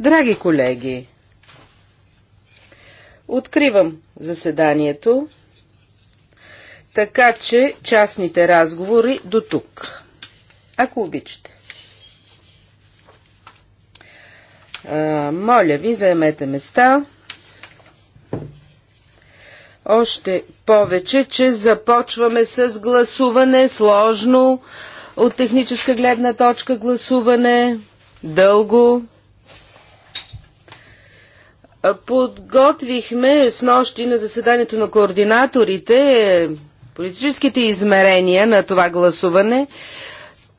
Драги колеги, откривам заседанието, така че частните разговори до тук. Ако обичате. А, моля ви, заемете места. Още повече, че започваме с гласуване, сложно от техническа гледна точка гласуване дълго. Подготвихме с нощи на заседанието на координаторите политическите измерения на това гласуване,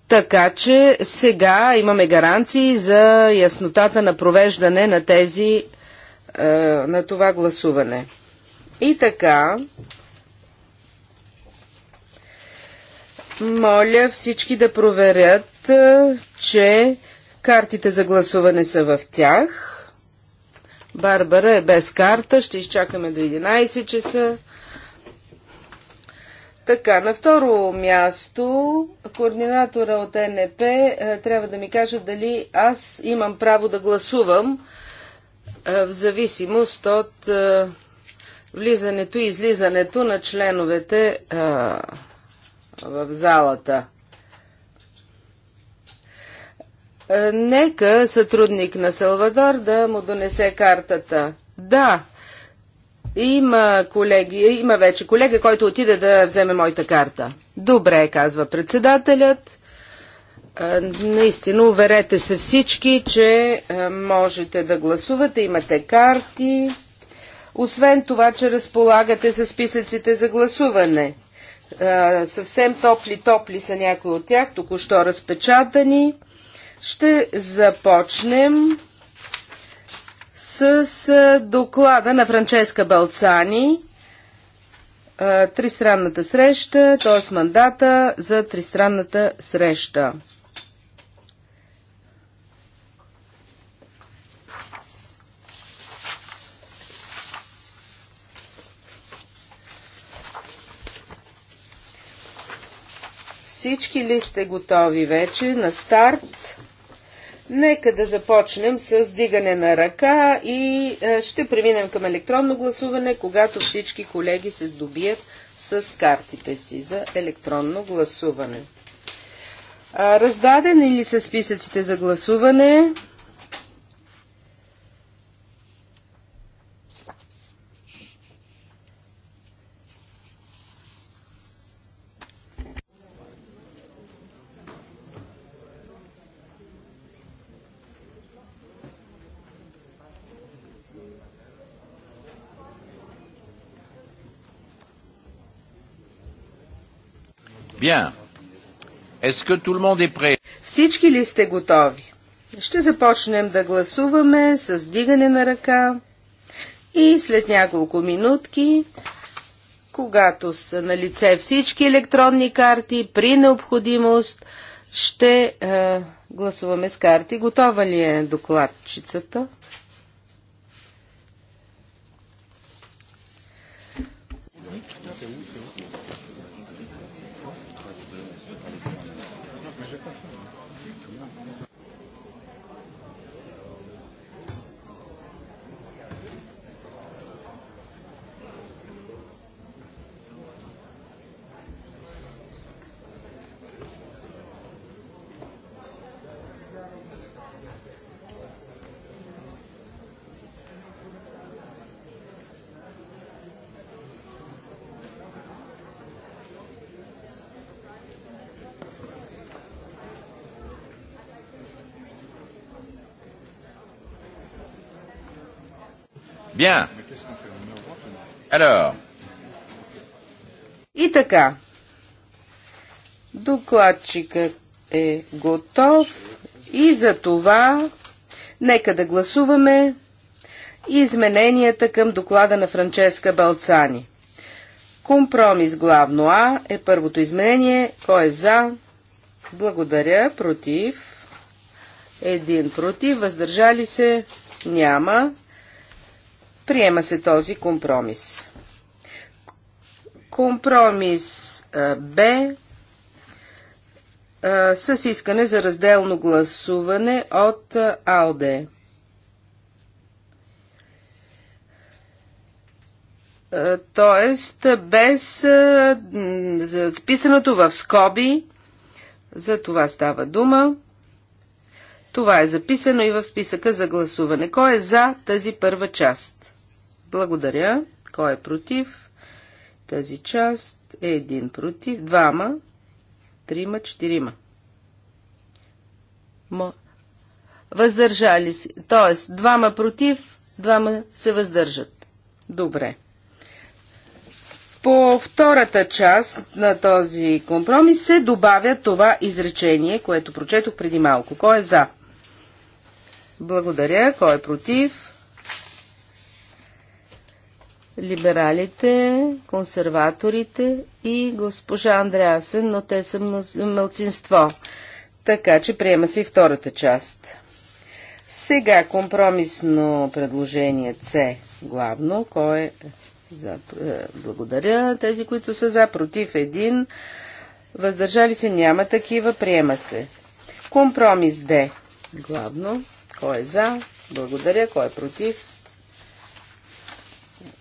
така че сега имаме гаранции за яснотата на провеждане на тези на това гласуване. И така, моля всички да проверят, че Картите за гласуване са в тях. Барбара е без карта, ще изчакаме до 11 часа. Така, на второ място, координатора от НП е, трябва да ми каже дали аз имам право да гласувам е, в зависимост от е, влизането и излизането на членовете в залата. Е, нека сътрудник на Салвадор да му донесе картата. Да, има, колеги, има вече колега, който отиде да вземе моята карта. Добре, казва председателят. Е, наистина, уверете се всички, че е, можете да гласувате, имате карти. Освен това, че разполагате с списъците за гласуване. Съвсем топли-топли са някои от тях, току-що разпечатани. Ще започнем с доклада на Франческа Балцани тристранната среща, т.е. мандата за тристранната среща. Всички ли сте готови вече на старт? Нека да започнем с дигане на ръка и е, ще преминем към електронно гласуване, когато всички колеги се здобият с картите си за електронно гласуване. Раздадени ли са списъците за гласуване? Bien. Est-ce que tout le monde est prêt? Всички ли сте готови? Ще започнем да гласуваме с дигане на ръка и след няколко минутки, когато са на лице всички електронни карти, при необходимост ще е, гласуваме с карти. Готова ли е докладчицата? Bien. Alors. И така. Докладчикът е готов и за това нека да гласуваме измененията към доклада на Франческа Балцани. Компромис главно А е първото изменение. Кой е за? Благодаря. Против? Един против. Въздържали се? Няма. Приема се този компромис. Компромис Б с искане за разделно гласуване от АЛДЕ. Тоест, без записаното в скоби, за това става дума. Това е записано и в списъка за гласуване. Кой е за тази първа част? Благодаря. Кой е против? Тази част е един против. Двама, трима, четирима. Мо... Въздържали се. Тоест, двама против, двама се въздържат. Добре. По втората част на този компромис се добавя това изречение, което прочетох преди малко. Кой е за? Благодаря. Кой е против? либералите, консерваторите и госпожа Андреасен, но те са мълцинство. Така че приема се и втората част. Сега компромисно предложение С главно, кой е за... Е, благодаря тези, които са за, против един, въздържали се няма такива, приема се. Компромис Д главно, кой е за, благодаря, кой е против,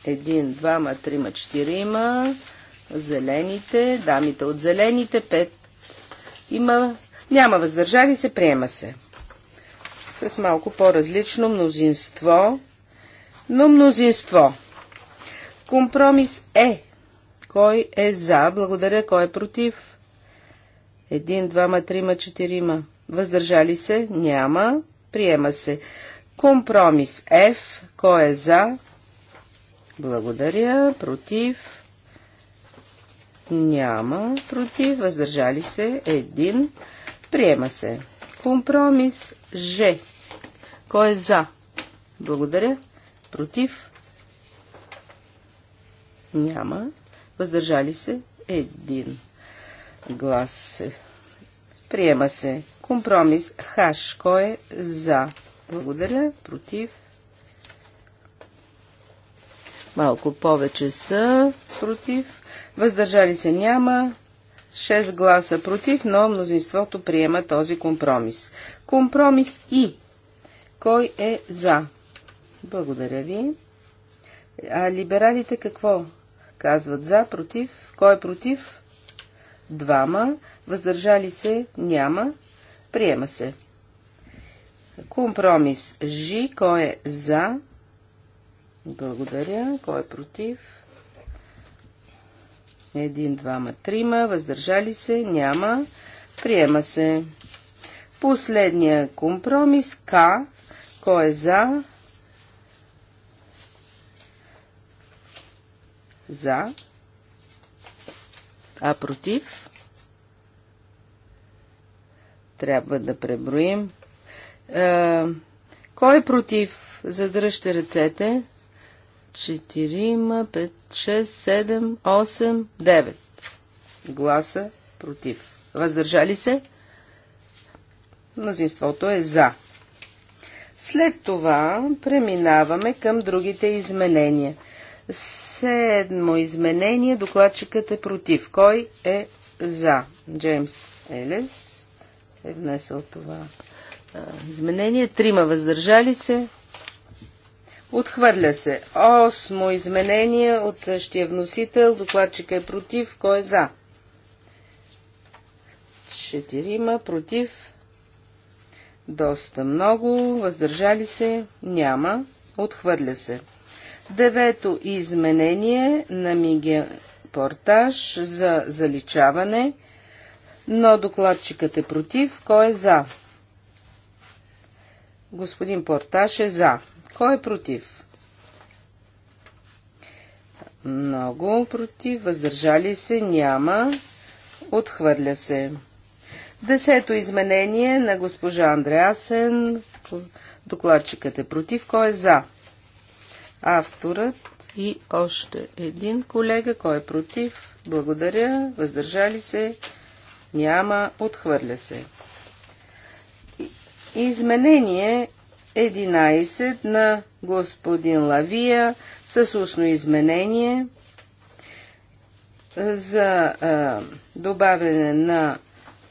един, двама, трима, четирима. Зелените, дамите от зелените, пет. Има, няма въздържали се, приема се. С малко по-различно мнозинство, но мнозинство. Компромис е. Кой е за? Благодаря. Кой е против? Един, двама, трима, четирима. Въздържали се? Няма. Приема се. Компромис F. Кой е за? Благодаря. Против? Няма. Против? Въздържали се? Един. Приема се. Компромис Ж. Кой е за? Благодаря. Против? Няма. Въздържали се? Един глас. се. Приема се. Компромис Хаш. Кой е за? Благодаря. Против? Малко повече са против. Въздържали се няма. 6 гласа против, но мнозинството приема този компромис. Компромис и. Кой е за? Благодаря ви. А либералите какво? Казват за, против. Кой е против? Двама. Въздържали се? Няма. Приема се. Компромис Ж. Кой е за? Благодаря. Кой е против? Един, двама, трима. Въздържали се? Няма. Приема се. Последния компромис К. Кой е за? За. А против? Трябва да преброим. Е, кой е против? Задръжте ръцете. 4, 5, 6, 7, 8, 9 гласа против. Въздържали се? Мнозинството е за. След това преминаваме към другите изменения. Седмо изменение, докладчикът е против. Кой е за? Джеймс Елес е внесъл това изменение. Трима въздържали се, Отхвърля се. Осмо изменение от същия вносител. Докладчика е против. Кой е за? Четирима против. Доста много. Въздържали се? Няма. Отхвърля се. Девето изменение на Миге Портаж за заличаване, но докладчикът е против. Кой е за? Господин Портаж е за. Кой е против? Много против. Въздържали се? Няма. Отхвърля се. Десето изменение на госпожа Андреасен. Докладчикът е против. Кой е за? Авторът и още един колега. Кой е против? Благодаря. Въздържали се? Няма. Отхвърля се. Изменение 11 на господин Лавия с устно изменение за а, добавяне на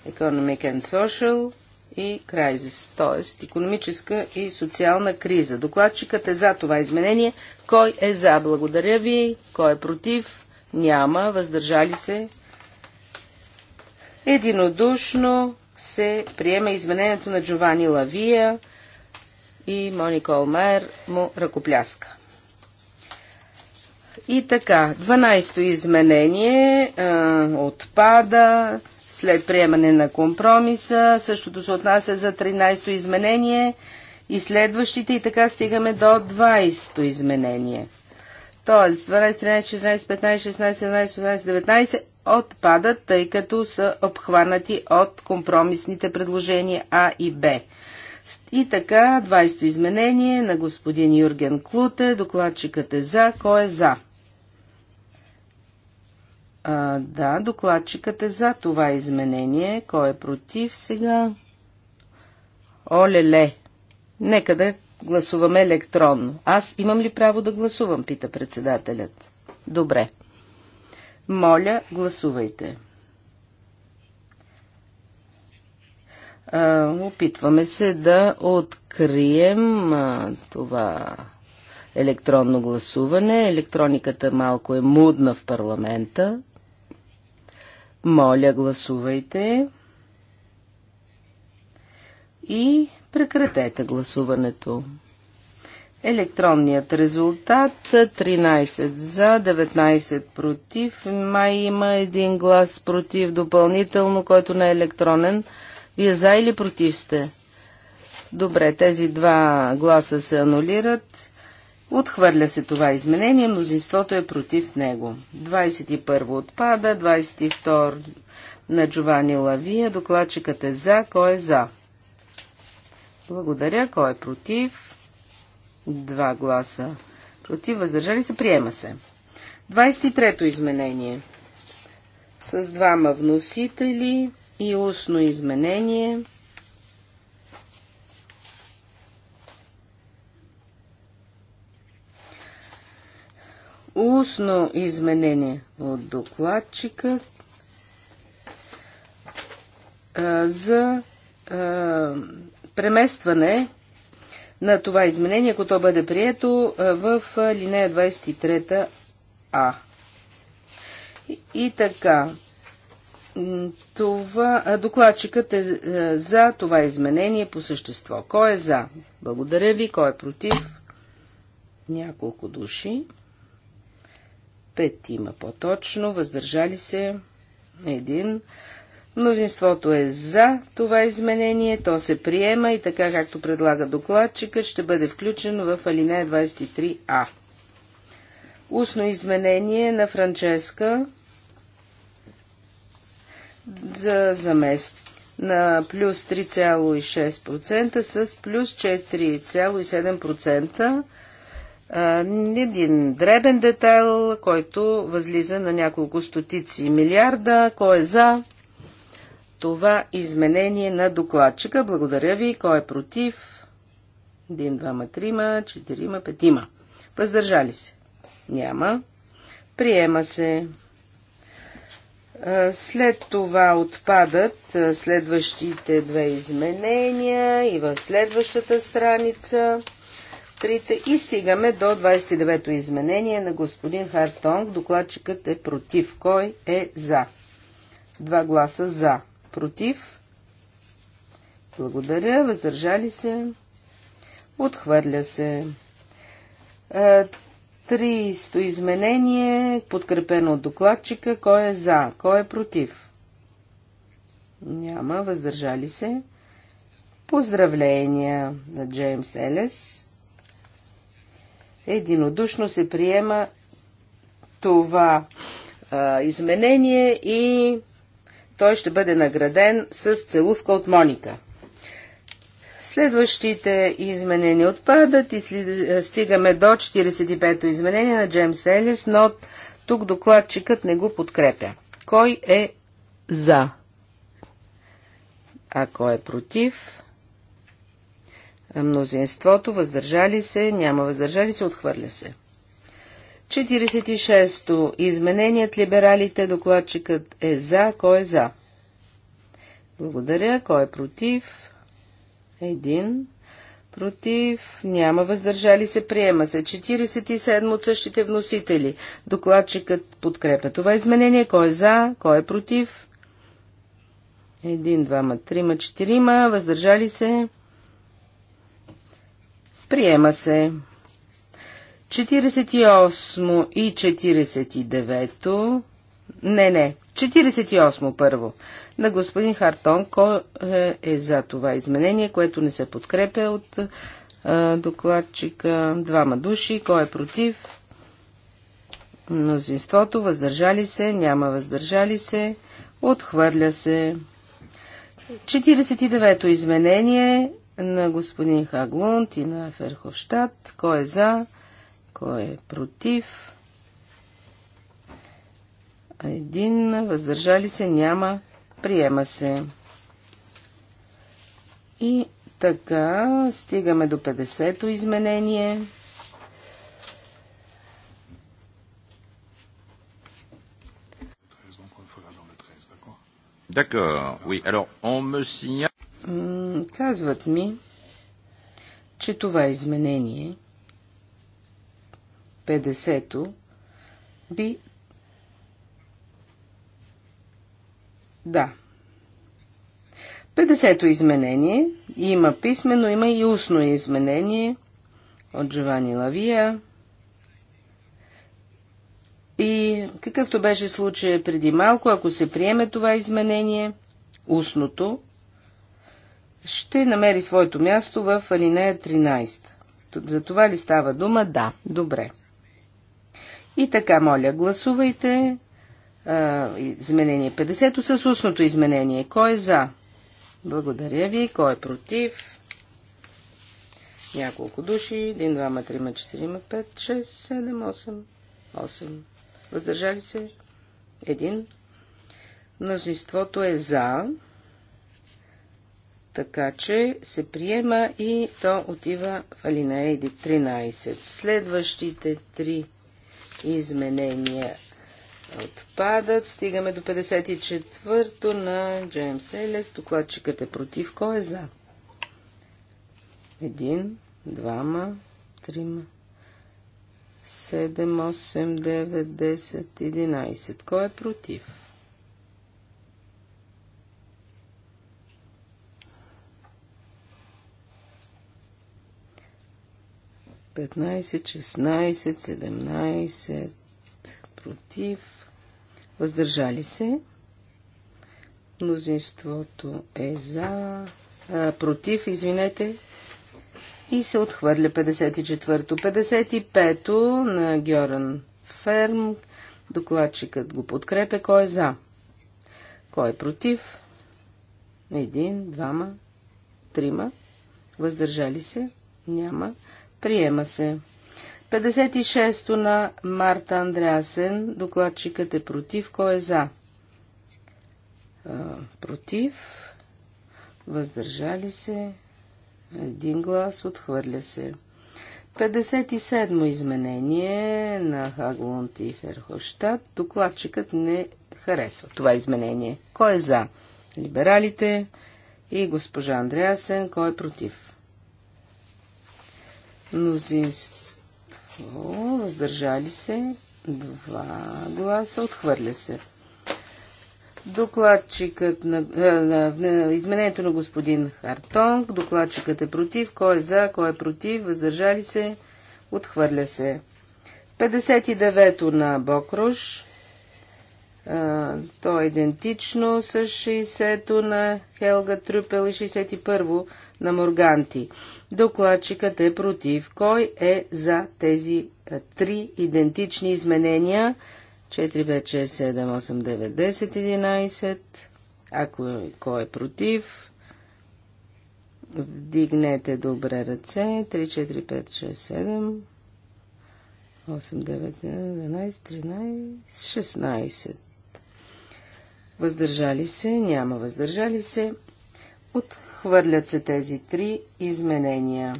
Economic and Social и Crisis, т.е. економическа и социална криза. Докладчикът е за това изменение. Кой е за? Благодаря ви. Кой е против? Няма. Въздържали се? Единодушно се приема изменението на Джовани Лавия – и Моника Олмайер му ръкопляска. И така, 12-то изменение а, отпада след приемане на компромиса. Същото се отнася за 13-то изменение и следващите и така стигаме до 20-то изменение. Тоест 12, 13, 14, 15, 16, 17, 18, 19 отпадат, тъй като са обхванати от компромисните предложения А и Б. И така, 20-то изменение на господин Юрген Клуте. Докладчикът е за. Кой е за? А, да, докладчикът е за това изменение. Кой е против сега? Оле-ле! Нека да гласуваме електронно. Аз имам ли право да гласувам, пита председателят. Добре. Моля, гласувайте. Опитваме се да открием това електронно гласуване. Електрониката малко е мудна в парламента. Моля, гласувайте. И прекратете гласуването. Електронният резултат 13 е за, 19 против. Май има един глас против допълнително, който не е електронен. Вие за или против сте? Добре, тези два гласа се анулират. Отхвърля се това изменение, мнозинството е против него. 21 отпада, 22 на Джовани Лавия, докладчикът е за, кой е за? Благодаря, кой е против? Два гласа. Против, въздържали се, приема се. 23-то изменение. С двама вносители и устно изменение. Устно изменение от докладчика за преместване на това изменение, ако то бъде прието в линия 23а. И, и така, това, докладчикът е, е за това изменение по същество. Кой е за? Благодаря ви. Кой е против? Няколко души. Пет има по-точно. Въздържали се. Един. Мнозинството е за това изменение, то се приема и така както предлага докладчикът ще бъде включено в алинея 23а. Устно изменение на Франческа за замест на плюс 3,6% с плюс 4,7% един дребен детайл, който възлиза на няколко стотици милиарда. Кой е за това изменение на докладчика? Благодаря ви. Кой е против? Един, двама, трима, четирима, петима. Въздържали се? Няма. Приема се. След това отпадат следващите две изменения и в следващата страница трите и стигаме до 29-то изменение на господин Хартонг. Докладчикът е против. Кой е за? Два гласа за. Против? Благодаря. Въздържали се? Отхвърля се. 30 изменение, подкрепено от докладчика. Кой е за? Кой е против? Няма. Въздържали се. Поздравления на Джеймс Елес. Единодушно се приема това а, изменение и той ще бъде награден с целувка от Моника. Следващите изменения отпадат и е, стигаме до 45-то изменение на Джеймс Елис, но тук докладчикът не го подкрепя. Кой е за? А кой е против? Мнозинството въздържали се, няма въздържали се, отхвърля се. 46-то. Измененият либералите, докладчикът е за, кой е за? Благодаря, кой е против? Един. Против. Няма. Въздържали се. Приема се. 47 от същите вносители. Докладчикът подкрепя това изменение. Кой е за? Кой е против? Един, двама, трима, четирима. Въздържали се. Приема се. 48 и 49. Не, не. 48 първо. На господин Хартон, кой е, е за това изменение, което не се подкрепя от а, е, докладчика? Двама души. Кой е против? Мнозинството. Въздържали се? Няма въздържали се. Отхвърля се. 49-то изменение на господин Хаглунд и на Ферховщад. Кой е за? Кой е против? един, въздържали се няма, приема се. И така, стигаме до 50-то изменение. oui. Alors, on me Казват ми, че това изменение, 50-то, би Да. 50-то изменение. Има писмено, има и устно изменение от Джовани Лавия. И какъвто беше случая преди малко, ако се приеме това изменение, устното, ще намери своето място в алинея 13. За това ли става дума? Да, добре. И така, моля, гласувайте изменение 50 с устното изменение. Кой е за? Благодаря ви. Кой е против? Няколко души. 1, 2, 3, 4, 5, 6, 7, 8, 8. Въздържали се? Един. Множеството е за. Така че се приема и то отива в алинея 13. Следващите три изменения Отпадат. Стигаме до 54-то на Джеймс Елес. Докладчикът е против. Кой е за? Един, двама, трима, седем, осем, девет, десет, единайсет. Кой е против? Петнайсет, шестнайсет, седемнайсет, против въздържали се. Мнозинството е за, а, против, извинете, и се отхвърля 54-то. 55-то на Гьоран Ферм. Докладчикът го подкрепя. Кой е за? Кой е против? Един, двама, трима. Въздържали се? Няма. Приема се. 56-то на Марта Андреасен. Докладчикът е против. Кой е за? Против. Въздържали се. Един глас. Отхвърля се. 57-мо изменение на Хаглунд и Ферхощад. Докладчикът не харесва това изменение. Кой е за? Либералите и госпожа Андреасен. Кой е против? Мнозинство въздържали се, два гласа, отхвърля се. Докладчикът на, на, на изменението на господин Хартонг, докладчикът е против, кой е за, кой е против, въздържали се, отхвърля се. 59-то на Бокруш, то е идентично с 60-то на Хелга Трюпел и 61-во на Морганти. Докладчикът е против. Кой е за тези три идентични изменения? 4, 5, 6, 7, 8, 9, 10, 11. Ако кой е против, вдигнете добре ръце. 3, 4, 5, 6, 7, 8, 9, 11, 13, 16 въздържали се, няма въздържали се, отхвърлят се тези три изменения.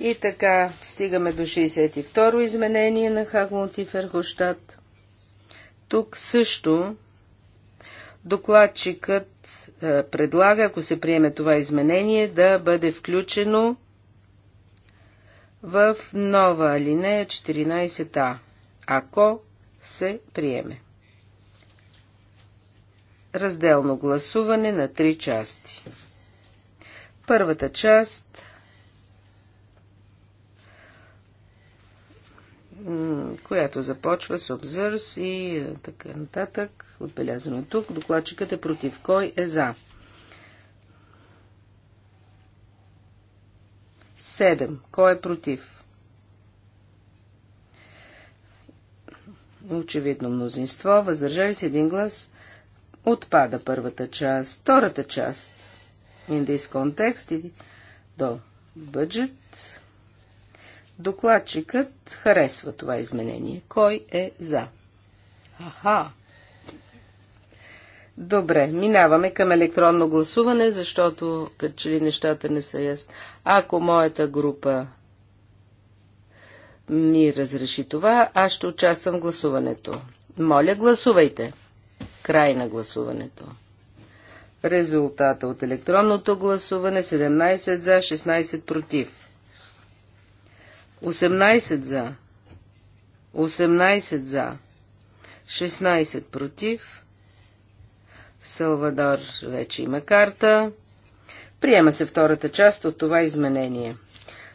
И така стигаме до 62-ро изменение на Хагмут и Ферхощад. Тук също докладчикът е, предлага, ако се приеме това изменение, да бъде включено в нова алинея 14а, ако се приеме разделно гласуване на три части. Първата част която започва с обзърс и е, така нататък, отбелязано е тук. Докладчикът е против. Кой е за? 7. Кой е против? Очевидно мнозинство. Въздържали се един глас. Отпада първата част. Втората част. In this context и до бюджет, Докладчикът харесва това изменение. Кой е за? Аха! Добре, минаваме към електронно гласуване, защото като че ли нещата не са ясни. Ако моята група ми разреши това, аз ще участвам в гласуването. Моля, гласувайте. Край на гласуването. Резултата от електронното гласуване 17 за, 16 против. 18 за. 18 за. 16 против. Салвадор вече има карта. Приема се втората част от това изменение.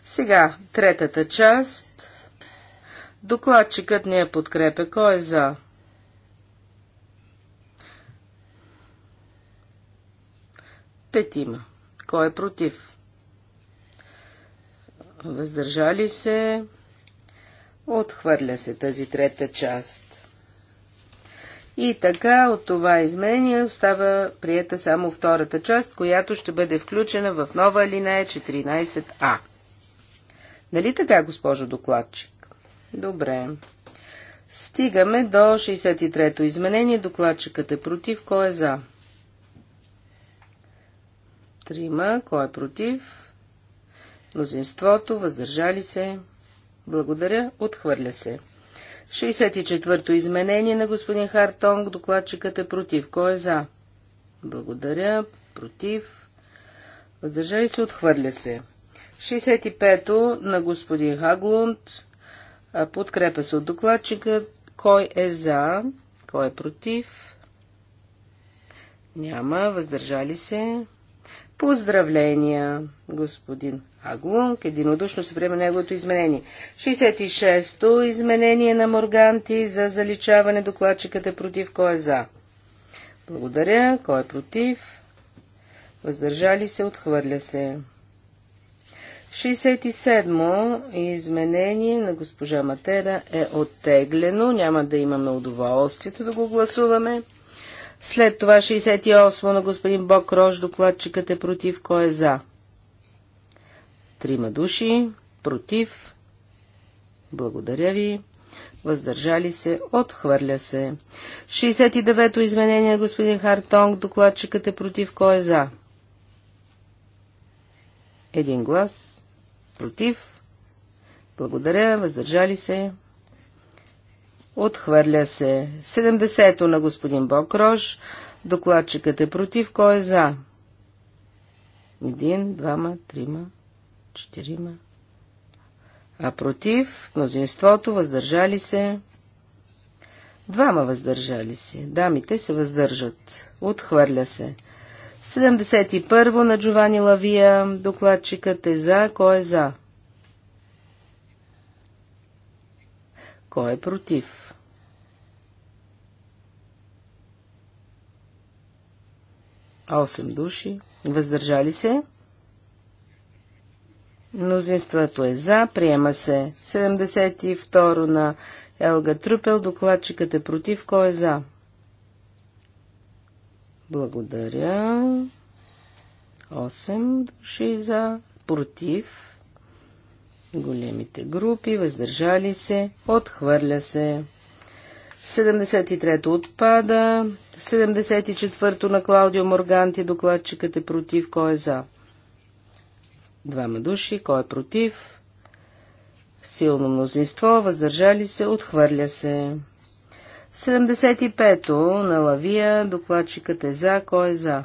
Сега, третата част. Докладчикът не я подкрепя. Кой е за? Петима. Кой е против? Въздържали се. Отхвърля се тази трета част. И така от това изменение остава приета само втората част, която ще бъде включена в нова алинея 14а. Нали така, госпожо докладчик? Добре. Стигаме до 63-то изменение. Докладчикът е против. Кой е за? Трима. Кой е против? Мнозинството. Въздържали се. Благодаря. Отхвърля се. 64-то изменение на господин Хартонг. Докладчикът е против. Кой е за? Благодаря. Против. Въздържали се. Отхвърля се. 65-то на господин Хаглунд. Подкрепя се от докладчика. Кой е за? Кой е против? Няма. Въздържали се. Поздравления, господин Аглунг. Единодушно се приема неговото изменение. 66-то изменение на Морганти за заличаване докладчиката против. Кой е за? Благодаря. Кой е против? Въздържали се, отхвърля се. 67-мо изменение на госпожа Матера е оттеглено. Няма да имаме удоволствието да го гласуваме. След това 68 на господин Бог Рож, докладчикът е против, кой е за? Трима души, против. Благодаря ви. Въздържали се, отхвърля се. 69 о изменение, господин Хартонг, докладчикът е против, кой е за? Един глас, против. Благодаря, въздържали се, Отхвърля се. 70-то на господин Бокрош. Докладчикът е против. Кой е за? Един, двама, трима, четирима. А против, мнозинството, въздържали се. Двама въздържали се. Дамите се въздържат. Отхвърля се. 71-во на Джовани Лавия. Докладчикът е за. Кой е за? Кой е против? 8 души, въздържали се. Мнозинството е за, приема се 72 на Елга Трупел, докладчикът е против, кой е за? Благодаря. 8 души за, против, големите групи, въздържали се, отхвърля се. 73-то отпада. 74-то на Клаудио Морганти. Докладчикът е против. Кой е за? Двама души. Кой е против? Силно мнозинство. Въздържали се. Отхвърля се. 75-то на Лавия. Докладчикът е за. Кой е за?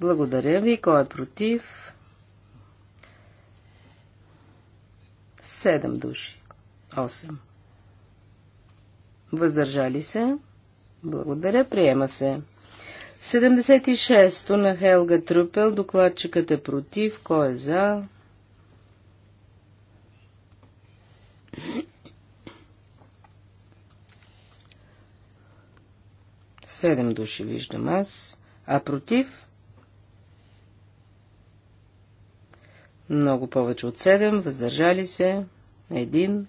Благодаря ви. Кой е против? Седем души. Осем. Въздържали се. Благодаря. Приема се. 76-то на Хелга Трупел. Докладчикът е против. Кой е за? Седем души виждам аз. А против? Много повече от седем. Въздържали се. Един.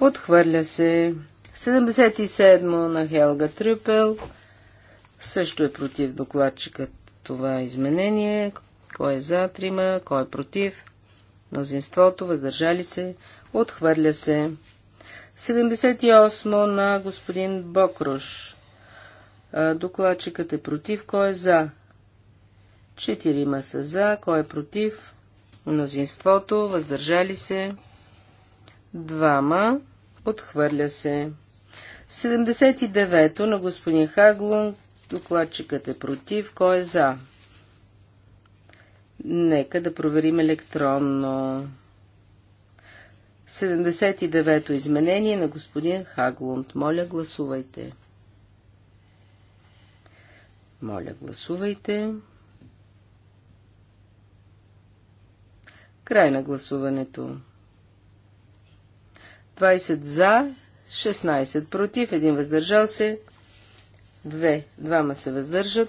Отхвърля се. 77 на Хелга Трюпел. Също е против докладчикът това изменение. Кой е за трима, кой е против. Мнозинството, въздържали се, отхвърля се. 78 на господин Бокруш. Докладчикът е против, кой е за. Четирима са за, кой е против. Мнозинството, въздържали се. Двама, отхвърля се. 79-то на господин Хаглун. Докладчикът е против. Кой е за? Нека да проверим електронно. 79-то изменение на господин Хаглунд. Моля, гласувайте. Моля, гласувайте. Край на гласуването. 20 за, 16 против, 1 въздържал се, 2, двама се въздържат.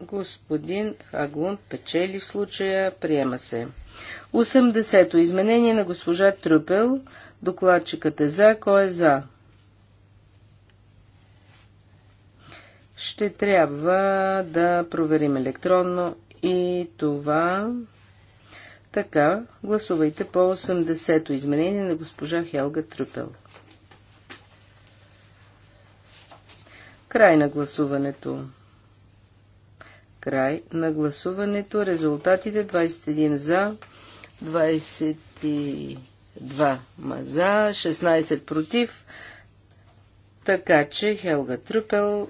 Господин Хаглунд печели в случая, приема се. 80-то изменение на госпожа Трюпел. Докладчикът е за, кой е за? Ще трябва да проверим електронно и това. Така, гласувайте по 80-то изменение на госпожа Хелга Трюпел. Край на гласуването. Край на гласуването. Резултатите 21 за, 22 за, 16 против. Така че Хелга Трюпел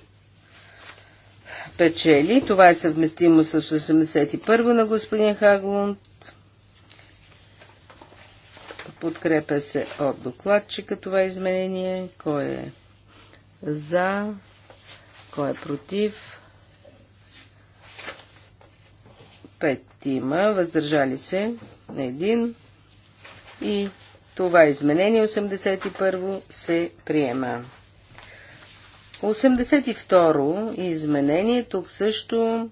печели. Това е съвместимо с 81 на господин Хаглунд. Подкрепя се от докладчика това изменение. Кой е за? Кой е против? Петима. Въздържали се на един. И това изменение 81 се приема. 82 изменение. Тук също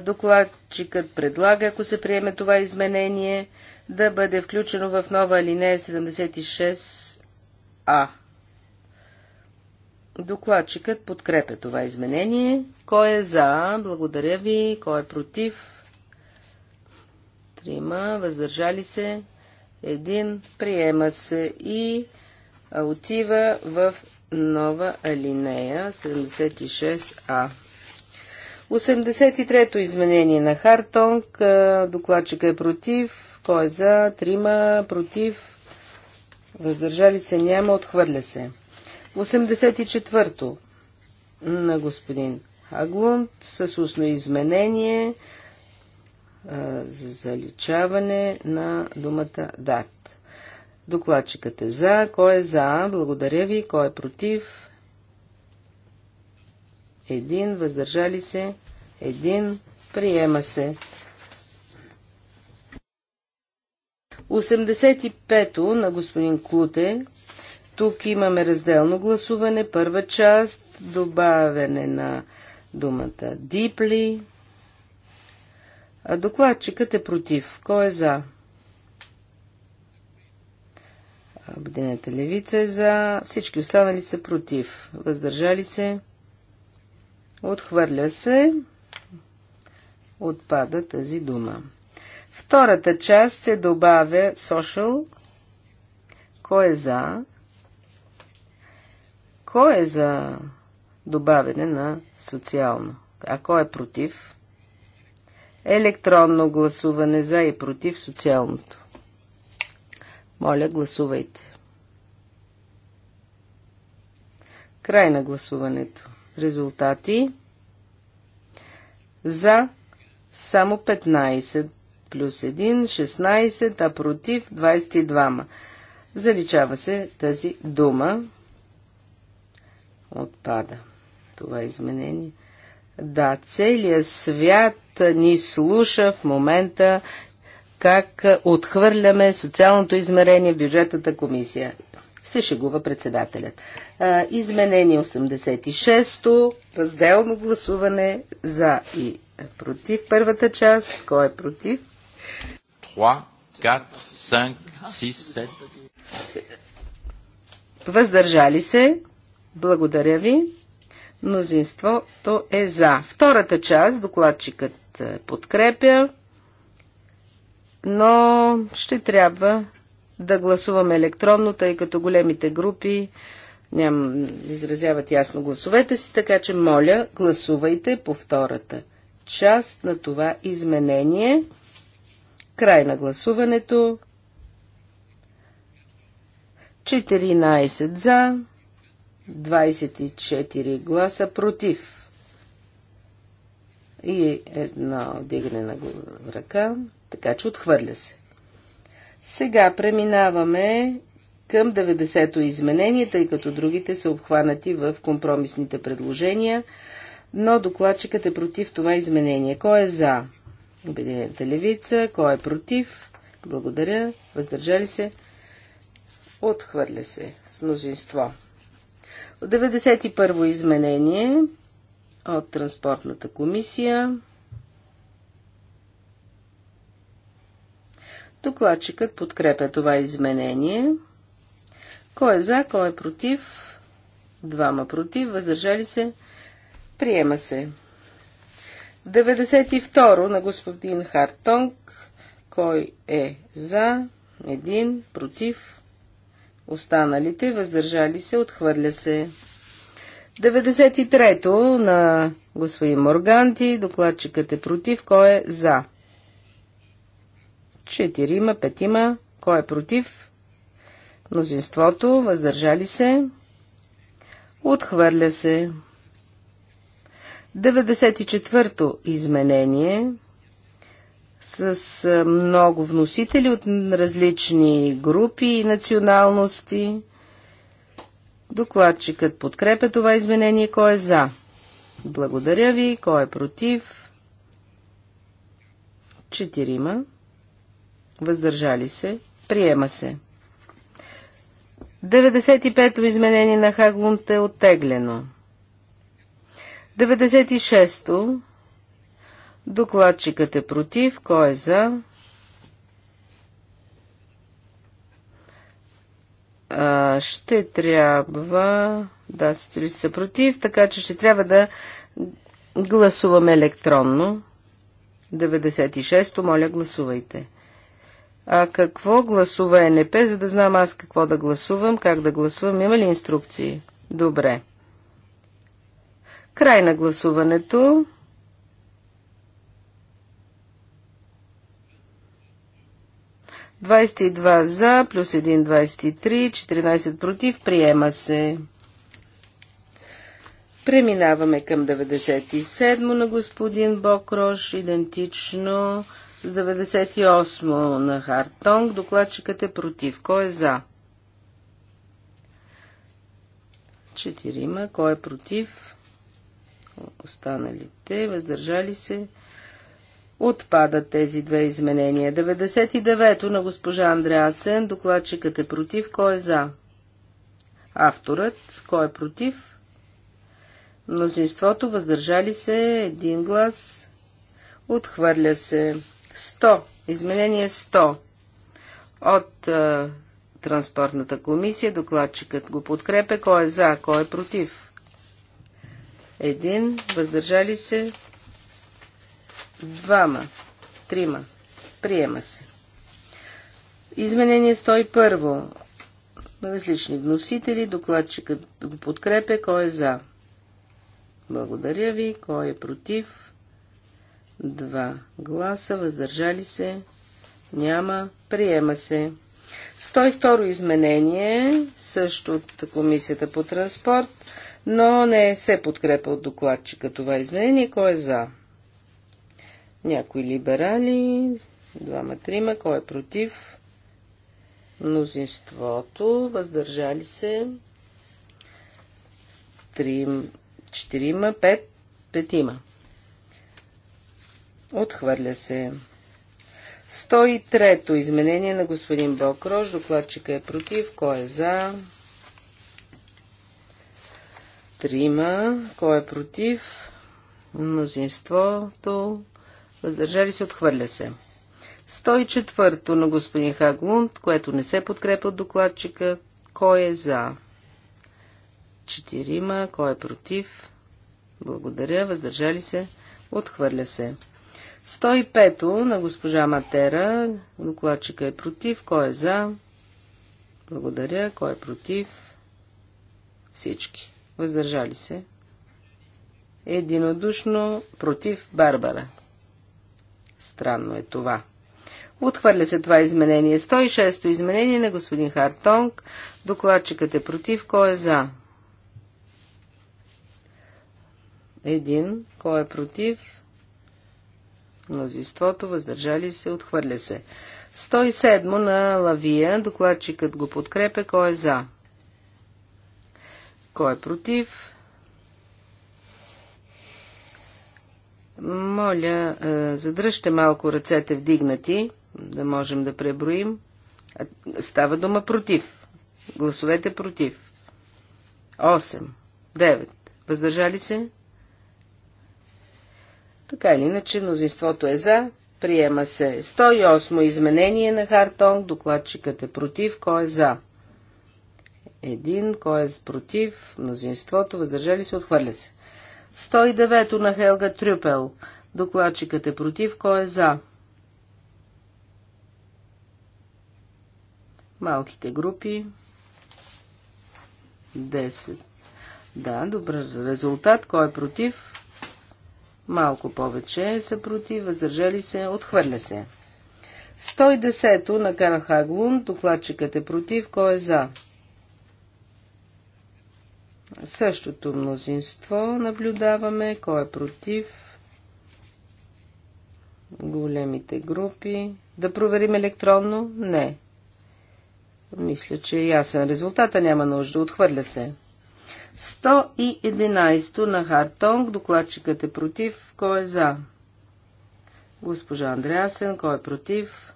докладчикът предлага, ако се приеме това изменение, да бъде включено в нова алинея 76а. Докладчикът подкрепя това изменение. Кой е за? Благодаря ви. Кой е против? Трима. Въздържали се? Един. Приема се и отива в нова алинея 76а. 83-то изменение на Хартонг. Докладчика е против. Кой е за? Трима. Против. Въздържали се няма. Отхвърля се. 84-то на господин Аглунд с устно изменение за заличаване на думата дат. Докладчикът е за. Кой е за? Благодаря ви. Кой е против? Един. Въздържали се? Един. Приема се. 85-то на господин Клуте. Тук имаме разделно гласуване. Първа част добавяне на думата дипли. А докладчикът е против. Кой е за? Обединената левица е за. Всички останали са против. Въздържали се. Отхвърля се. Отпада тази дума. Втората част се добавя social. Кой е за? Кой е за добавяне на социално? А кой е против? Електронно гласуване за и против социалното. Моля, гласувайте. Край на гласуването. Резултати за само 15 плюс 1, 16, а против 22. Заличава се тази дума. Отпада това изменение. Да, целият свят ни слуша в момента как отхвърляме социалното измерение в бюджетната комисия. Се шегува председателят. Изменение 86-то, разделно гласуване за и против първата част. Кой е против? 3, 4, 5, 6, 7. Въздържали се. Благодаря ви. Мнозинството е за. Втората част докладчикът е, подкрепя, но ще трябва да гласуваме електронно, тъй като големите групи ням, изразяват ясно гласовете си, така че моля, гласувайте по втората част на това изменение. Край на гласуването. 14 за, 24 гласа против и една дигане на ръка, така че отхвърля се. Сега преминаваме към 90-то изменение, тъй като другите са обхванати в компромисните предложения, но докладчикът е против това изменение. Кой е за? Обединената левица. Кой е против? Благодаря. Въздържали се? Отхвърля се с мнозинство. 91-во изменение от Транспортната комисия. Докладчикът подкрепя това изменение. Кой е за, кой е против? Двама против, въздържали се. Приема се. 92 на господин Хартонг. Кой е за? Един. Против. Останалите въздържали се. Отхвърля се. 93-то на господин Морганти. Докладчикът е против. Кой е за? Четирима, петима. Кой е против? Мнозинството. Въздържали се. Отхвърля се. 94-то изменение с много вносители от различни групи и националности. Докладчикът подкрепя това изменение. Кой е за? Благодаря ви. Кой е против? Четирима. Въздържали се. Приема се. 95-то изменение на Хаглунт е оттеглено. 96-то. Докладчикът е против. Кой е за? А, ще трябва... Да, социалисти са против, така че ще трябва да гласуваме електронно. 96-то, моля, гласувайте. А какво гласува НП, за да знам аз какво да гласувам, как да гласувам, има ли инструкции? Добре. Край на гласуването. Двадесет за, плюс един 23, 14 против, приема се. Преминаваме към 97 на господин Бокрош, идентично с 98 на Хартонг. Докладчикът е против. Кой е за? Четирима. Кой е против? останалите, въздържали се. Отпадат тези две изменения. 99-то на госпожа Андреасен, докладчикът е против, кой е за? Авторът, кой е против? Мнозинството въздържали се, един глас, отхвърля се. 100, изменение 100 от Транспортната комисия, докладчикът го подкрепя, кой е за, кой е против? един, въздържали се, двама, трима, приема се. Изменение 101. Различни вносители, докладчикът го подкрепя, кой е за. Благодаря ви, кой е против. Два гласа, въздържали се, няма, приема се. 102 изменение, също от Комисията по транспорт но не се подкрепя от докладчика това изменение. Кой е за? Някои либерали, двама-трима, кой е против? Мнозинството, въздържали се, три, четирима, пет, петима. Отхвърля се. 103-то изменение на господин Бокрош. Докладчика е против. Кой е за? Трима. Кой е против? Мнозинството. Въздържали се, отхвърля се. 104-то на господин Хаглунд, което не се подкрепа от докладчика. Кой е за? Четирима. Кой е против? Благодаря. Въздържали се? Отхвърля се. 105-то на госпожа Матера. Докладчика е против. Кой е за? Благодаря. Кой е против? Всички въздържали се. Единодушно против Барбара. Странно е това. Отхвърля се това изменение. 106-то изменение на господин Хартонг. Докладчикът е против. Кой е за? Един. Кой е против? Мнозинството въздържали се. Отхвърля се. 107 на Лавия. Докладчикът го подкрепя. Кой е за? Кой е против? Моля, е, задръжте малко ръцете вдигнати, да можем да преброим. Става дума против. Гласовете против. 8. 9. Въздържали се? Така или иначе, мнозинството е за. Приема се 108 изменение на Хартонг. Докладчикът е против. Кой е за? Един, Кой е против? Мнозинството. Въздържали се. Отхвърля се. 109 на Хелга Трюпел. Докладчикът е против. Кой е за? Малките групи. 10. Да, добър резултат. Кой е против? Малко повече са против. Въздържали се. Отхвърля се. 110 на Карахаглун. Докладчикът е против. Кой е за? Същото мнозинство наблюдаваме, кой е против, големите групи. Да проверим електронно? Не. Мисля, че е ясен резултата, няма нужда, отхвърля се. 111 на Хартонг, докладчикът е против, кой е за? Госпожа Андреасен, кой е против?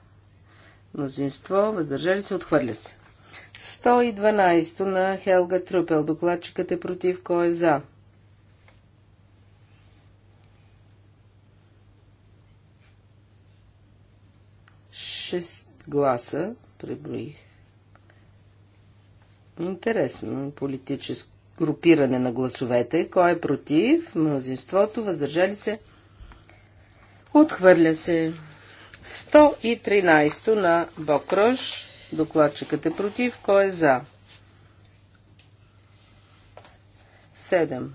Мнозинство, въздържали се, отхвърля се. 112 на Хелга Трупел. Докладчикът е против. Кой е за? Шест гласа преброих. Интересно политическо групиране на гласовете. Кой е против? Мнозинството. Въздържали се? Отхвърля се. 113 на Бокрош. Докладчикът е против. Кой е за? 7.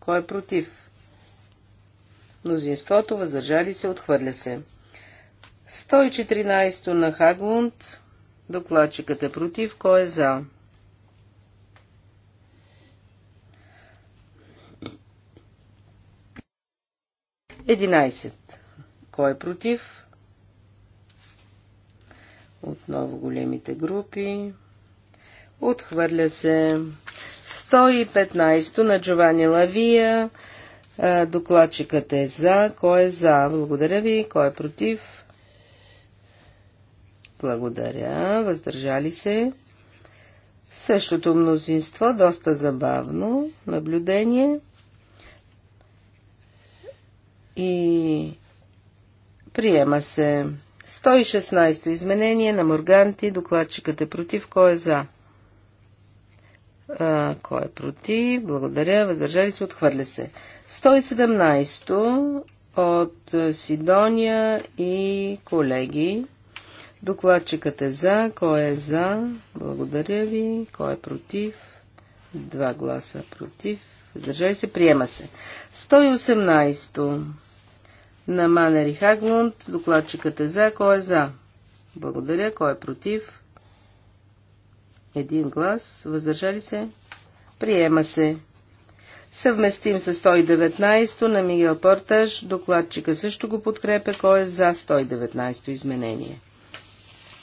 Кой е против? Мнозинството въздържали се, отхвърля се. 114 на Хаглунд. Докладчикът е против. Кой е за? Единайсет. Кой е против? Отново големите групи. Отхвърля се 115 на Джовани Лавия. Докладчикът е за. Кой е за? Благодаря ви. Кой е против? Благодаря. Въздържали се. Същото мнозинство, доста забавно наблюдение. И приема се 116-то изменение на Морганти. Докладчикът е против. Кой е за? А, кой е против? Благодаря. Въздържали се. Отхвърля се. 117-то от Сидония и колеги. Докладчикът е за. Кой е за? Благодаря ви. Кой е против? Два гласа против. Въздържали се. Приема се. 118-то на Манери и Хаглунд. Докладчикът е за. Кой е за? Благодаря. Кой е против? Един глас. Въздържали се? Приема се. Съвместим с 119 на Мигел Портаж. Докладчика също го подкрепя. Кой е за 119 то изменение?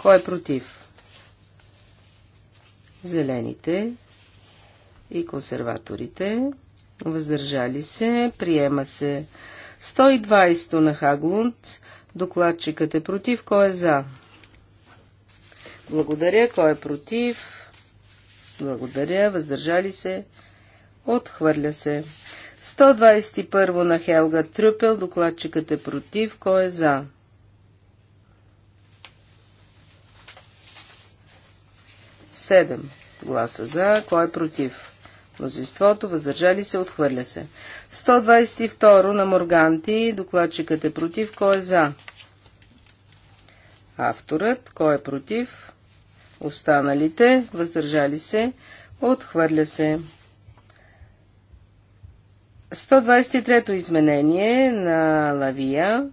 Кой е против? Зелените и консерваторите. Въздържали се. Приема се. 120 на Хаглунд. Докладчикът е против. Кой е за? Благодаря. Кой е против? Благодаря. Въздържали се? Отхвърля се. 121 на Хелга Трюпел. Докладчикът е против. Кой е за? Седем гласа за. Кой е против? мнозинството, въздържали се, отхвърля се. 122 на Морганти, докладчикът е против, кой е за? Авторът, кой е против? Останалите, въздържали се, отхвърля се. 123-то изменение на Лавия.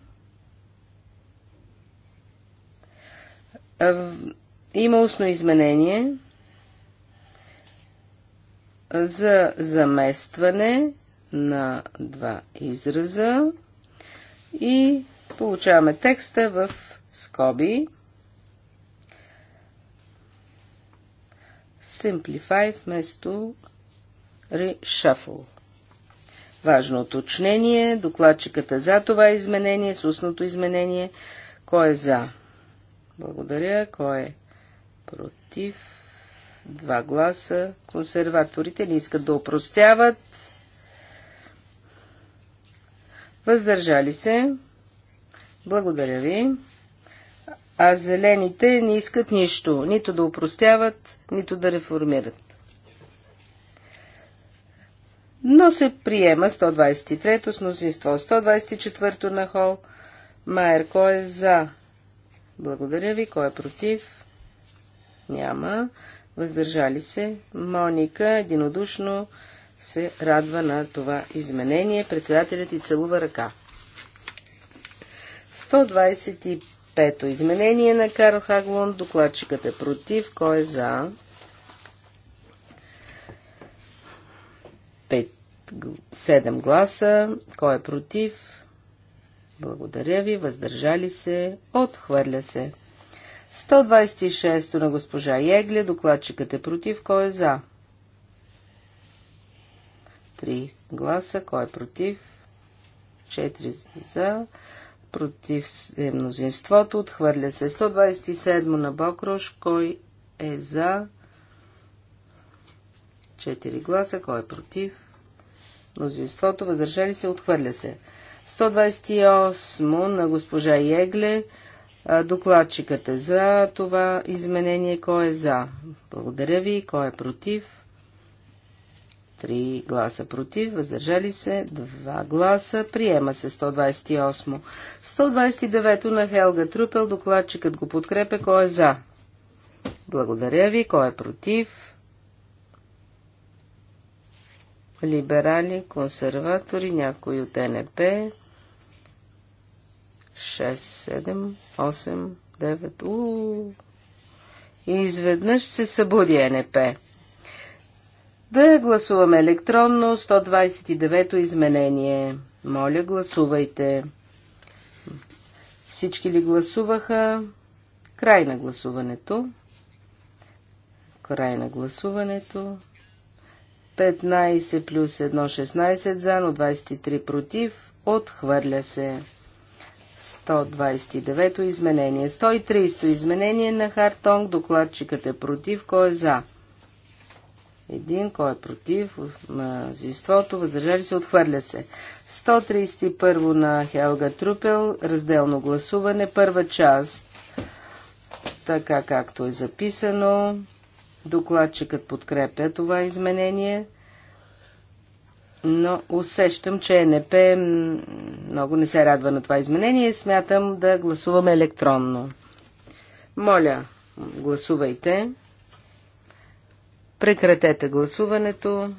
Е, има устно изменение за заместване на два израза и получаваме текста в скоби. Simplify вместо Reshuffle. Важно уточнение. Докладчиката е за това изменение, с устното изменение. Кой е за? Благодаря. Кой е против? Два гласа. Консерваторите не искат да опростяват. Въздържали се. Благодаря ви. А зелените не искат нищо. Нито да опростяват, нито да реформират. Но се приема 123-то с мнозинство. 124-то на хол. Майер, кой е за? Благодаря ви. Кой е против? Няма въздържали се. Моника единодушно се радва на това изменение. Председателят и целува ръка. 125-то изменение на Карл Хаглон. Докладчикът е против. Кой е за? Пет, седем гласа. Кой е против? Благодаря ви. Въздържали се. Отхвърля се. 126 на госпожа Егле. Докладчикът е против. Кой е за? 3 гласа. Кой е против? 4 за. Против е мнозинството. Отхвърля се. 127 на Бокрош. Кой е за? 4 гласа. Кой е против? Мнозинството. Въздържали се. Отхвърля се. 128 на госпожа Егле. Докладчикът е за това изменение. Кой е за? Благодаря ви. Кой е против? Три гласа против. Въздържали се. Два гласа. Приема се 128. 129 на Хелга Трупел. Докладчикът го подкрепя. Кой е за? Благодаря ви. Кой е против? Либерали, консерватори, някои от НП. 6, 7, 8, 9. Уу. И изведнъж се събуди НП. Да гласуваме електронно 129-то изменение. Моля, гласувайте. Всички ли гласуваха? Край на гласуването. Край на гласуването. 15 плюс 1, 16 за, но 23 против. Отхвърля се. 129-то изменение. 130-то изменение на Хартонг. Докладчикът е против. Кой е за? Един. Кой е против? Мазиството. Въздържали се. Отхвърля се. 131 на Хелга Трупел. Разделно гласуване. Първа част. Така както е записано. Докладчикът подкрепя това изменение но усещам, че НП много не се радва на това изменение и смятам да гласуваме електронно. Моля, гласувайте. Прекратете гласуването.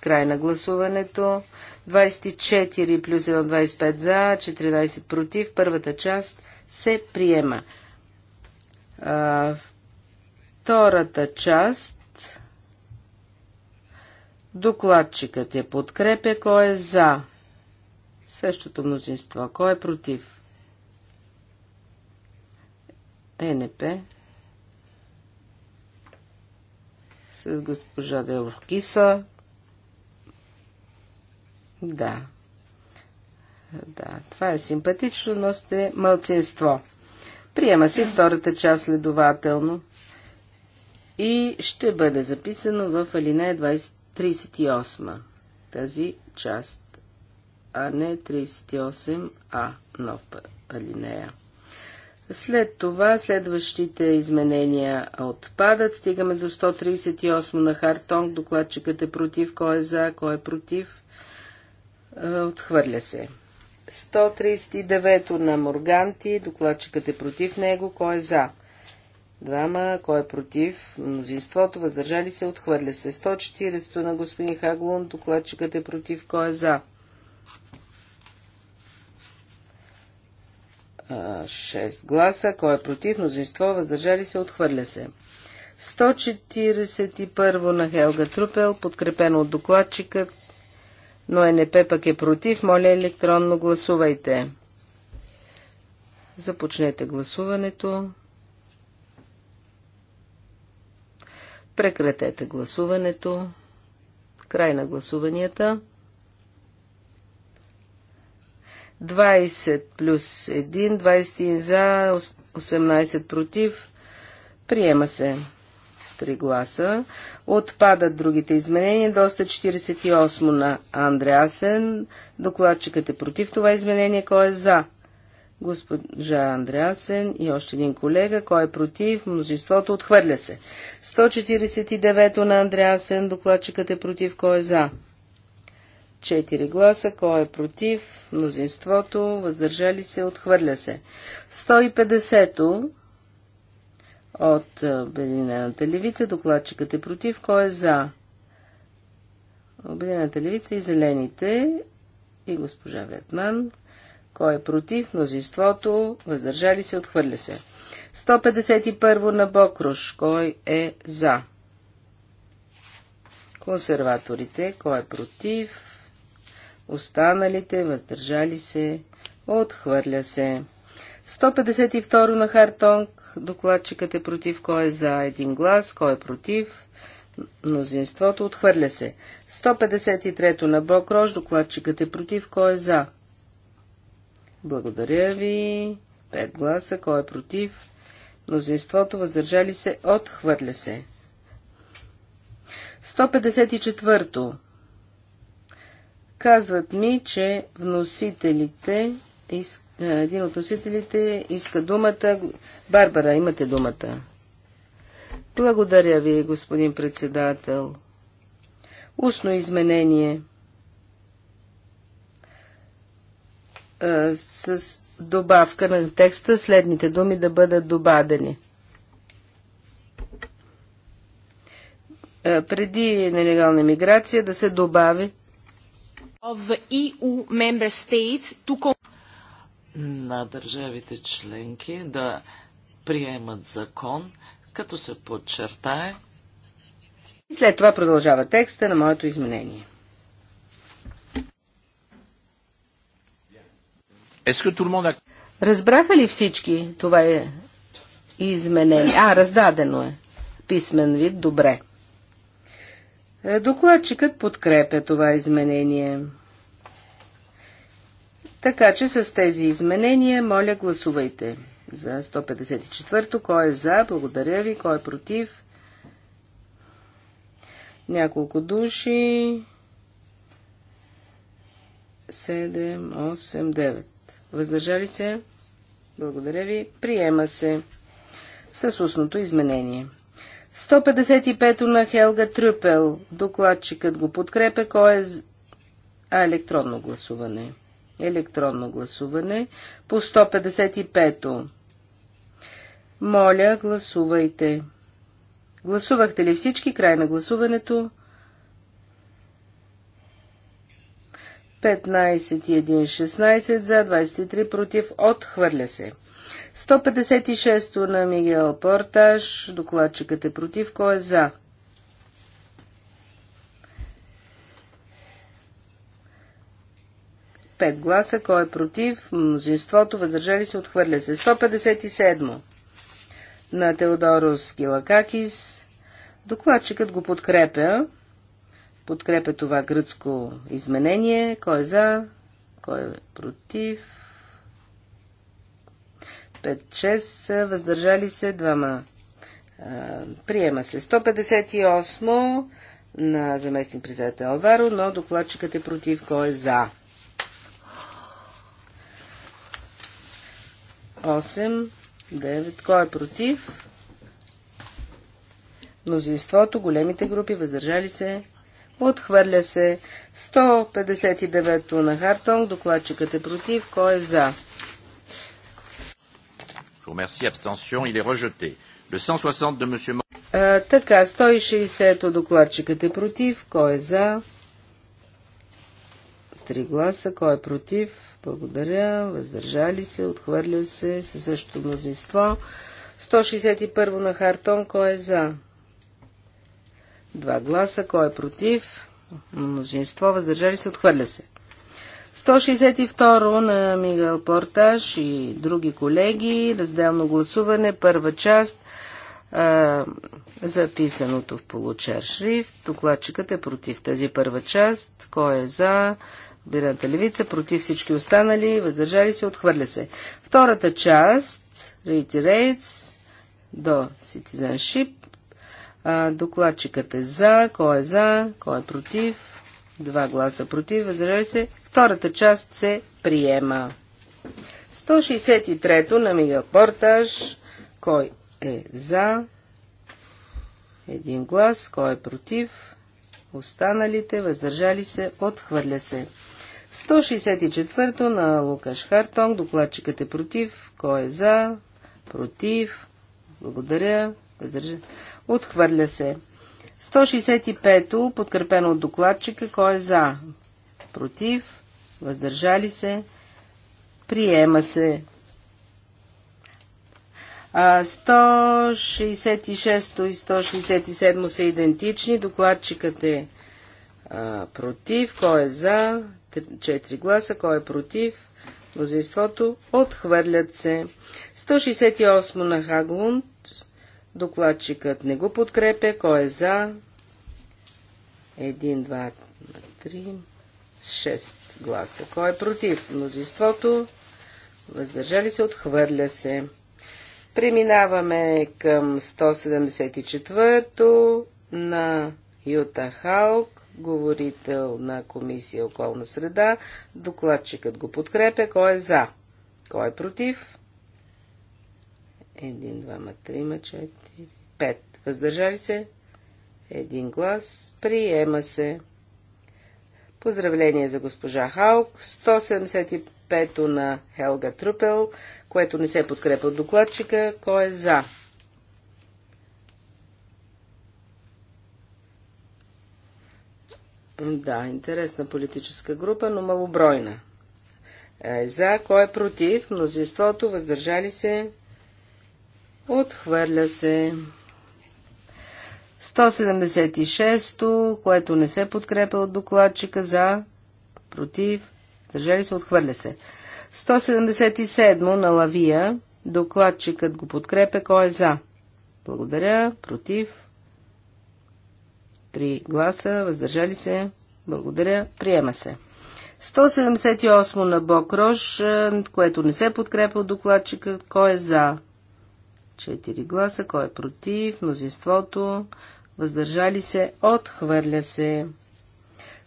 Край на гласуването. 24 плюс 1, 25 за, 14 против. Първата част се приема. А, втората част Докладчикът я подкрепя. Кой е за? Същото мнозинство. Кой е против? ЕНП. С госпожа Делоркиса. Да. Да, това е симпатично, но сте мълцинство. Приема си втората част следователно и ще бъде записано в алинея 23. 38 тази част, а не 38а нов алинея. След това следващите изменения отпадат. Стигаме до 138 на Хартонг. Докладчикът е против. Кой е за? Кой е против? Е, отхвърля се. 139 на Морганти. Докладчикът е против него. Кой е за? Двама. Кой е против? Мнозинството. Въздържали се. Отхвърля се. 140 на господин Хаглун. Докладчикът е против. Кой е за? 6 гласа. Кой е против? Мнозинство. Въздържали се. Отхвърля се. 141 на Хелга Трупел, подкрепено от докладчика, но НП пък е против. Моля електронно гласувайте. Започнете гласуването. Прекратете гласуването. Край на гласуванията. 20 плюс 1, 21 за, 18 против. Приема се с 3 гласа. Отпадат другите изменения Доста 48 на Андреасен. Докладчикът е против това изменение. Кой е за? госпожа Андреасен и още един колега. Кой е против? Множеството отхвърля се. 149 то на Андреасен. Докладчикът е против. Кой е за? 4 гласа. Кой е против? Мнозинството. Въздържали се. Отхвърля се. 150 от Обединената левица. Докладчикът е против. Кой е за? Обединената левица и зелените и госпожа Ветман. Кой е против? Мнозинството. Въздържали се. Отхвърля се. 151 на Бокруш. Кой е за? Консерваторите. Кой е против? Останалите. Въздържали се. Отхвърля се. 152 на Хартонг. Докладчикът е против. Кой е за? Един глас. Кой е против? Мнозинството отхвърля се. 153 на Бокрош. Докладчикът е против. Кой е за? Благодаря ви. Пет гласа. Кой е против? Мнозинството въздържали се. Отхвърля се. 154-то. Казват ми, че вносителите, е, един от носителите иска думата. Барбара, имате думата. Благодаря ви, господин председател. Устно изменение – с добавка на текста следните думи да бъдат добавени. Преди нелегална миграция да се добави of EU member states to на държавите членки да приемат закон, като се подчертае. И след това продължава текста на моето изменение. Разбраха ли всички? Това е изменение. А, раздадено е. Писмен вид, добре. Е, докладчикът подкрепя това изменение. Така че с тези изменения, моля, гласувайте за 154-то. Кой е за? Благодаря ви. Кой е против? Няколко души. 7, 8, 9. Въздържали се? Благодаря ви. Приема се с устното изменение. 155 на Хелга Трюпел. Докладчикът го подкрепя. Кой е... А, електронно гласуване. Електронно гласуване по 155-то. Моля, гласувайте. Гласувахте ли всички? Край на гласуването. 15 1, 16 за, 23 против, отхвърля се. 156 на Мигел Порташ, докладчикът е против, кой е за? Пет гласа, кой е против, мнозинството, въздържали се, отхвърля се. 157 на Теодорос Килакакис, докладчикът го подкрепя подкрепя това гръцко изменение. Кой е за? Кой е против? 5-6 въздържали се двама. Приема се 158 на заместник председател Алваро, но докладчикът е против. Кой е за? 8, 9. Кой е против? Мнозинството, големите групи, въздържали се Отхвърля се 159 на Хартонг. Докладчикът е против. Кой е за? Merci, abstention, il est rejeté. Le 160 de monsieur... а, така, 160 докладчикът е против. Кой е за? Три гласа. Кой е против? Благодаря. Въздържали се. Отхвърля се със същото мнозинство. 161 на Хартон. Кой е за? Два гласа. Кой е против? Мнозинство. Въздържали се. Отхвърля се. 162 на Мигал Порташ и други колеги. Разделно гласуване. Първа част. А, записаното в получар шрифт. Докладчикът е против тази първа част. Кой е за? Бирната левица. Против всички останали. Въздържали се. Отхвърля се. Втората част. рейти Рейтс до Citizenship докладчикът е за, кой е за, кой е против. Два гласа против, възражали се. Втората част се приема. 163-то на Мигел Порташ. Кой е за? Един глас. Кой е против? Останалите въздържали се, отхвърля се. 164-то на Лукаш Хартонг. Докладчикът е против. Кой е за? Против. Благодаря. Въздържа. Отхвърля се. 165-то, подкрепено от докладчика, кой е за? Против? Въздържали се? Приема се. 166 и 167 са идентични. Докладчикът е а, против. Кой е за? 4 гласа. Кой е против? Мнозинството отхвърлят се. 168 на Хаглунд Докладчикът не го подкрепя. Кой е за? Един, два, 3, 6 гласа. Кой е против? Мнозинството. Въздържали се, отхвърля се. Преминаваме към 174-то на Юта Хаук, говорител на Комисия околна среда. Докладчикът го подкрепя. Кой е за? Кой е против? Един, двама, трима, четири, пет. Въздържали се? Един глас. Приема се. Поздравление за госпожа Хаук. 175-то на Хелга Трупел, което не се подкрепа от докладчика. Кой е за? Да, интересна политическа група, но малобройна. Е за, кой е против? Мнозинството въздържали се. Отхвърля се. 176-то, което не се подкрепя от докладчика за, против, държали се, отхвърля се. 177 на лавия, докладчикът го подкрепя, кой е за? Благодаря, против, 3 гласа, въздържали се, благодаря, приема се. 178 на Бок Рош, което не се подкрепя от докладчика, кой е за? 4 гласа. Кой е против? Мнозинството. Въздържали се. Отхвърля се.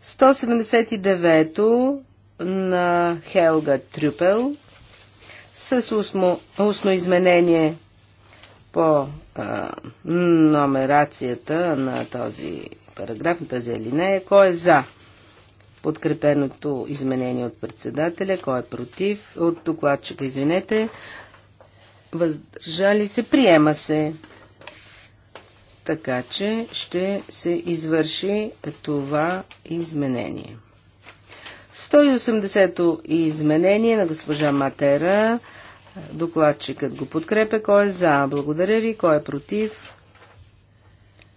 179-то на Хелга Трюпел с устно, устно изменение по а, номерацията на този параграф, на тази алинея. Кой е за? подкрепеното изменение от председателя, кой е против, от докладчика, извинете, въздържали се, приема се. Така че ще се извърши това изменение. 180-то изменение на госпожа Матера. Докладчикът го подкрепя. Кой е за? Благодаря ви. Кой е против?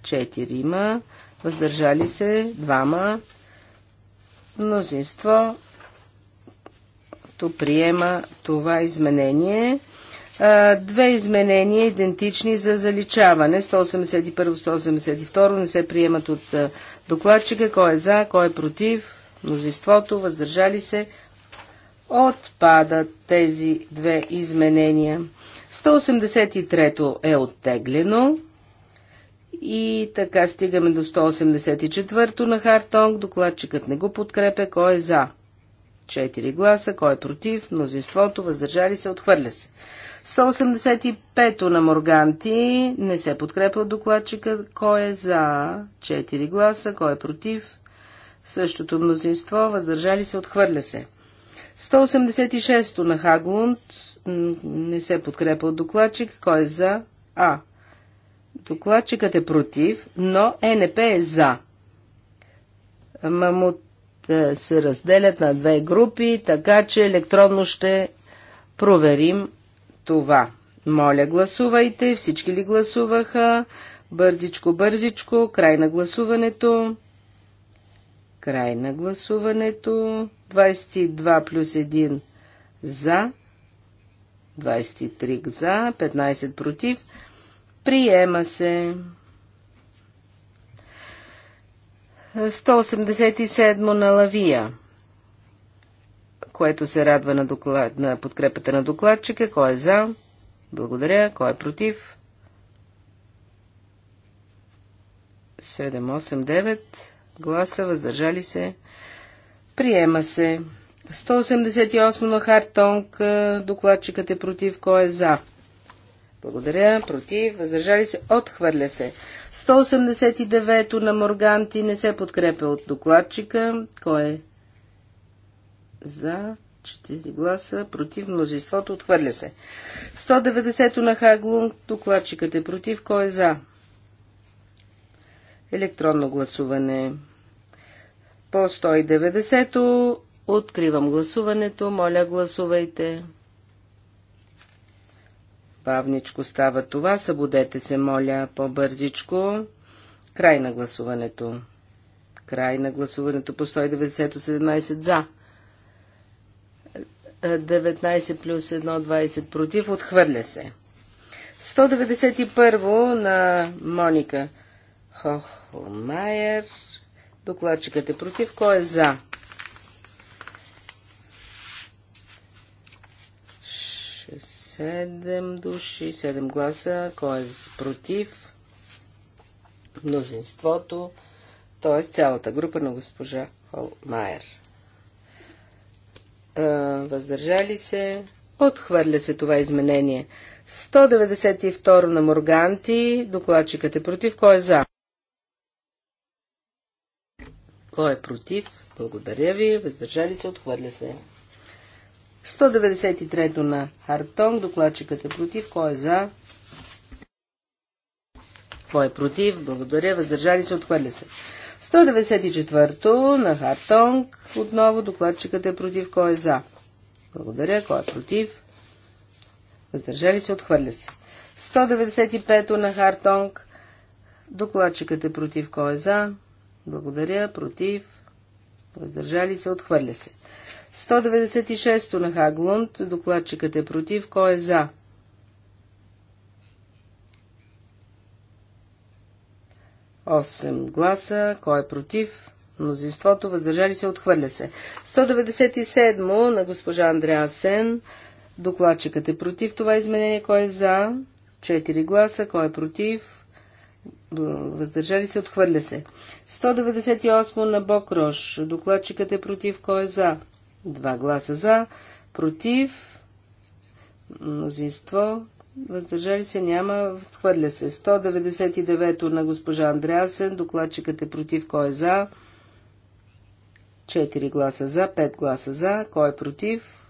Четири има. Въздържали се двама. Мнозинство то приема това изменение. Две изменения идентични за заличаване. 181-182 не се приемат от докладчика. Кой е за, кой е против? Мнозинството, въздържали се. Отпадат тези две изменения. 183 то е оттеглено. И така стигаме до 184 то на Хартонг. Докладчикът не го подкрепя. Кой е за? Четири гласа. Кой е против? Мнозинството. Въздържали се. Отхвърля се. 185-то на Морганти не се подкрепа от докладчика. Кой е за? 4 гласа. Кой е против? Същото мнозинство. Въздържали се. Отхвърля се. 186-то на Хаглунд не се подкрепа от докладчик. Кой е за? А. Докладчикът е против, но е НП е за. Мамут е, се разделят на две групи, така че електронно ще проверим това. Моля, гласувайте. Всички ли гласуваха? Бързичко, бързичко. Край на гласуването. Край на гласуването. 22 плюс 1 за. 23 за, 15 против. Приема се. 187 на Лавия което се радва на, доклад, на подкрепата на докладчика. Кой е за? Благодаря. Кой е против? 7, 8, 9 гласа, въздържали се. Приема се. 188 на Хартонг. Докладчикът е против. Кой е за? Благодаря. Против. Въздържали се. Отхвърля се. 189 на Морганти не се подкрепя от докладчика. Кой е за 4 гласа против мнозинството. Отхвърля се. 190 на Хаглун, Докладчикът е против. Кой е за? Електронно гласуване. По 190-то откривам гласуването. Моля, гласувайте. Бавничко става това. Събудете се, моля, по-бързичко. Край на гласуването. Край на гласуването по 190 17 за. 19 плюс 1, 20 против. Отхвърля се. 191 на Моника Хохомайер. Докладчикът е против. Кой е за? 7 души, 7 гласа. Кой е против? Мнозинството, Тоест цялата група на госпожа Холмайер въздържали се, отхвърля се това изменение. 192 на Морганти, докладчикът е против, кой е за? Кой е против? Благодаря ви, въздържали се, отхвърля се. 193 на Хартонг, докладчикът е против, кой е за? Кой е против? Благодаря, въздържали се, отхвърля се. 194-то на Хартонг. Отново докладчикът е против. Кой е за? Благодаря. Кой е против? Въздържали се, отхвърля се. 195-то на Хартонг. Докладчикът е против. Кой е за? Благодаря. Против. Въздържали се, отхвърля се. 196-то на Хаглунд. Докладчикът е против. Кой е за? 8 гласа. Кой е против? Мнозинството въздържали се, отхвърля се. 197 на госпожа Андреа Сен. Докладчикът е против това изменение. Кой е за? 4 гласа. Кой е против? Въздържали се, отхвърля се. 198 на Бокрош. Докладчикът е против. Кой е за? 2 гласа за. Против. Мнозинство. Въздържали се няма. Отхвърля се. 199-то на госпожа Андреасен. Докладчикът е против. Кой е за? 4 гласа за, 5 гласа за. Кой е против?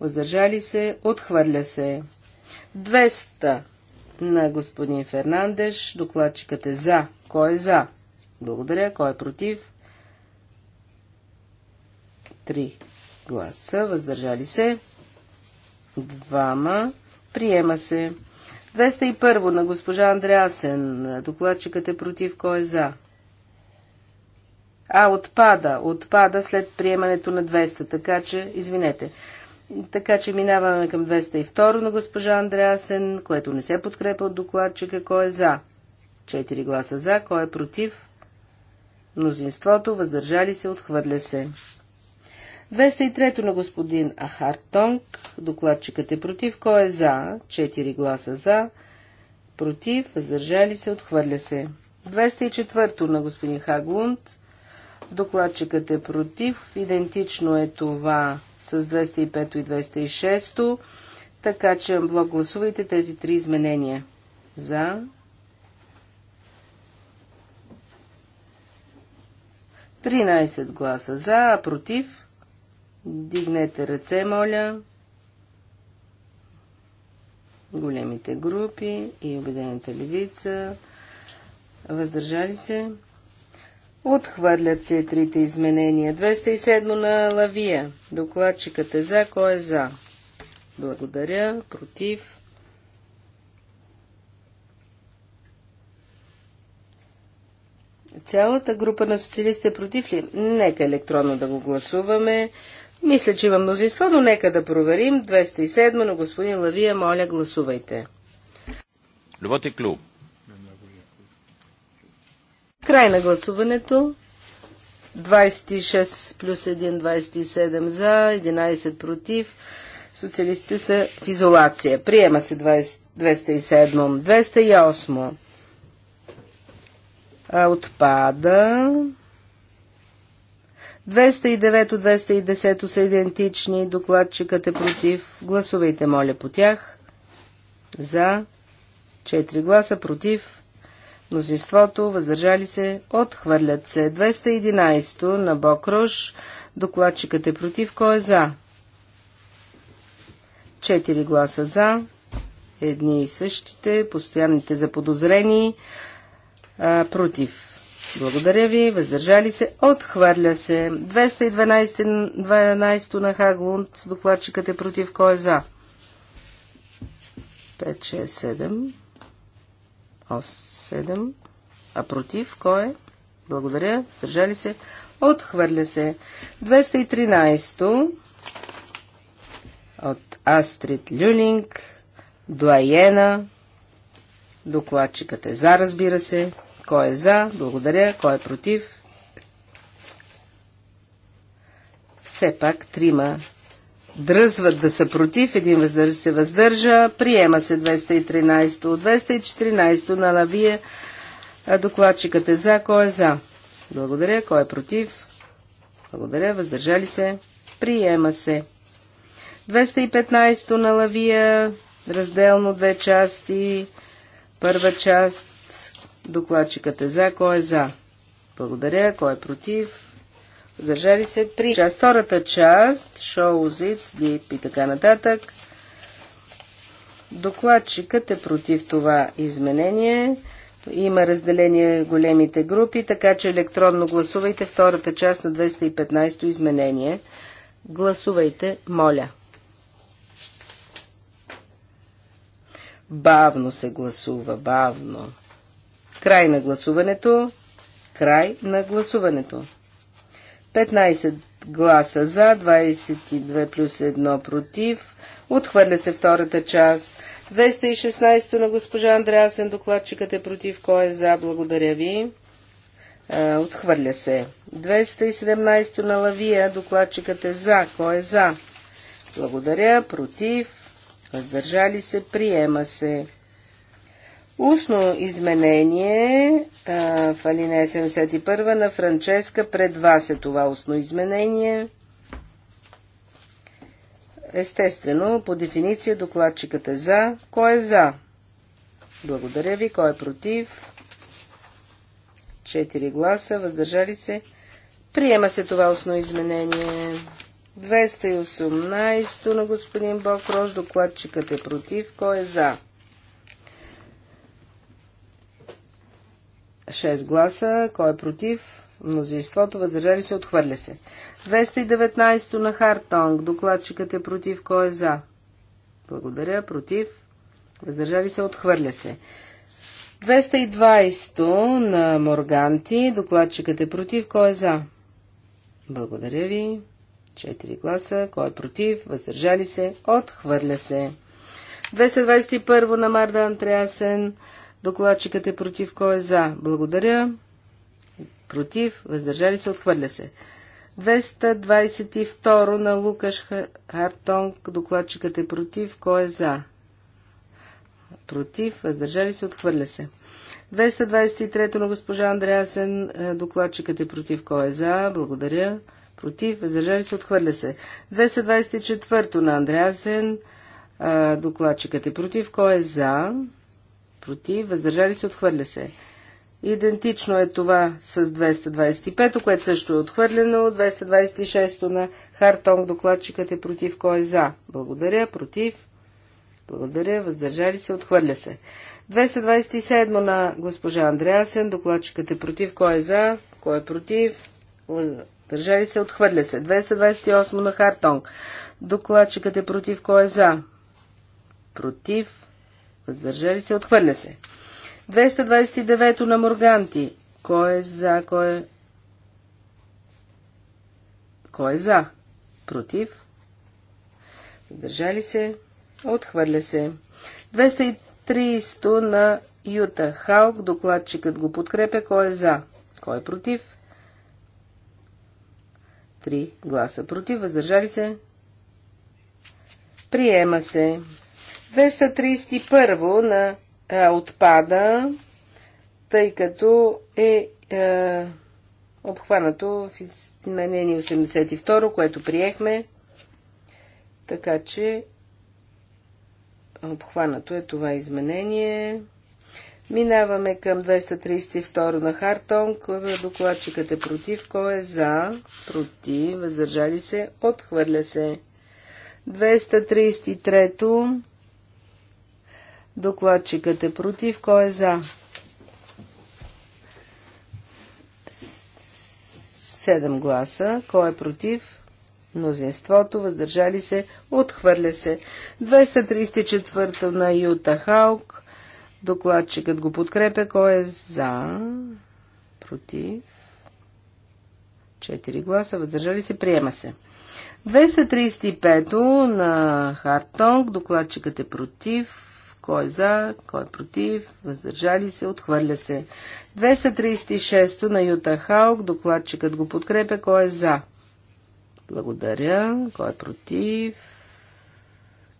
Въздържали се. Отхвърля се. 200 на господин Фернандеш. Докладчикът е за. Кой е за? Благодаря. Кой е против? 3 гласа. Въздържали се. Двама. Приема се. 201 на госпожа Андреасен. Докладчикът е против. Кой е за? А, отпада. Отпада след приемането на 200. Така че, извинете. Така че минаваме към 202 на госпожа Андреасен, което не се подкрепа от докладчика. Кой е за? 4 гласа за. Кой е против? Мнозинството въздържали се, отхвърля се. 203 на господин Ахартонг. Докладчикът е против. Кой е за? 4 гласа за. Против. Въздържали се. Отхвърля се. 204 на господин Хаглунд. Докладчикът е против. Идентично е това с 205 и 206. Така че блок гласувайте тези три изменения. За. Тринайсет гласа за, а против Дигнете ръце, моля. Големите групи и Обедената левица. Въздържали се. Отхвърлят се трите изменения. 207 на Лавия. Докладчикът е за. Кой е за? Благодаря. Против. Цялата група на социалистите е против ли? Нека електронно да го гласуваме. Мисля, че има мнозинство, но нека да проверим. 207 на господин Лавия, моля, гласувайте. Любот е клуб. Край на гласуването. 26 плюс 1, 27 за, 11 против. Социалистите са в изолация. Приема се 20, 207. 208. Отпада. 209-210 са идентични. Докладчикът е против. Гласувайте, моля, по тях. За. 4 гласа против. Мнозинството въздържали се. Отхвърлят се. 211 на Бокрош. Докладчикът е против. Кой е за? 4 гласа за. Едни и същите. Постоянните заподозрени. А, против. Благодаря ви. Въздържали се. Отхвърля се. 212 на Хаглунд. Докладчикът е против. Кой е за? 5, 6, 7. 8, 7. А против? Кой е? Благодаря. Въздържали се. Отхвърля се. 213 от Астрид Люлинг. Дуаена. Докладчикът е за, разбира се. Кой е за? Благодаря. Кой е против? Все пак трима дръзват да са против, един въздържа се въздържа. Приема се 213 то 214 то на лавия. Докладчикът е за. Кой е за? Благодаря. Кой е против? Благодаря. Въздържали се. Приема се. 215 то на лавия. Разделно две части. Първа част Докладчикът е за. Кой е за? Благодаря. Кой е против? Държали се при част. Втората част, шоу, зид, слип и така нататък. Докладчикът е против това изменение. Има разделение големите групи, така че електронно гласувайте втората част на 215-то изменение. Гласувайте, моля. Бавно се гласува, бавно. Край на гласуването. Край на гласуването. 15 гласа за, 22 плюс 1 против. Отхвърля се втората част. 216 на госпожа Андреасен. Докладчикът е против. Кой е за? Благодаря ви. Отхвърля се. 217 на Лавия. Докладчикът е за. Кой е за? Благодаря. Против. Въздържали се. Приема се. Устно изменение а, в алинея 71 на Франческа. Пред вас е това устно изменение. Естествено, по дефиниция докладчикът е за. Кой е за? Благодаря ви. Кой е против? Четири гласа. Въздържали се. Приема се това устно изменение. 218 на господин Бокрош. Докладчикът е против. Кой е за? 6 гласа. Кой е против? Мнозинството. Въздържали се. Отхвърля се. 219 на Хартонг. Докладчикът е против. Кой е за? Благодаря. Против. Въздържали се. Отхвърля се. 220 на Морганти. Докладчикът е против. Кой е за? Благодаря ви. 4 гласа. Кой е против? Въздържали се. Отхвърля се. 221 на Марда Андреасен. Докладчикът е против. Кой е за? Благодаря. Против. Въздържали се. Отхвърля се. 222 на Лукаш Хартонг. Докладчикът е против. Кой е за? Против. Въздържали се. Отхвърля се. 223 на госпожа Андреасен. Е, докладчикът е против. Кой е за? Благодаря. Против. Въздържали се. Отхвърля се. 224 на Андреасен. Е, докладчикът е против. Кой е за? против, въздържали се, отхвърля се. Идентично е това с 225, което също е отхвърлено. 226 на Хартонг докладчикът е против, кой е за. Благодаря, против. Благодаря, въздържали се, отхвърля се. 227 на госпожа Андреасен, докладчикът е против, кой е за, кой е против. Въздържали се, отхвърля се. 228 на Хартонг. Докладчикът е против, кой е за. Против въздържали се, отхвърля се. 229 на Морганти. Кой е за, кой е... Кой е за? Против? Въздържали се, отхвърля се. 230 на Юта Халк. Докладчикът го подкрепя. Кой е за? Кой е против? 3 гласа против. Въздържали се? Приема се. 231 на, а, отпада, тъй като е а, е, обхванато в изменение 82, което приехме. Така че обхванато е това изменение. Минаваме към 232 на Хартонг. Докладчикът е против. Кой е за? Против. Въздържали се? Отхвърля се. 233 Докладчикът е против. Кой е за? 7 гласа. Кой е против? Мнозинството. Въздържали се. Отхвърля се. 234 на Юта Хаук. Докладчикът го подкрепя. Кой е за? Против. 4 гласа. Въздържали се. Приема се. 235 на Хартонг. Докладчикът е против. Кой е за, кой е против, въздържали се, отхвърля се. 236 на Юта Хаук, докладчикът го подкрепя, кой е за. Благодаря, кой е против.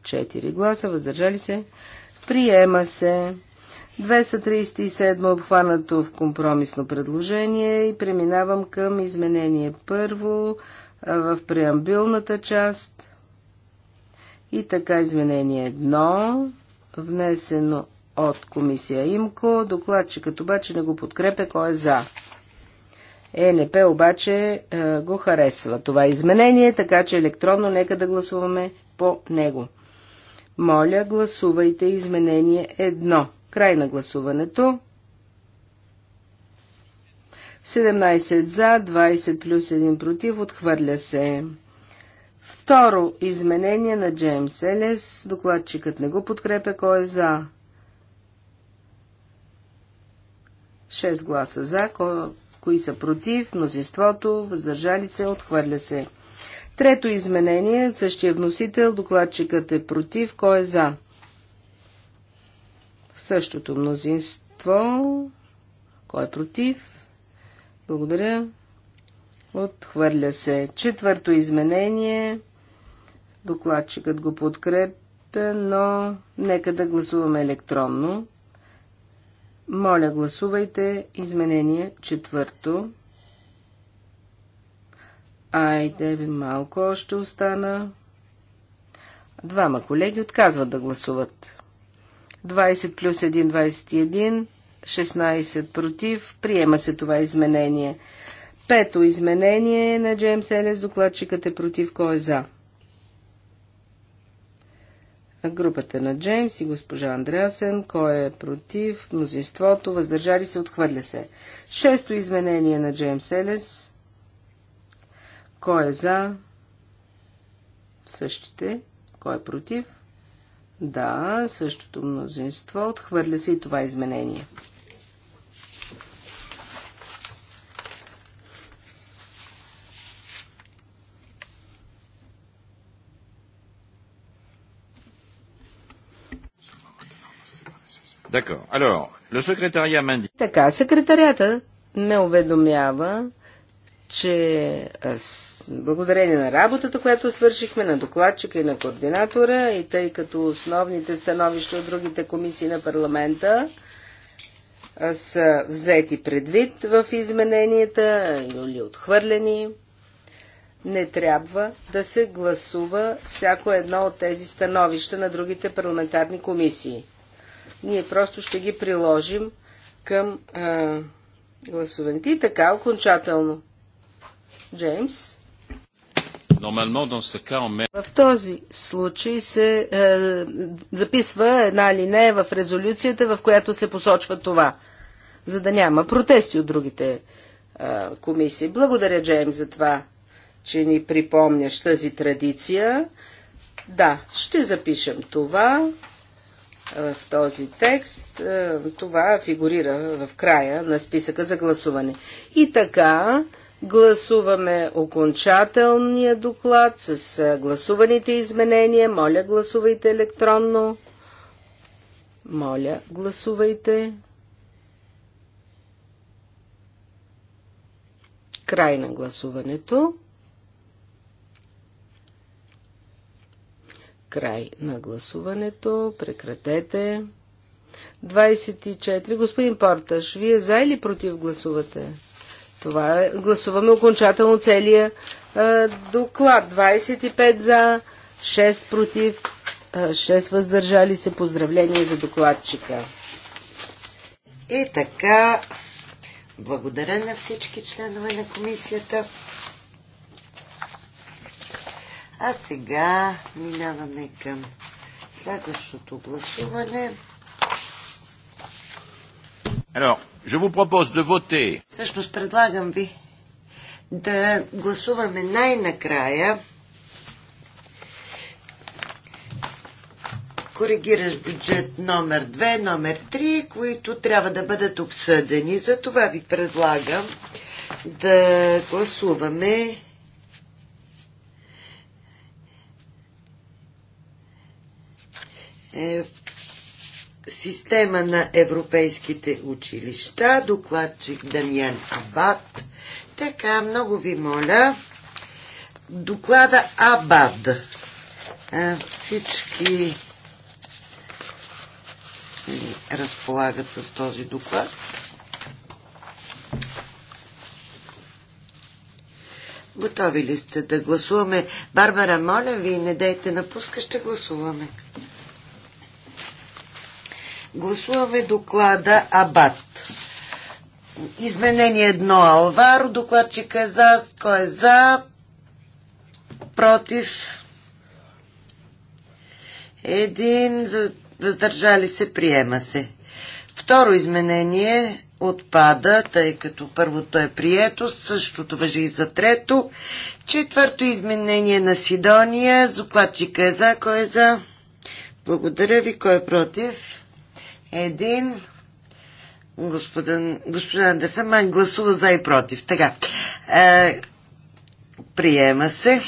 4 гласа, въздържали се. Приема се. 237 обхванато в компромисно предложение и преминавам към изменение първо в преамбилната част. И така изменение 1 внесено от комисия ИМКО. Докладчикът обаче не го подкрепя, кой е за. ЕНП обаче е, го харесва това е изменение, така че електронно нека да гласуваме по него. Моля, гласувайте изменение едно. Край на гласуването. 17 за, 20 плюс 1 против, отхвърля се. Второ изменение на Джеймс Елес. Докладчикът не го подкрепя. Кой е за? 6 гласа за. Кои са против? Мнозинството. Въздържали се. Отхвърля се. Трето изменение. Същия вносител. Докладчикът е против. Кой е за? В Същото мнозинство. Кой е против? Благодаря. Отхвърля се. Четвърто изменение Докладчикът го подкрепя, но нека да гласуваме електронно. Моля, гласувайте изменение четвърто. Айде ви, малко още остана. Двама колеги отказват да гласуват. 20 плюс 1, 21, 16 против. Приема се това изменение. Пето изменение на Джеймс Елес. Докладчикът е против. Кой е за? групата на Джеймс и госпожа Андреасен, кой е против, мнозинството, въздържали се, отхвърля се. Шесто изменение на Джеймс Елес, кой е за, същите, кой е против, да, същото мнозинство, отхвърля се и това изменение. Така, секретарията ме уведомява, че аз, благодарение на работата, която свършихме на докладчика и на координатора, и тъй като основните становища от другите комисии на парламента са взети предвид в измененията или отхвърлени, не трябва да се гласува всяко едно от тези становища на другите парламентарни комисии. Ние просто ще ги приложим към а, гласуването. И така, окончателно. Джеймс. В този случай се е, записва една линия в резолюцията, в която се посочва това, за да няма протести от другите е, комисии. Благодаря, Джеймс, за това, че ни припомняш тази традиция. Да, ще запишем това е, в този текст. Е, това фигурира в края на списъка за гласуване. И така, гласуваме окончателния доклад с е, гласуваните изменения. Моля, гласувайте електронно. Моля, гласувайте. Край на гласуването. Край на гласуването. Прекратете. 24. Господин Порташ, вие за или против гласувате? Това е. Гласуваме окончателно целия е, доклад. 25 за, 6 против, е, 6 въздържали се. Поздравление за докладчика. И така, благодаря на всички членове на комисията. А сега минаваме към следващото гласуване. Alors, je vous propose de voter. Всъщност предлагам ви да гласуваме най-накрая коригираш бюджет номер 2, номер 3, които трябва да бъдат обсъдени. За това ви предлагам да гласуваме е, система на европейските училища, докладчик Дамян Абад. Така, много ви моля, доклада Абад. Е, всички е, разполагат с този доклад. Готови ли сте да гласуваме? Барбара, моля ви, не дайте напуска, ще гласуваме. Гласуваме доклада Абат. Изменение едно Алвар. докладчик е за. Кой е за? Против? Един. За, въздържали се. Приема се. Второ изменение отпада, тъй като първото е прието, същото въжи и за трето. Четвърто изменение на Сидония. Докладчика е за. Кой е за? Благодаря ви. Кой е против? Един. Господин, господин Андерсън гласува за и против. Така. Е, приема се.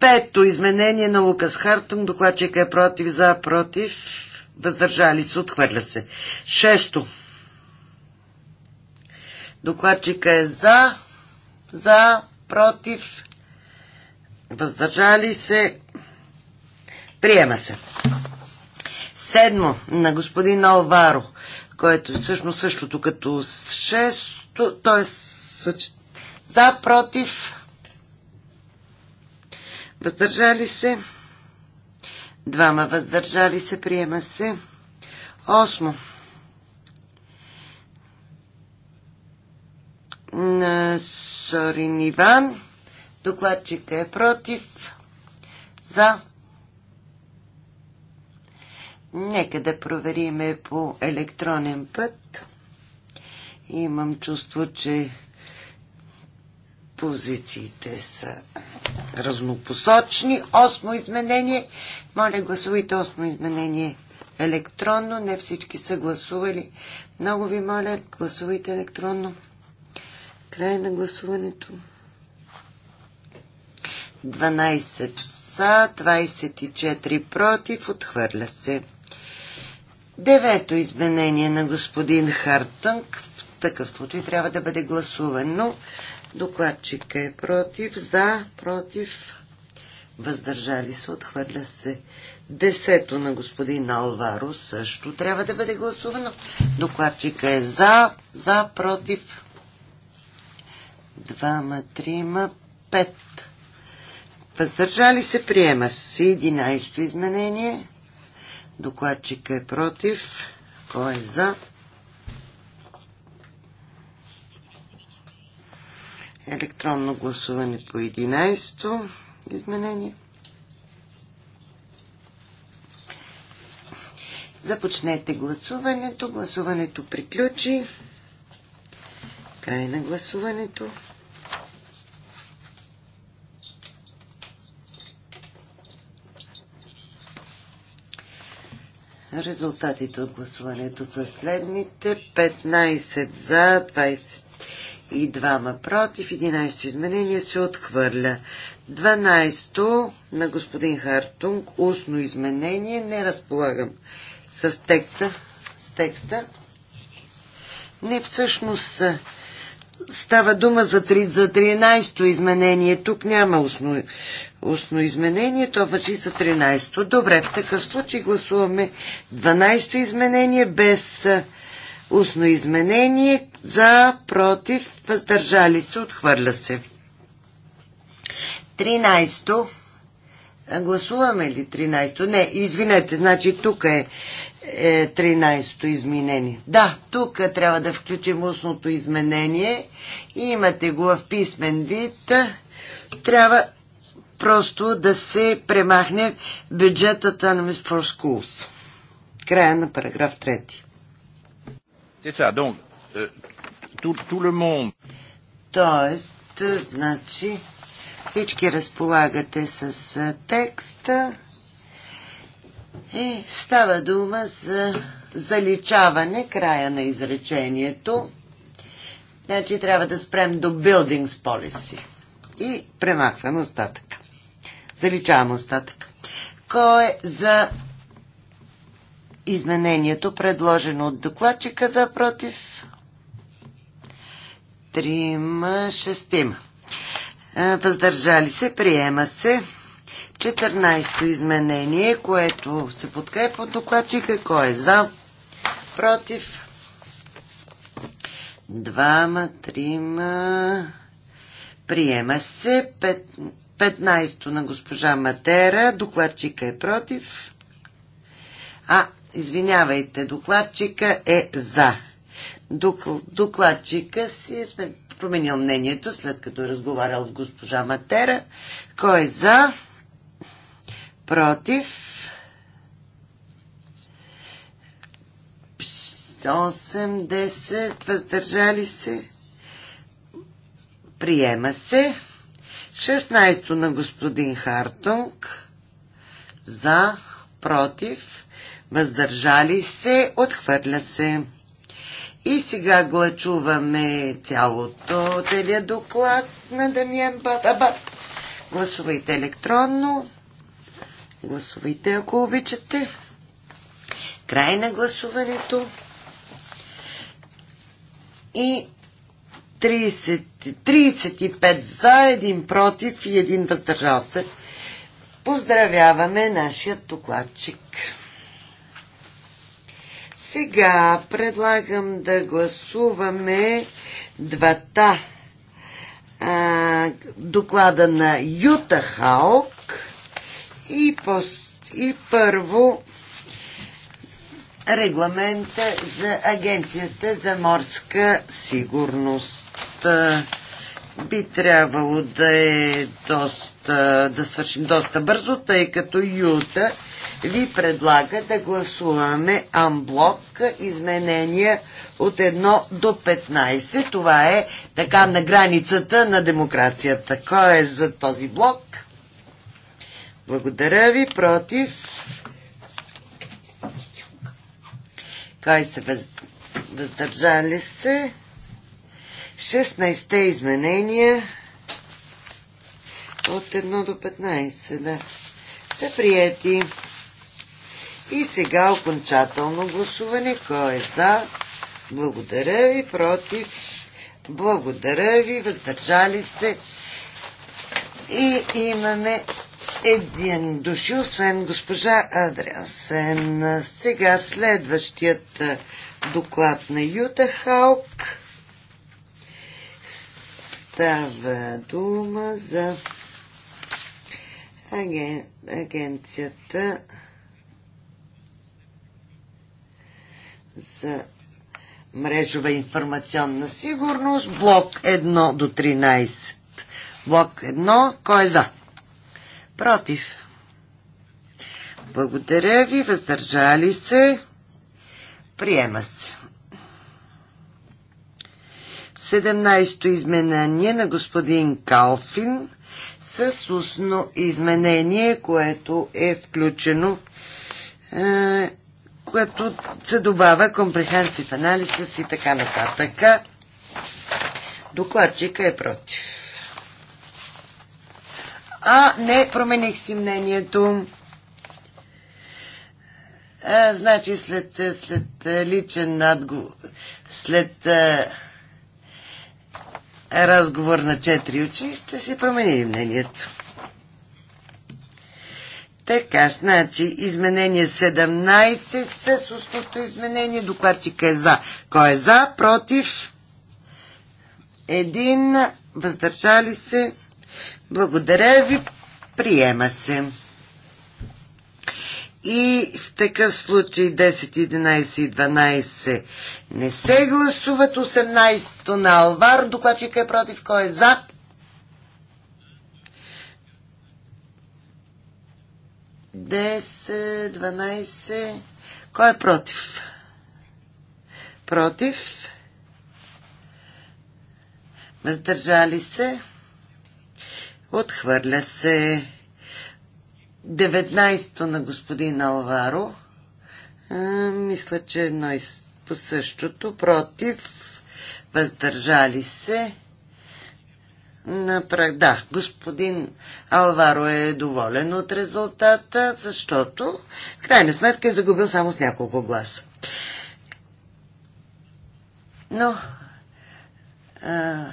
Пето изменение на Лукас Хартон. Докладчика е против, за, против. Въздържали се, отхвърля се. Шесто. Докладчика е за, за, против. Въздържали се. Приема се. Седмо на господин Алваро, който е всъщност същото като шесто, т.е. за, против, въздържали се, двама въздържали се, приема се. Осмо. На Сорин Иван. Докладчика е против. За, Нека да провериме по електронен път. Имам чувство, че позициите са разнопосочни. Осмо изменение. Моля, гласувайте осмо изменение електронно. Не всички са гласували. Много ви моля, гласувайте електронно. Край на гласуването. 12 са, 24 против, отхвърля се. Девето изменение на господин Хартънг. В такъв случай трябва да бъде гласувано. Докладчика е против. За, против. Въздържали се, отхвърля се. Десето на господин Алваро също трябва да бъде гласувано. Докладчика е за, за, против. Двама, трима, пет. Въздържали се, приема се. Единайсто изменение. Докладчика е против. Кой е за? Електронно гласуване по 11-то изменение. Започнете гласуването. Гласуването приключи. Край на гласуването. Резултатите от гласуването са следните. 15 за, 22 против, 11 изменение се отхвърля. 12 на господин Хартунг, устно изменение, не разполагам с текста. С текста. Не всъщност става дума за, 3, за 13-то изменение. Тук няма устно устно изменение, то въжи за 13-то. Добре, в такъв случай гласуваме 12-то изменение без устно изменение за, против, въздържали се, отхвърля се. 13-то. Гласуваме ли 13-то? Не, извинете, значи тук е, е 13-то изменение. Да, тук трябва да включим устното изменение. Имате го в писмен вид. Трябва просто да се премахне бюджетът на for Schools. Края на параграф 3. C'est ça, donc, euh, tout, tout le monde. Тоест, е, значи, всички разполагате с е, текста и става дума за заличаване края на изречението. Значи трябва да спрем до Buildings Policy и премахваме остатъка. Заличавам остатък. Кой е за изменението, предложено от докладчика за против? Трима, шестима. Въздържали се, приема се. 14-то изменение, което се подкрепва от докладчика. Кой е за? Против? Двама, трима. Приема се. Пет... 15 то на госпожа Матера. Докладчика е против. А, извинявайте, докладчика е за. Докладчика си сме променил мнението, след като е разговарял с госпожа Матера. Кой е за? Против? 8, 10, въздържали се. Приема се. 16 на господин Хартунг. За, против, въздържали се, отхвърля се. И сега гласуваме цялото, целият доклад на Дамиен Батабат. Гласувайте електронно. Гласувайте, ако обичате. Край на гласуването. И 30 35 за, 1 против и 1 въздържал се. Поздравяваме нашия докладчик. Сега предлагам да гласуваме двата а, доклада на Юта Хаук и, пост, и първо регламент за Агенцията за морска сигурност. Би трябвало да е доста, да свършим доста бързо, тъй като Юта ви предлага да гласуваме амблок изменения от 1 до 15. Това е така на границата на демокрацията. Кой е за този блок? Благодаря ви. Против? 20 въздържали се. 16-те изменения от 1 до 15, да, са приети. И сега окончателно гласуване. Кой е за? Благодаря ви. Против? Благодаря ви. Въздържали се. И имаме един души, освен госпожа Адриансен. Сега следващият доклад на Юта Халк. Става дума за аген... агенцията за мрежова информационна сигурност, блок 1 до 13. Блок 1, кой е за? Против. Благодаря ви. Въздържали се. Приема се. 17-то изменение на господин Калфин с устно изменение, което е включено, е, което се добавя компрехенсив анализ и така нататък. Докладчика е против а не промених си мнението. А, значи след, след личен надговор, след а, разговор на четири очи сте си променили мнението. Така, значи изменение 17 с устното изменение. Докладчика е за. Кой е за? Против? Един. Въздържали се. Благодаря ви. Приема се. И в такъв случай 10, 11 и 12 не се гласуват. 18-то на Алвар. Докладчика е против. Кой е за? Десет, 12. Кой е против? Против. Въздържали се. Отхвърля се 19-то на господин Алваро. А, мисля, че едно и по същото. Против. Въздържали се. Напрак... Да, господин Алваро е доволен от резултата, защото в крайна сметка е загубил само с няколко гласа. Но а,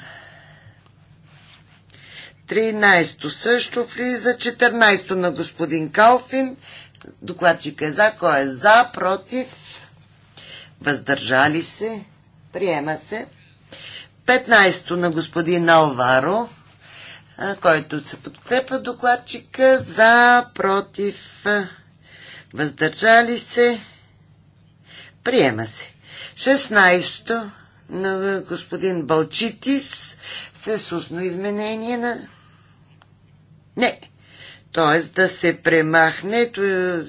13-то също влиза. 14-то на господин Калфин. Докладчик е за. Кой е за? Против? Въздържали се? Приема се. 15-то на господин Алваро, който се подкрепа докладчика. За, против, въздържали се. Приема се. 16-то на господин Балчитис с устно изменение на не. Тоест да се премахне е,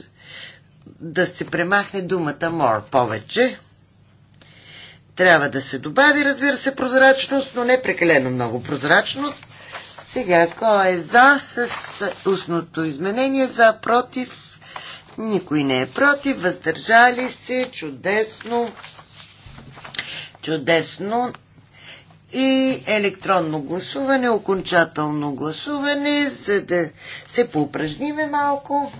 да се премахне думата more повече. Трябва да се добави, разбира се, прозрачност, но не прекалено много прозрачност. Сега, кой е за с устното изменение, за против, никой не е против, въздържали се, чудесно, чудесно, и електронно гласуване, окончателно гласуване, за да се поупражниме малко.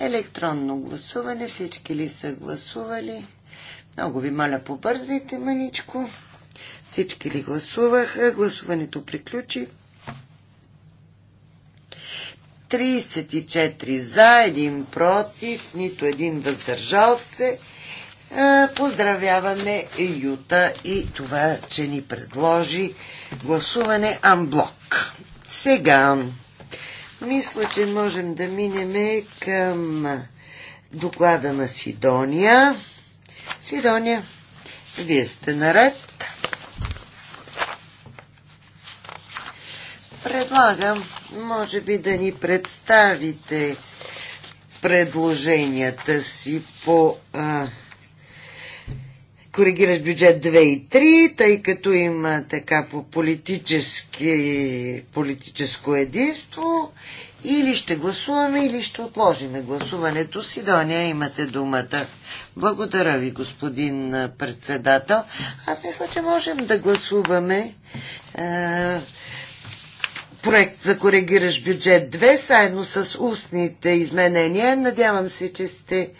Електронно гласуване, всички ли са гласували? Много ви моля, побързайте маничко. Всички ли гласуваха? Гласуването приключи. 34 за, един против, нито един въздържал се. Е, поздравяваме Юта и това, че ни предложи гласуване амблок. Сега, мисля, че можем да минеме към доклада на Сидония. Сидония, вие сте наред. Предлагам, може би, да ни представите предложенията си по а, коригираш бюджет 2 и 3, тъй като има така по политически, политическо единство. Или ще гласуваме, или ще отложиме гласуването си. Доня, имате думата. Благодаря ви, господин председател. Аз мисля, че можем да гласуваме е, проект за коригираш бюджет 2, заедно с устните изменения. Надявам се, че сте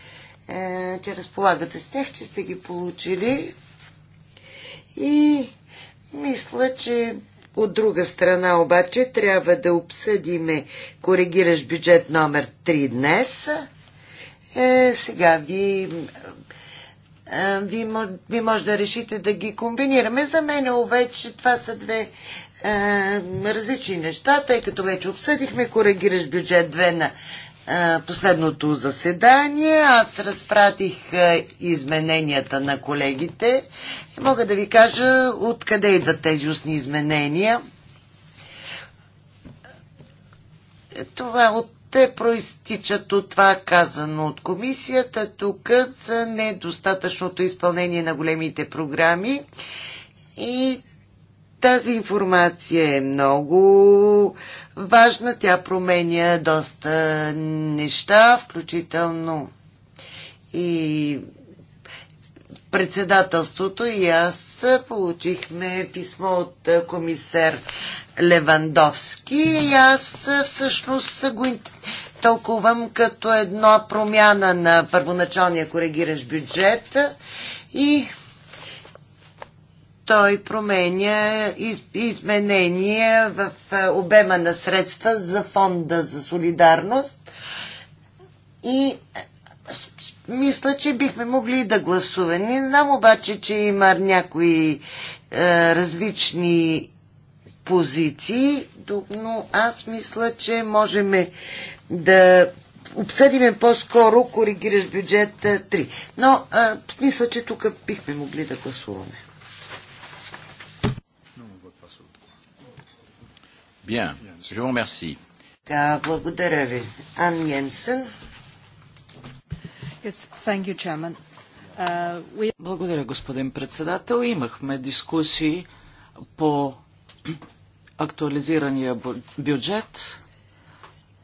е, че разполагате с тях, че сте ги получили. И мисля, че от друга страна обаче трябва да обсъдиме коригираш бюджет номер 3 днес. Е, сега ви е, вие, ви може да решите да ги комбинираме. За мен обаче това са две е, различни неща, тъй като вече обсъдихме коригираш бюджет 2 на последното заседание. Аз разпратих измененията на колегите мога да ви кажа откъде идват тези устни изменения. Това от те проистичат от това казано от комисията тук за недостатъчното изпълнение на големите програми и тази информация е много важна. Тя променя доста неща, включително и председателството и аз получихме писмо от комисар Левандовски и аз всъщност го тълкувам като една промяна на първоначалния коригиращ бюджет и той променя из, изменения в е, обема на средства за фонда за солидарност и е, мисля, че бихме могли да гласуваме. Не знам обаче, че има някои е, различни позиции, но аз мисля, че можем да обсъдиме по-скоро коригираш бюджет 3. Е, но е, мисля, че тук бихме могли да гласуваме. Bien, je vous remercie. благодаря Yes, thank you, Chairman. Uh, we... Благодаря, господин председател. Имахме дискусии по актуализирания бюджет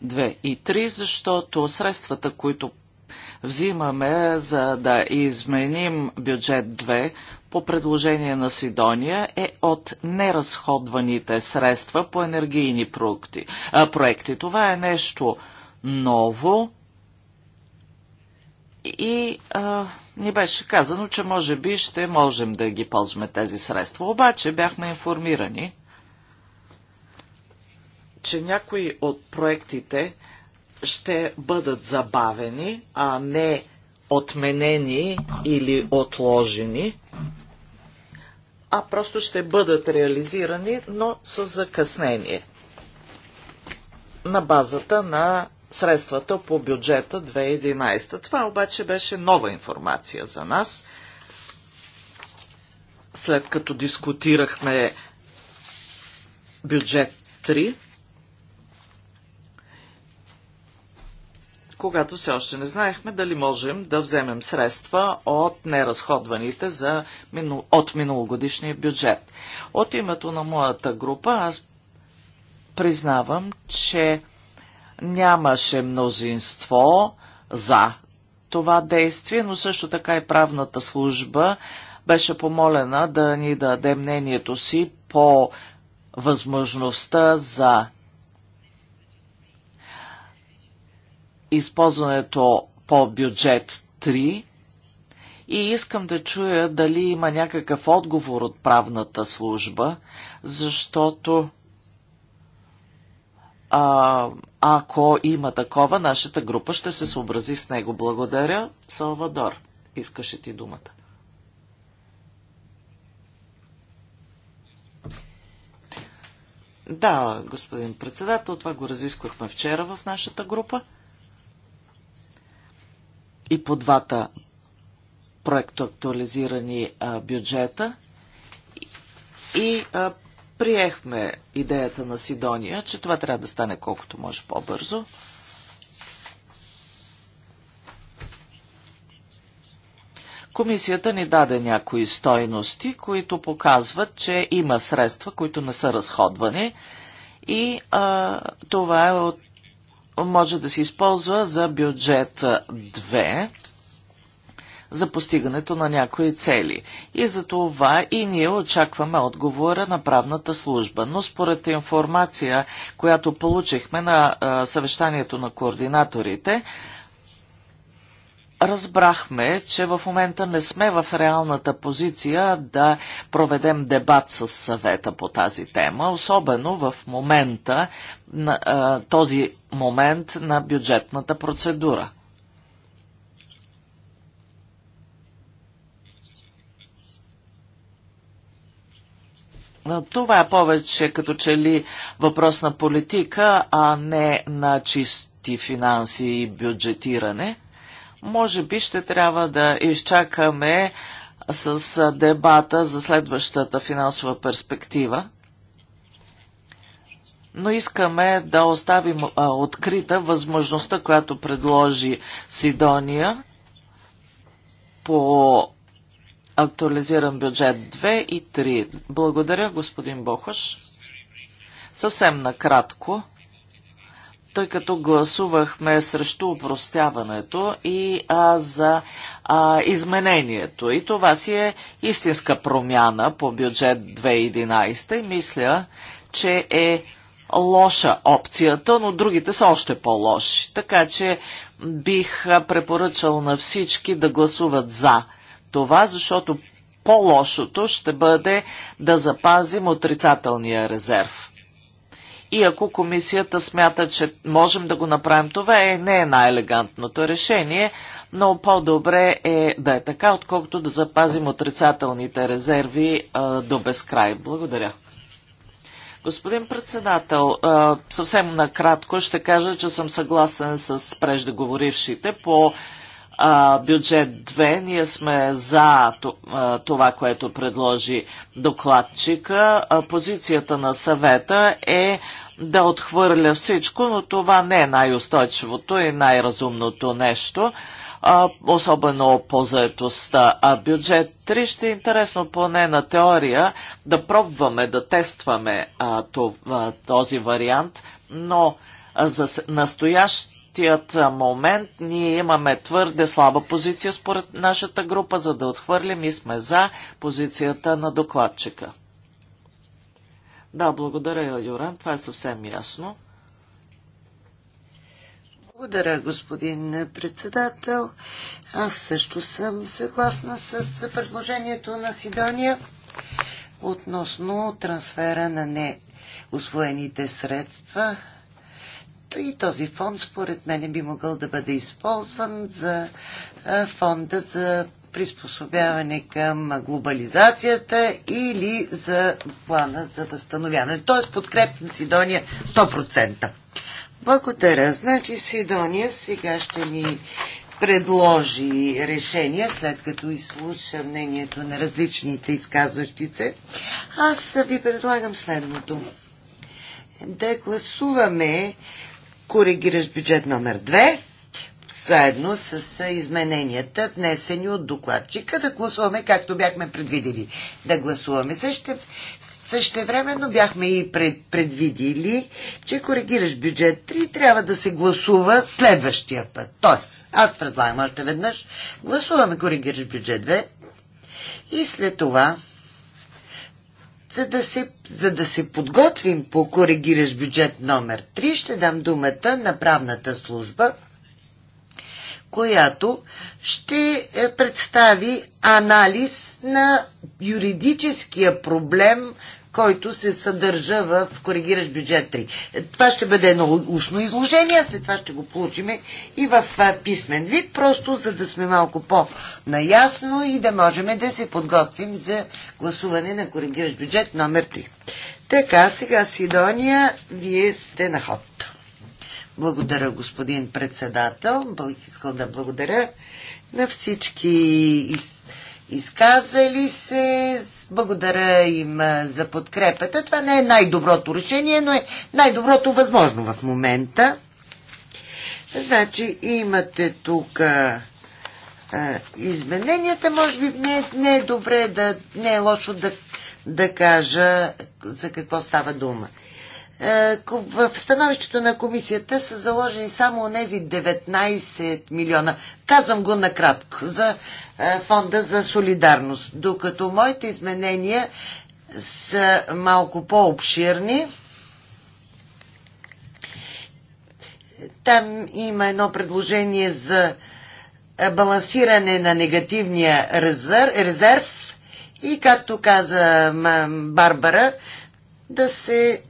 2 и 3, защото средствата, които взимаме за да изменим бюджет 2, по предложение на Сидония е от неразходваните средства по енергийни проекти. А, проекти. Това е нещо ново и а, ни беше казано, че може би ще можем да ги ползваме тези средства. Обаче бяхме информирани, че някои от проектите ще бъдат забавени, а не отменени или отложени а просто ще бъдат реализирани, но с закъснение на базата на средствата по бюджета 2011. Това обаче беше нова информация за нас. След като дискутирахме бюджет 3, когато все още не знаехме дали можем да вземем средства от неразходваните за, от миналогодишния бюджет. От името на моята група аз признавам, че нямаше мнозинство за това действие, но също така и правната служба беше помолена да ни даде мнението си по възможността за използването по бюджет 3 и искам да чуя дали има някакъв отговор от правната служба, защото а, ако има такова, нашата група ще се съобрази с него. Благодаря, Салвадор. Искаше ти думата. Да, господин председател, това го разисквахме вчера в нашата група и по двата проекта актуализирани а, бюджета и а, приехме идеята на Сидония, че това трябва да стане колкото може по-бързо. Комисията ни даде някои стойности, които показват, че има средства, които не са разходвани и а, това е от може да се използва за бюджет 2 за постигането на някои цели. И за това и ние очакваме отговора на правната служба. Но според информация, която получихме на съвещанието на координаторите, разбрахме, че в момента не сме в реалната позиция да проведем дебат с съвета по тази тема, особено в момента, на, този момент на бюджетната процедура. Това е повече като че ли въпрос на политика, а не на чисти финанси и бюджетиране – може би ще трябва да изчакаме с дебата за следващата финансова перспектива, но искаме да оставим а, открита възможността, която предложи Сидония по актуализиран бюджет 2 и 3. Благодаря, господин Бохош. Съвсем накратко тъй като гласувахме срещу упростяването и а, за а, изменението. И това си е истинска промяна по бюджет 2011 и мисля, че е лоша опцията, но другите са още по-лоши. Така че бих препоръчал на всички да гласуват за това, защото по-лошото ще бъде да запазим отрицателния резерв. И ако комисията смята, че можем да го направим, това е, не е най-елегантното решение, но по-добре е да е така, отколкото да запазим отрицателните резерви а, до безкрай. Благодаря. Господин председател, съвсем накратко ще кажа, че съм съгласен с преждеговорившите по бюджет 2. Ние сме за това, което предложи докладчика. Позицията на съвета е да отхвърля всичко, но това не е най-устойчивото и най-разумното нещо, особено по заедостта. А бюджет 3 ще е интересно поне на теория да пробваме, да тестваме този вариант, но за настоящ настоящият момент ние имаме твърде слаба позиция според нашата група, за да отхвърлим и сме за позицията на докладчика. Да, благодаря, Юран. Това е съвсем ясно. Благодаря, господин председател. Аз също съм съгласна с предложението на Сидония относно трансфера на неосвоените средства и този фонд според мен би могъл да бъде използван за фонда за приспособяване към глобализацията или за плана за възстановяване. Т.е. подкреп на Сидония 100%. Благодаря. Значи Сидония сега ще ни предложи решение, след като изслуша мнението на различните изказващите. Аз ви предлагам следното. Да гласуваме коригираш бюджет номер 2, заедно с измененията, внесени от докладчика, да гласуваме както бяхме предвидели. Да гласуваме. Също, същевременно бяхме и пред, предвидили, че коригираш бюджет 3 трябва да се гласува следващия път. Тоест, аз предлагам още веднъж, гласуваме коригираш бюджет 2 и след това за да се, за да се подготвим по коригираш бюджет номер 3, ще дам думата на правната служба, която ще е, представи анализ на юридическия проблем който се съдържа в коригираш бюджет 3. Това ще бъде едно устно изложение, след това ще го получим и в писмен вид, просто за да сме малко по-наясно и да можем да се подготвим за гласуване на коригираш бюджет номер 3. Така, сега Сидония, вие сте на ход. Благодаря, господин председател. Бих искал да благодаря на всички изказали се. Благодаря им за подкрепата. Това не е най-доброто решение, но е най-доброто възможно в момента. Значи имате тук а, измененията. Може би не, не е добре да, не е лошо да, да кажа за какво става дума. Е, в становището на комисията са заложени само тези 19 милиона. Казвам го накратко за е, фонда за солидарност, докато моите изменения са малко по-обширни. Там има едно предложение за е, балансиране на негативния резерв и, както каза Барбара, да се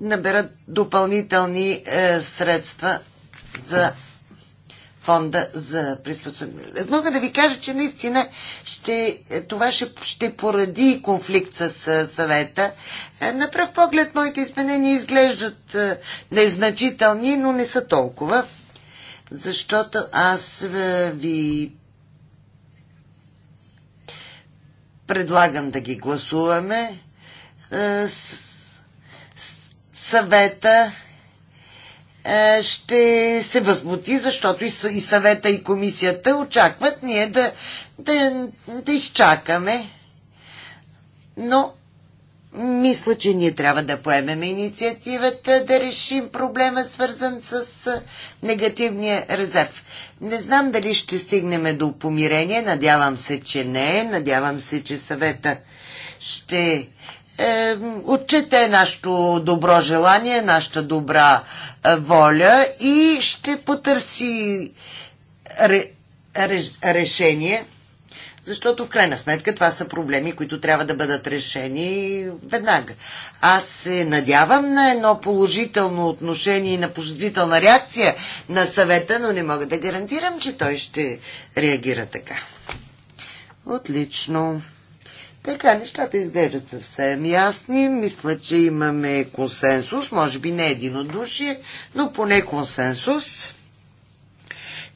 наберат допълнителни е, средства за фонда за приспособление. Мога да ви кажа, че наистина ще, е, това ще, ще поради конфликт с е, съвета. Е, на пръв поглед моите изменения изглеждат незначителни, но не са толкова, защото аз ви предлагам да ги гласуваме с съвета е, ще се възмути, защото и съвета и комисията очакват ние да, да, да изчакаме. Но мисля, че ние трябва да поемем инициативата да решим проблема, свързан с е, негативния резерв. Не знам дали ще стигнем до помирение, надявам се, че не, надявам се, че съвета ще е, отчете нашето добро желание, нашата добра е, воля и ще потърси ре, реш, решение, защото в крайна сметка това са проблеми, които трябва да бъдат решени веднага. Аз се надявам на едно положително отношение и на положителна реакция на съвета, но не мога да гарантирам, че той ще реагира така. Отлично. Така, нещата изглеждат съвсем ясни. Мисля, че имаме консенсус, може би не единодушие, но поне консенсус.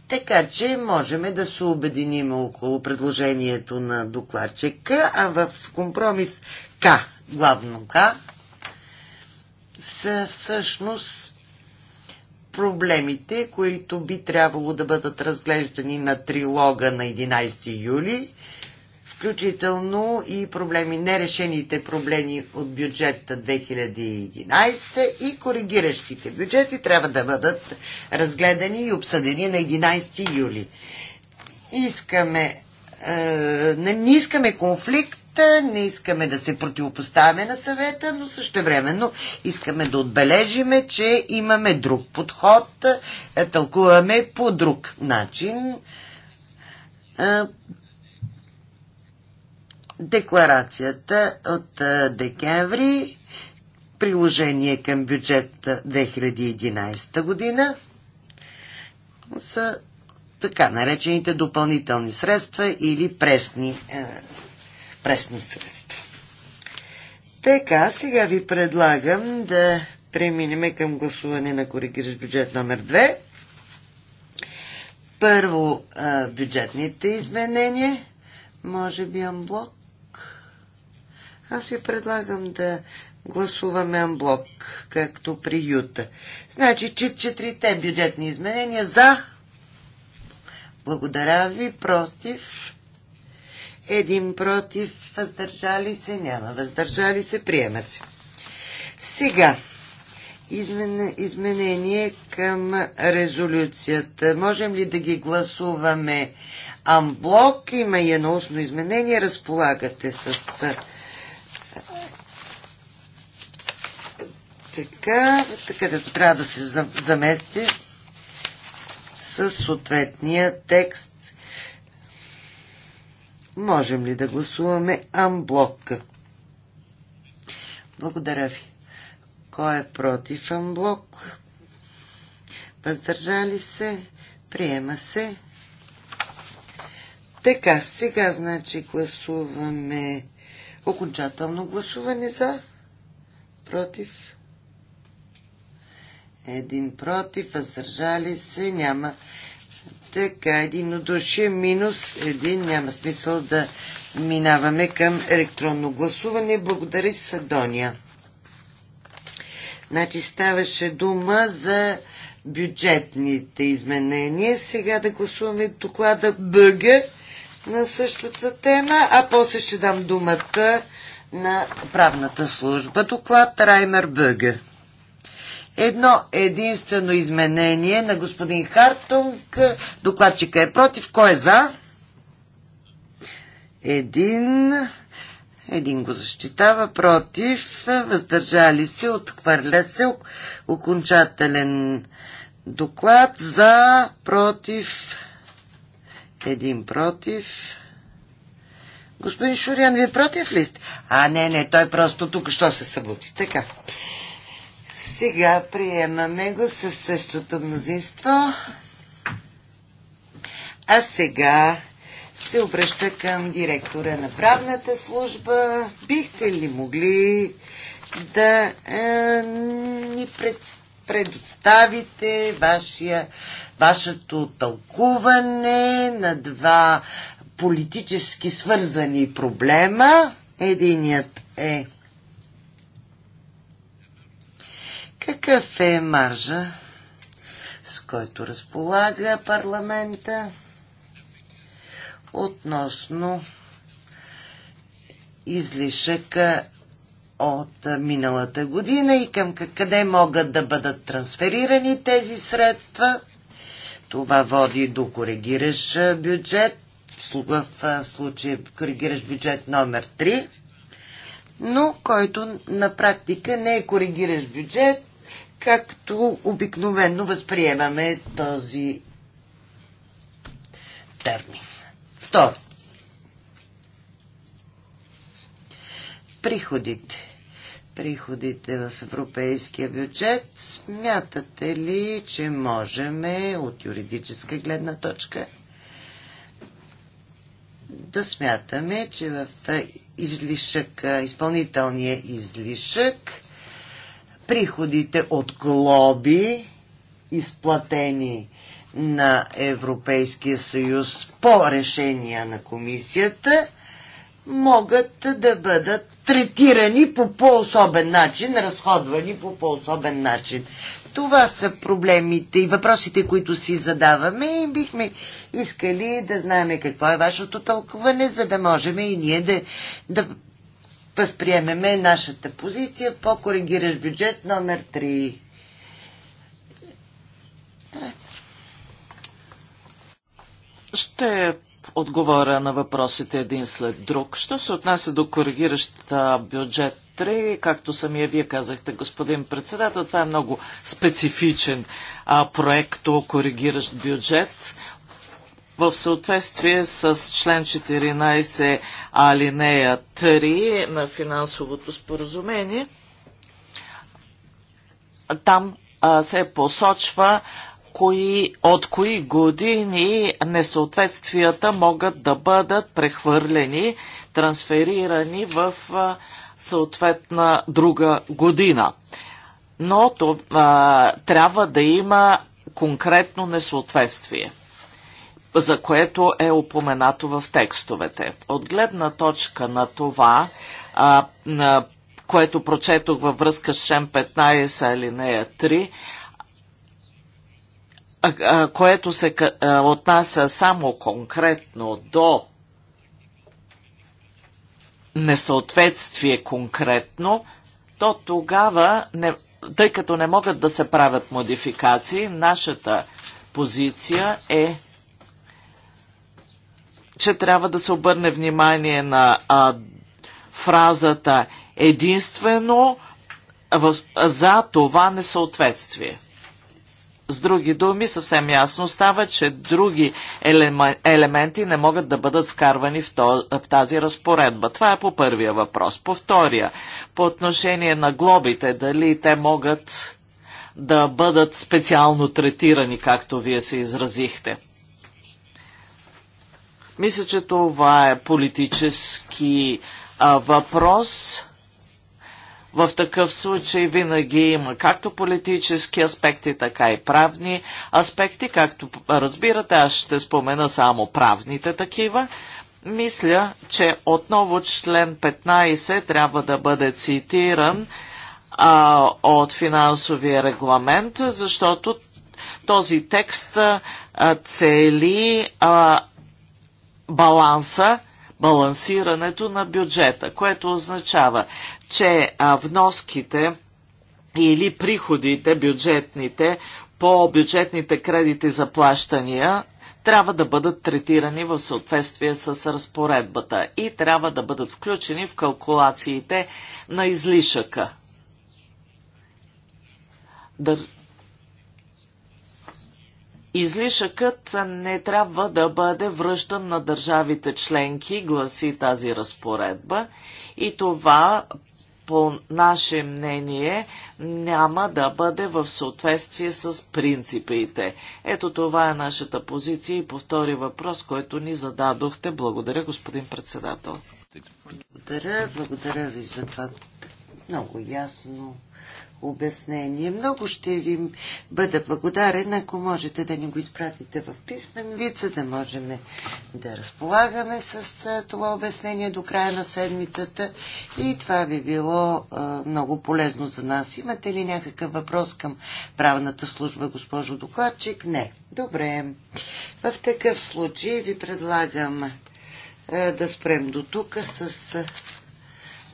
Така че можем да се обединим около предложението на докладчика, а в компромис К, главно К, са всъщност проблемите, които би трябвало да бъдат разглеждани на трилога на 11 юли – включително и проблеми, нерешените проблеми от бюджета 2011 и коригиращите бюджети трябва да бъдат разгледани и обсъдени на 11 юли. Искаме, е, не, искаме конфликт, не искаме да се противопоставяме на съвета, но същевременно искаме да отбележиме, че имаме друг подход, е, тълкуваме по друг начин е, декларацията от декември, приложение към бюджет 2011 година са така наречените допълнителни средства или пресни, е, пресни средства. Така, сега ви предлагам да преминем към гласуване на коригиращ бюджет номер 2. Първо, е, бюджетните изменения, може би амблок. Аз ви предлагам да гласуваме анблок, както при Юта. Значи, че четирите бюджетни изменения за... Благодаря ви, против... Един против, въздържали се, няма въздържали се, приема се. Сега, изменение към резолюцията. Можем ли да ги гласуваме амблок? Има и едно устно изменение, разполагате с така, където трябва да се замести с съответния текст. Можем ли да гласуваме амблок? Благодаря ви. Кой е против амблок? Въздържали се? Приема се. Така, сега значи гласуваме окончателно гласуване за, против, един против, въздържали се, няма така единодушие, минус един, няма смисъл да минаваме към електронно гласуване. Благодаря Садония. Значи ставаше дума за бюджетните изменения. Сега да гласуваме доклада БГ на същата тема, а после ще дам думата на правната служба. Доклад Раймер БГ едно единствено изменение на господин Хартунг. Докладчика е против. Кой е за? Един. Един го защитава против. Въздържали се. Отхвърля се. Окончателен доклад за против. Един против. Господин Шурян, вие против ли сте? А, не, не, той просто тук що се събуди. Така. Сега приемаме го със същото мнозинство. А сега се обръща към директора на правната служба. Бихте ли могли да е, ни пред, предоставите вашия, вашето тълкуване на два политически свързани проблема. Единият е Какъв е маржа, с който разполага парламента относно излишъка от миналата година и към къде могат да бъдат трансферирани тези средства. Това води до коригираш бюджет, в случая коригиращ бюджет номер 3, но който на практика не е коригиращ бюджет, както обикновенно възприемаме този термин. Второ. Приходите. Приходите в европейския бюджет. Смятате ли, че можем от юридическа гледна точка да смятаме, че в излишък, изпълнителния излишък приходите от глоби, изплатени на Европейския съюз по решения на комисията, могат да бъдат третирани по по-особен начин, разходвани по по-особен начин. Това са проблемите и въпросите, които си задаваме и бихме искали да знаем какво е вашето тълкуване, за да можем и ние да, да възприемеме нашата позиция по коригираш бюджет номер 3. Ще отговоря на въпросите един след друг. Що се отнася до коригираща бюджет 3, както самия вие казахте, господин председател, това е много специфичен а, проект, коригиращ бюджет в съответствие с член 14 алинея 3 на финансовото споразумение. Там а, се посочва кои, от кои години несъответствията могат да бъдат прехвърлени, трансферирани в а, съответна друга година. Но то, а, трябва да има конкретно несъответствие за което е упоменато в текстовете. От гледна точка на това, а, на, което прочетох във връзка с Шем 15 алинея 3, което се отнася само конкретно до несъответствие конкретно, то тогава, не, тъй като не могат да се правят модификации, нашата позиция е че трябва да се обърне внимание на а, фразата единствено в, за това несъответствие. С други думи, съвсем ясно става, че други елементи не могат да бъдат вкарвани в, то, в тази разпоредба. Това е по първия въпрос. По втория, по отношение на глобите, дали те могат да бъдат специално третирани, както вие се изразихте. Мисля, че това е политически а, въпрос. В такъв случай винаги има както политически аспекти, така и правни аспекти. Както разбирате, аз ще спомена само правните такива. Мисля, че отново член 15 трябва да бъде цитиран а, от финансовия регламент, защото този текст а, цели а, баланса, балансирането на бюджета, което означава, че вноските или приходите бюджетните по бюджетните кредити за плащания трябва да бъдат третирани в съответствие с разпоредбата и трябва да бъдат включени в калкулациите на излишъка. Дър Излишъкът не трябва да бъде връщан на държавите членки, гласи тази разпоредба и това по наше мнение няма да бъде в съответствие с принципите. Ето това е нашата позиция и по втори въпрос, който ни зададохте. Благодаря, господин председател. Благодаря, благодаря ви за това много ясно обяснение. Много ще ви бъда благодарен, ако можете да ни го изпратите в писмен вид, за да можем да разполагаме с това обяснение до края на седмицата и това би било много полезно за нас. Имате ли някакъв въпрос към правната служба, госпожо докладчик? Не. Добре. В такъв случай ви предлагам да спрем до тук с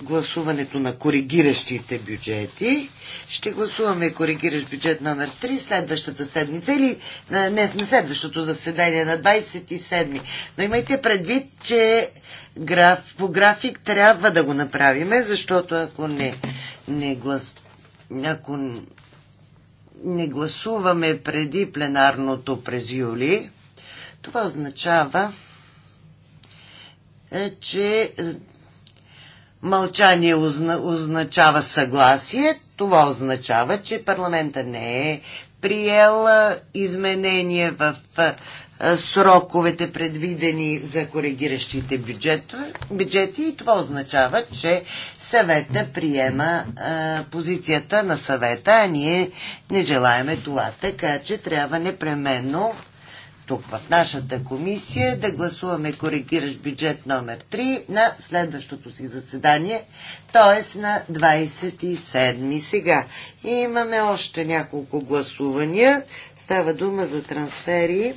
гласуването на коригиращите бюджети. Ще гласуваме коригиращ бюджет номер 3 следващата седмица или на, не, на следващото заседание на 27. Но имайте предвид, че граф, по график трябва да го направиме, защото ако не, не, глас, ако не гласуваме преди пленарното през юли, това означава, е, че е, мълчание означава съгласие. Това означава, че парламента не е приел изменение в сроковете предвидени за коригиращите бюджети и това означава, че съвета приема а, позицията на съвета, а ние не желаеме това. Така че трябва непременно тук в нашата комисия да гласуваме коригираш бюджет номер 3 на следващото си заседание, т.е. на 27 сега. И имаме още няколко гласувания. Става дума за трансфери.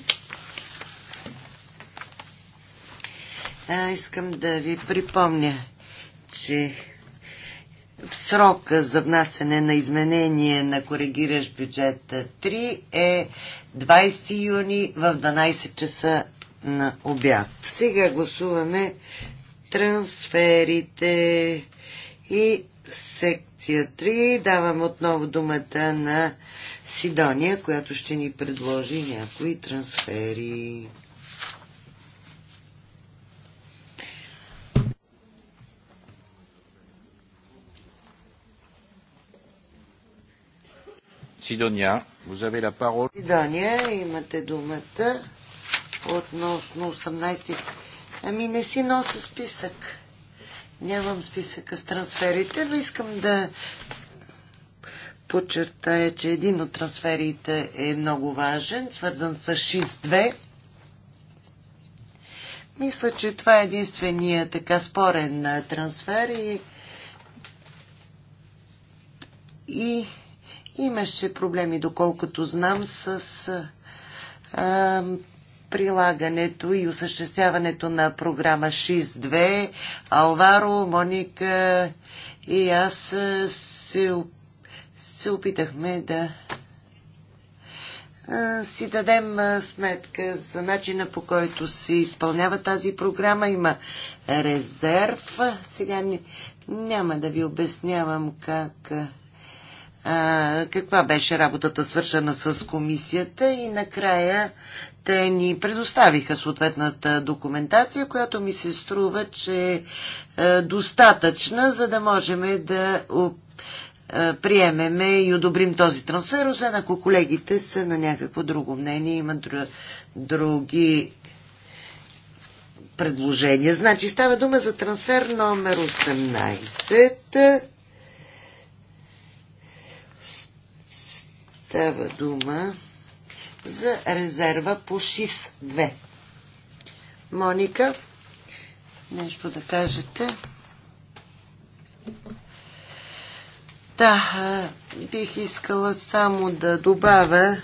А, искам да ви припомня, че Срока за внасене на изменение на коригираш бюджет 3 е 20 юни в 12 часа на обяд. Сега гласуваме трансферите и секция 3. Давам отново думата на Сидония, която ще ни предложи някои трансфери. Сидония, vous avez la parole. Сидония, имате думата относно 18 Ами не си нося списък. Нямам списъка с трансферите, но искам да подчертая, че един от трансферите е много важен, свързан с 6-2. Мисля, че това е единствения така спорен трансфер и, и Имаше проблеми, доколкото знам, с а, прилагането и осъществяването на програма 6.2. Алваро, Моника и аз се, се опитахме да си дадем сметка за начина по който се изпълнява тази програма. Има резерв. Сега няма да ви обяснявам как каква беше работата свършена с комисията и накрая те ни предоставиха съответната документация, която ми се струва, че е достатъчна, за да можем да приемеме и одобрим този трансфер, освен ако колегите са на някакво друго мнение, имат други предложения. Значи става дума за трансфер номер 18 Става дума за резерва по ШИС-2. Моника, нещо да кажете? Да, бих искала само да добавя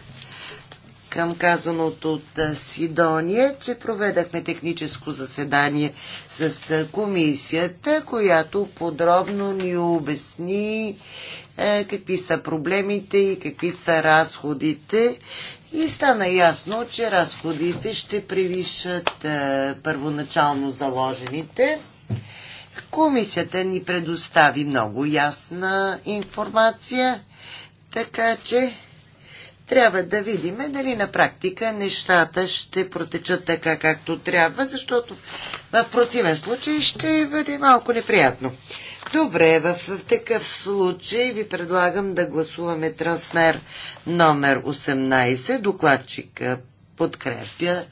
към казаното от Сидония, че проведахме техническо заседание с комисията, която подробно ни обясни е, какви са проблемите и какви са разходите. И стана ясно, че разходите ще превишат е, първоначално заложените. Комисията ни предостави много ясна информация, така че трябва да видим дали на практика нещата ще протечат така както трябва, защото в противен случай ще бъде малко неприятно. Добре, в такъв случай ви предлагам да гласуваме трансфер номер 18. Докладчик подкрепя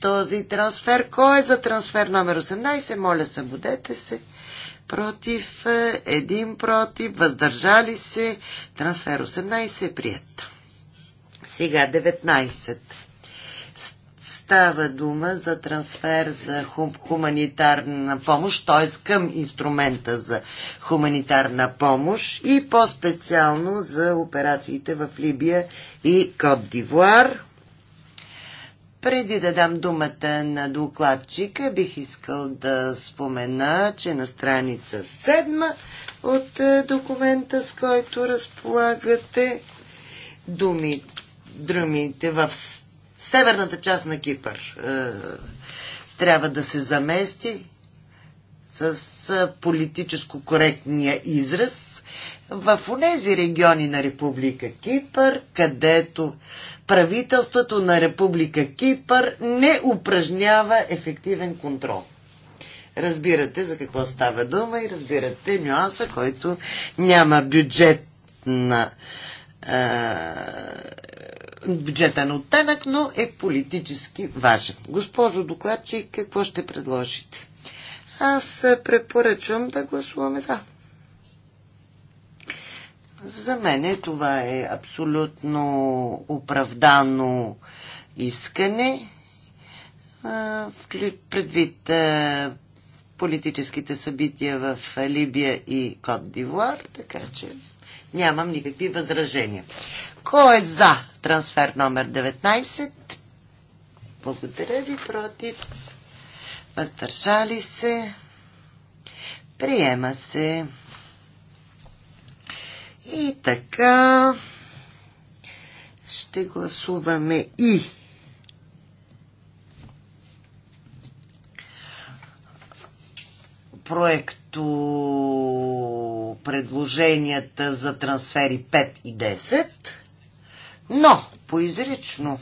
този трансфер. Кой е за трансфер номер 18? Моля, събудете се. Против, един против, въздържали се. Трансфер 18 е прият. Сега 19. Става дума за трансфер за хум, хуманитарна помощ, т.е. към инструмента за хуманитарна помощ и по-специално за операциите в Либия и Кот Дивуар. Преди да дам думата на докладчика, бих искал да спомена, че на страница 7 от е, документа, с който разполагате думи, думите в северната част на Кипър е, трябва да се замести с е, политическо коректния израз в тези региони на Република Кипър, където правителството на Република Кипър не упражнява ефективен контрол. Разбирате за какво става дума и разбирате нюанса, който няма бюджет на е, бюджетен оттенък, но е политически важен. Госпожо докладчик, какво ще предложите? Аз препоръчвам да гласуваме за. За мен е, това е абсолютно оправдано искане, предвид политическите събития в Либия и Кот Дивуар, така че нямам никакви възражения. Кой е за трансфер номер 19? Благодаря ви, против. Въздържали се. Приема се. И така ще гласуваме и проекто предложенията за трансфери 5 и 10. Но поизрично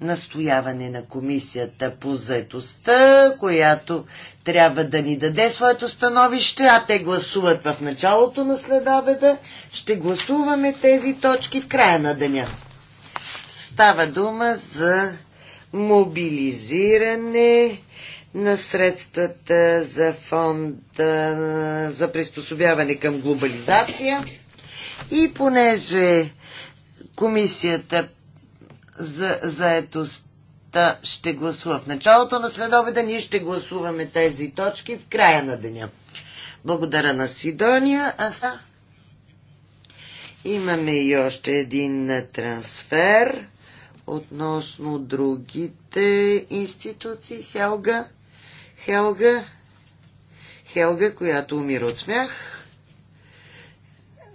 настояване на комисията по заетостта, която трябва да ни даде своето становище, а те гласуват в началото на следобеда, Ще гласуваме тези точки в края на деня. Става дума за мобилизиране на средствата за фонда за приспособяване към глобализация. И понеже комисията за заедостта ще гласува в началото на следобеда, ние ще гласуваме тези точки в края на деня. Благодаря на Сидония. А са... Имаме и още един трансфер относно другите институции. Хелга, Хелга, Хелга, която умира от смях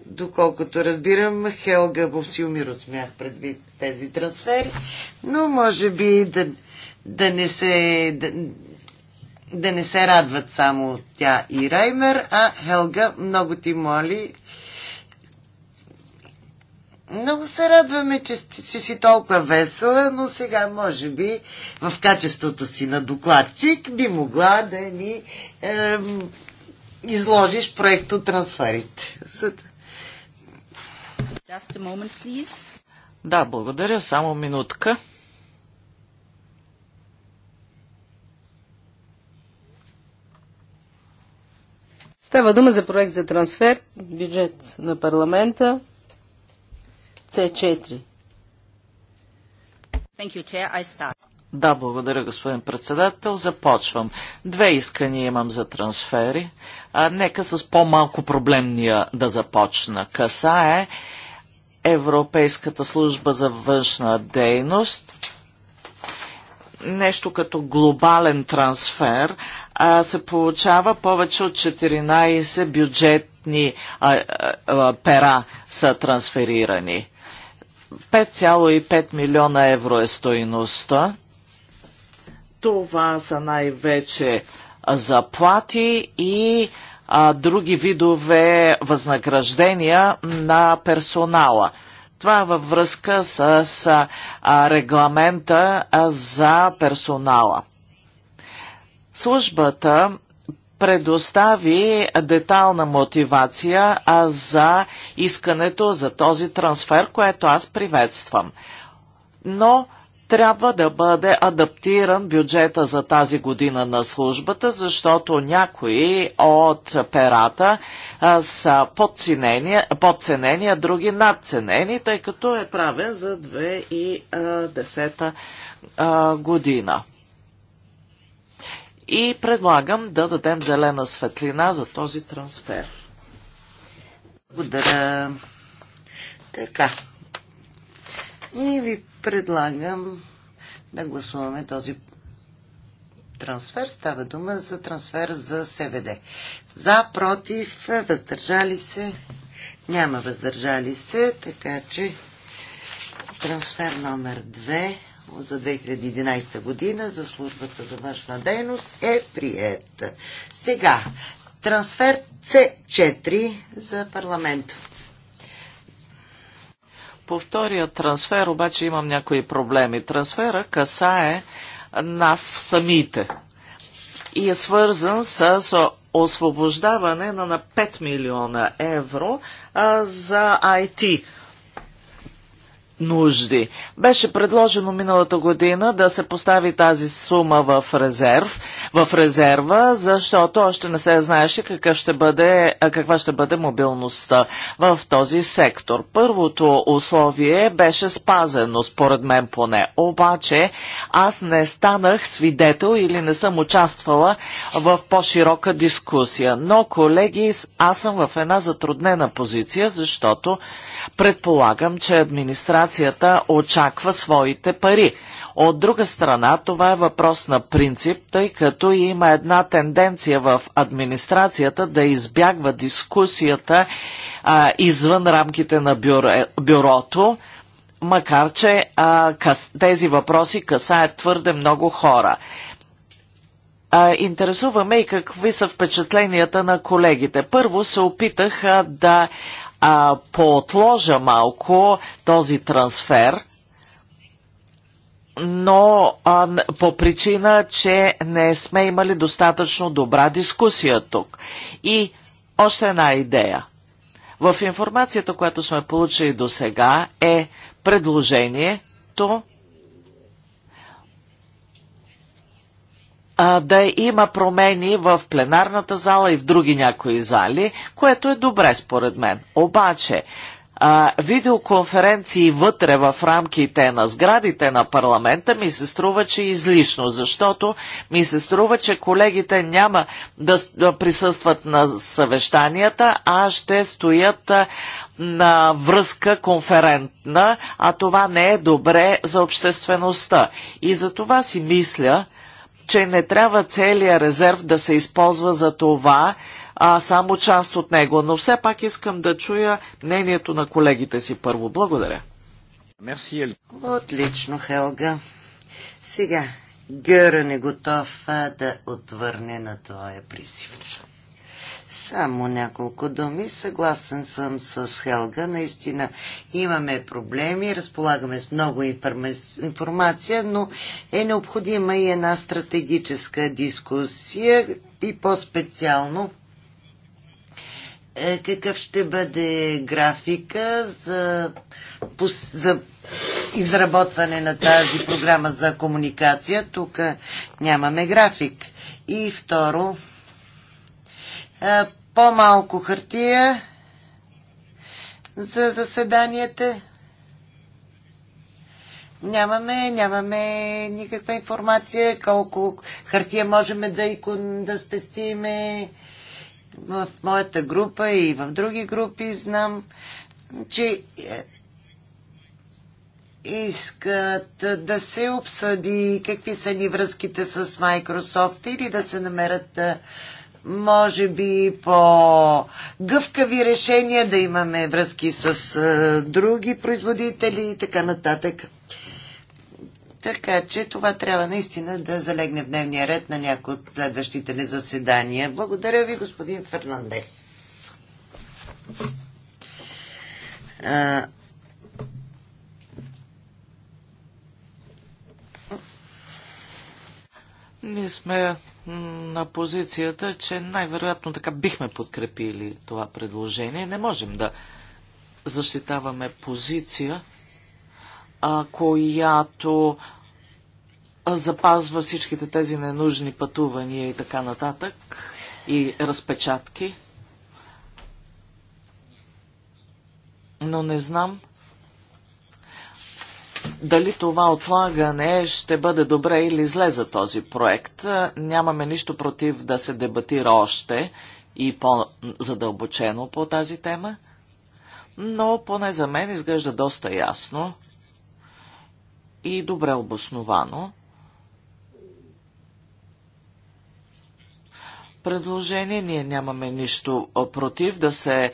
доколкото разбирам, Хелга Бобсиумир от смях предвид тези трансфери, но може би да, да не се... Да, да не се радват само тя и Раймер, а Хелга, много ти моли. Много се радваме, че си, си толкова весела, но сега, може би, в качеството си на докладчик, би могла да ни е, изложиш проекто трансферите. Just a moment, please. Да, благодаря. Само минутка. Става дума за проект за трансфер, бюджет на парламента, с 4 You, да, благодаря, господин председател. Започвам. Две искания имам за трансфери. А, нека с по-малко проблемния да започна. Каса е Европейската служба за външна дейност. Нещо като глобален трансфер а, се получава повече от 14 бюджетни а, а, пера са трансферирани. 5,5 милиона евро е стоиността. Това са най-вече заплати и а, други видове възнаграждения на персонала. Това е във връзка с, с а, регламента а, за персонала. Службата предостави детална мотивация а, за искането за този трансфер, което аз приветствам. Но трябва да бъде адаптиран бюджета за тази година на службата, защото някои от перата а, са подценени, подценени, а други надценени, тъй като е правен за 2010 а, година. И предлагам да дадем зелена светлина за този трансфер. Благодаря. Така. И ви предлагам да гласуваме този трансфер. Става дума за трансфер за СВД. За, против, въздържали се. Няма въздържали се, така че трансфер номер 2 за 2011 година за службата за външна дейност е прият. Сега, трансфер С4 за парламент. По втория трансфер обаче имам някои проблеми. Трансфера касае нас самите и е свързан с освобождаване на 5 милиона евро за IT нужди. Беше предложено миналата година да се постави тази сума в, резерв, в резерва, защото още не се знаеше какъв ще бъде, каква ще бъде мобилността в този сектор. Първото условие беше спазено, според мен поне. Обаче аз не станах свидетел или не съм участвала в по-широка дискусия. Но, колеги, аз съм в една затруднена позиция, защото предполагам, че администрацията администрацията очаква своите пари. От друга страна, това е въпрос на принцип, тъй като има една тенденция в администрацията да избягва дискусията а, извън рамките на бюро, бюрото, макар че а, къс, тези въпроси касаят твърде много хора. А, интересуваме и какви са впечатленията на колегите. Първо се опитах а, да а, поотложа малко този трансфер, но а, по причина, че не сме имали достатъчно добра дискусия тук. И още една идея. В информацията, която сме получили до сега е предложението а, да има промени в пленарната зала и в други някои зали, което е добре според мен. Обаче, а, видеоконференции вътре в рамките на сградите на парламента ми се струва, че излишно, защото ми се струва, че колегите няма да присъстват на съвещанията, а ще стоят на връзка конферентна, а това не е добре за обществеността. И за това си мисля, че не трябва целият резерв да се използва за това, а само част от него. Но все пак искам да чуя мнението на колегите си първо. Благодаря. Мерси, Отлично, Хелга. Сега, Гърън е готов да отвърне на твоя призив. Само няколко думи. Съгласен съм с Хелга. Наистина имаме проблеми, разполагаме с много информация, но е необходима и една стратегическа дискусия и по-специално е, какъв ще бъде графика за, за изработване на тази програма за комуникация. Тук нямаме график. И второ, е, по-малко хартия за заседанията. Нямаме, нямаме никаква информация колко хартия можем да, икон, да спестиме. В моята група и в други групи знам, че е, искат да се обсъди какви са ни връзките с Microsoft или да се намерят е, може би по-гъвкави решения, да имаме връзки с а, други производители и така нататък. Така че това трябва наистина да залегне в дневния ред на някои от следващите ни заседания. Благодаря ви, господин Фернандес. А, ние сме на позицията, че най-вероятно така бихме подкрепили това предложение. Не можем да защитаваме позиция, а, която запазва всичките тези ненужни пътувания и така нататък и разпечатки. Но не знам дали това отлагане ще бъде добре или зле за този проект. Нямаме нищо против да се дебатира още и по-задълбочено по тази тема, но поне за мен изглежда доста ясно и добре обосновано. Предложение ние нямаме нищо против да се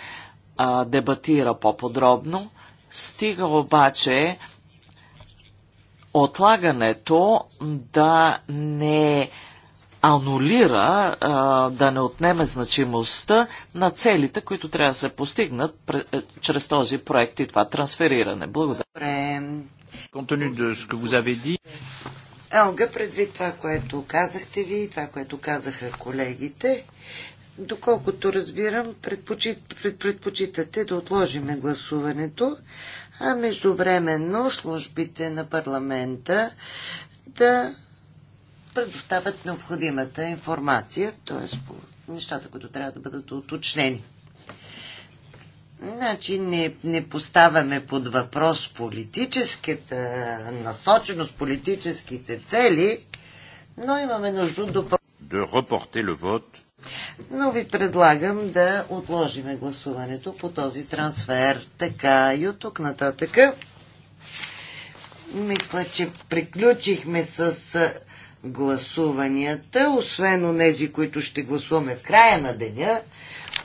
а, дебатира по-подробно, стига обаче отлагането да не анулира, да не отнеме значимостта на целите, които трябва да се постигнат е, чрез този проект и това трансфериране. Благодаря. Елга, предвид това, което казахте ви и това, което казаха колегите, доколкото разбирам, предпочит, предпочитате да отложиме гласуването, а междувременно службите на парламента да предоставят необходимата информация, т.е. по нещата, които трябва да бъдат уточнени. Значи не, не поставяме под въпрос политическата насоченост, политическите цели, но имаме нужда до... De reporter le vote но ви предлагам да отложиме гласуването по този трансфер. Така и от тук нататък. Мисля, че приключихме с гласуванията, освен онези, които ще гласуваме в края на деня,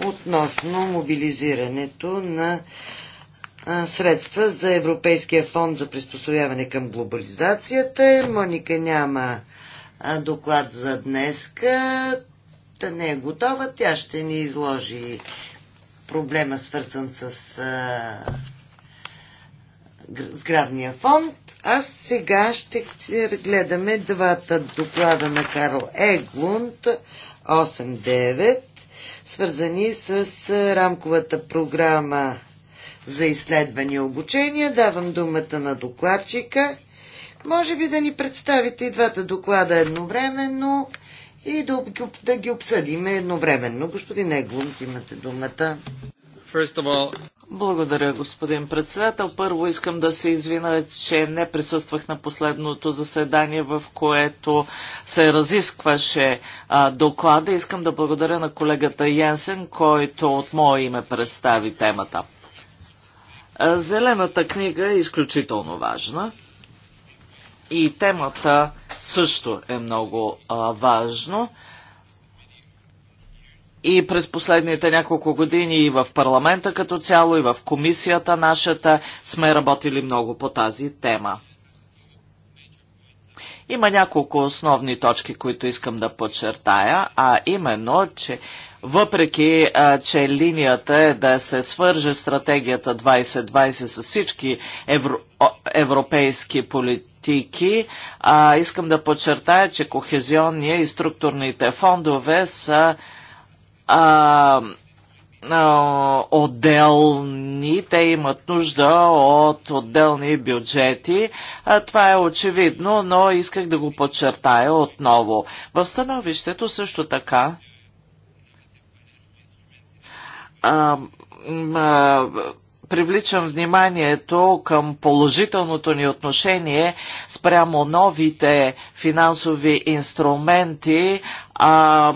относно мобилизирането на средства за Европейския фонд за приспособяване към глобализацията. Моника няма доклад за днеска, не е готова. Тя ще ни изложи проблема, свързан с а, сградния фонд. А сега ще гледаме двата доклада на Карл Еглунд 8-9, свързани с рамковата програма за изследване и обучение. Давам думата на докладчика. Може би да ни представите и двата доклада едновременно и да, да ги обсъдим едновременно. Господин Еглунд, имате думата. All... Благодаря, господин председател. Първо искам да се извина, че не присъствах на последното заседание, в което се разискваше а, доклада. Искам да благодаря на колегата Йенсен, който от мое име представи темата. Зелената книга е изключително важна и темата също е много а, важно. И през последните няколко години и в парламента като цяло, и в комисията нашата сме работили много по тази тема. Има няколко основни точки, които искам да подчертая, а именно, че въпреки, а, че линията е да се свърже стратегията 2020 с всички евро, европейски политики, политики. А, искам да подчертая, че кохезионния и структурните фондове са а, а, отделни, те имат нужда от отделни бюджети. А, това е очевидно, но исках да го подчертая отново. В становището също така а, а, привличам вниманието към положителното ни отношение спрямо новите финансови инструменти, а,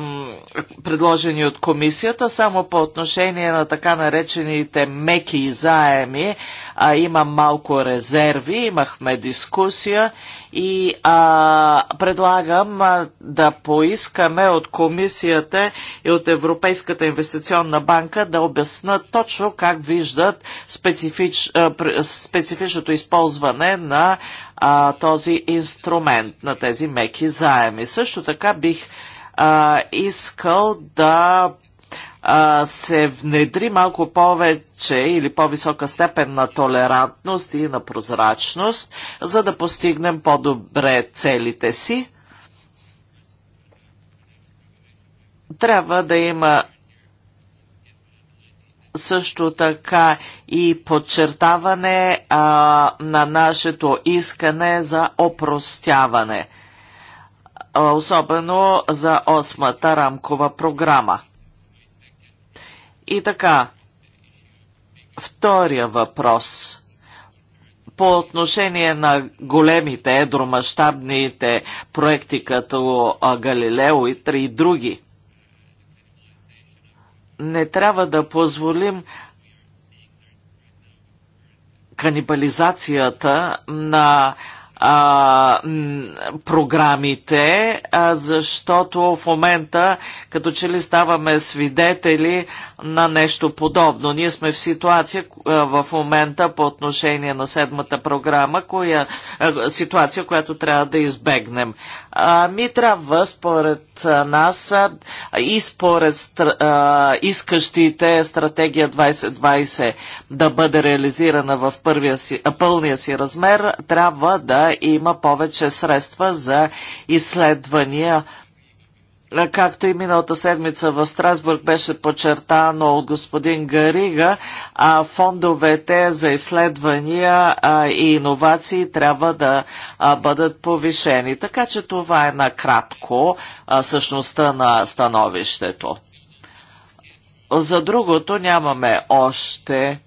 предложени от комисията, само по отношение на така наречените меки заеми а, има малко резерви, имахме дискусия и а, предлагам а, да поискаме от комисията и от Европейската инвестиционна банка да обяснат точно как виждат специфич, а, специфичното използване на а, този инструмент, на тези меки заеми. Също така бих а, искал да а, се внедри малко повече или по-висока степен на толерантност и на прозрачност, за да постигнем по-добре целите си. Трябва да има също така и подчертаване а, на нашето искане за опростяване – особено за осмата рамкова програма. И така, втория въпрос – по отношение на големите едромащабните проекти като Галилео и три други. Не трябва да позволим канибализацията на а, програмите, а, защото в момента като че ли ставаме свидетели на нещо подобно. Ние сме в ситуация а, в момента по отношение на седмата програма, коя, а, ситуация, която трябва да избегнем. А, ми трябва според нас а, и според а, искащите стратегия 2020 да бъде реализирана в първия си, пълния си размер, трябва да има повече средства за изследвания както и миналата седмица в Страсбург беше подчертано от господин Гарига, а фондовете за изследвания и иновации трябва да бъдат повишени. Така че това е накратко същността на становището. За другото нямаме още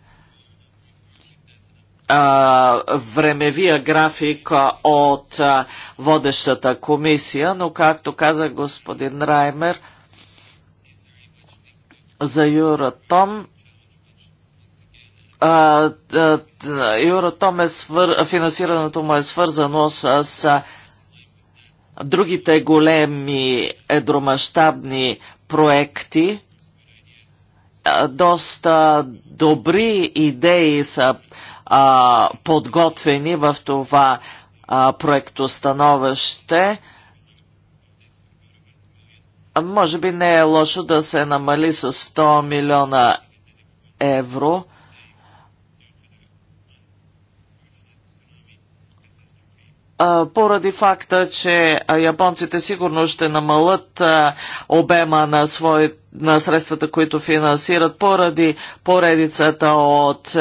времевия график от водещата комисия, но както каза господин Раймер за Юра Том, Юра Том е свър... финансирането му е свързано с, с другите големи едромащабни проекти. Доста добри идеи са а, подготвени в това а, проектостановище. Може би не е лошо да се намали с 100 милиона евро. поради факта, че японците сигурно ще намалят обема на, свой, на средствата, които финансират, поради поредицата от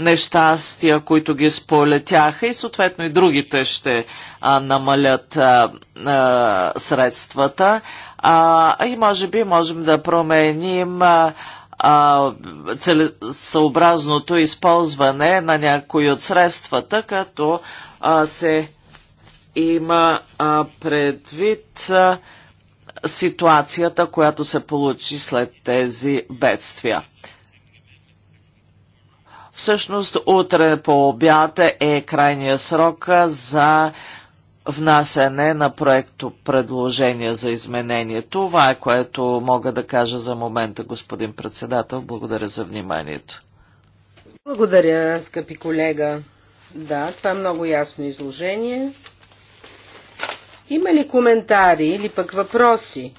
нещастия, които ги сполетяха и съответно и другите ще а, намалят а, а, средствата. А, и може би можем да променим а, а, целесъобразното използване на някои от средствата, като а, се има а, предвид а, ситуацията, която се получи след тези бедствия. Всъщност утре по обяд е крайния срок за внасяне на проекто предложение за изменение. Това е което мога да кажа за момента, господин председател. Благодаря за вниманието. Благодаря, скъпи колега. Да, това е много ясно изложение. Има ли коментари или пък въпроси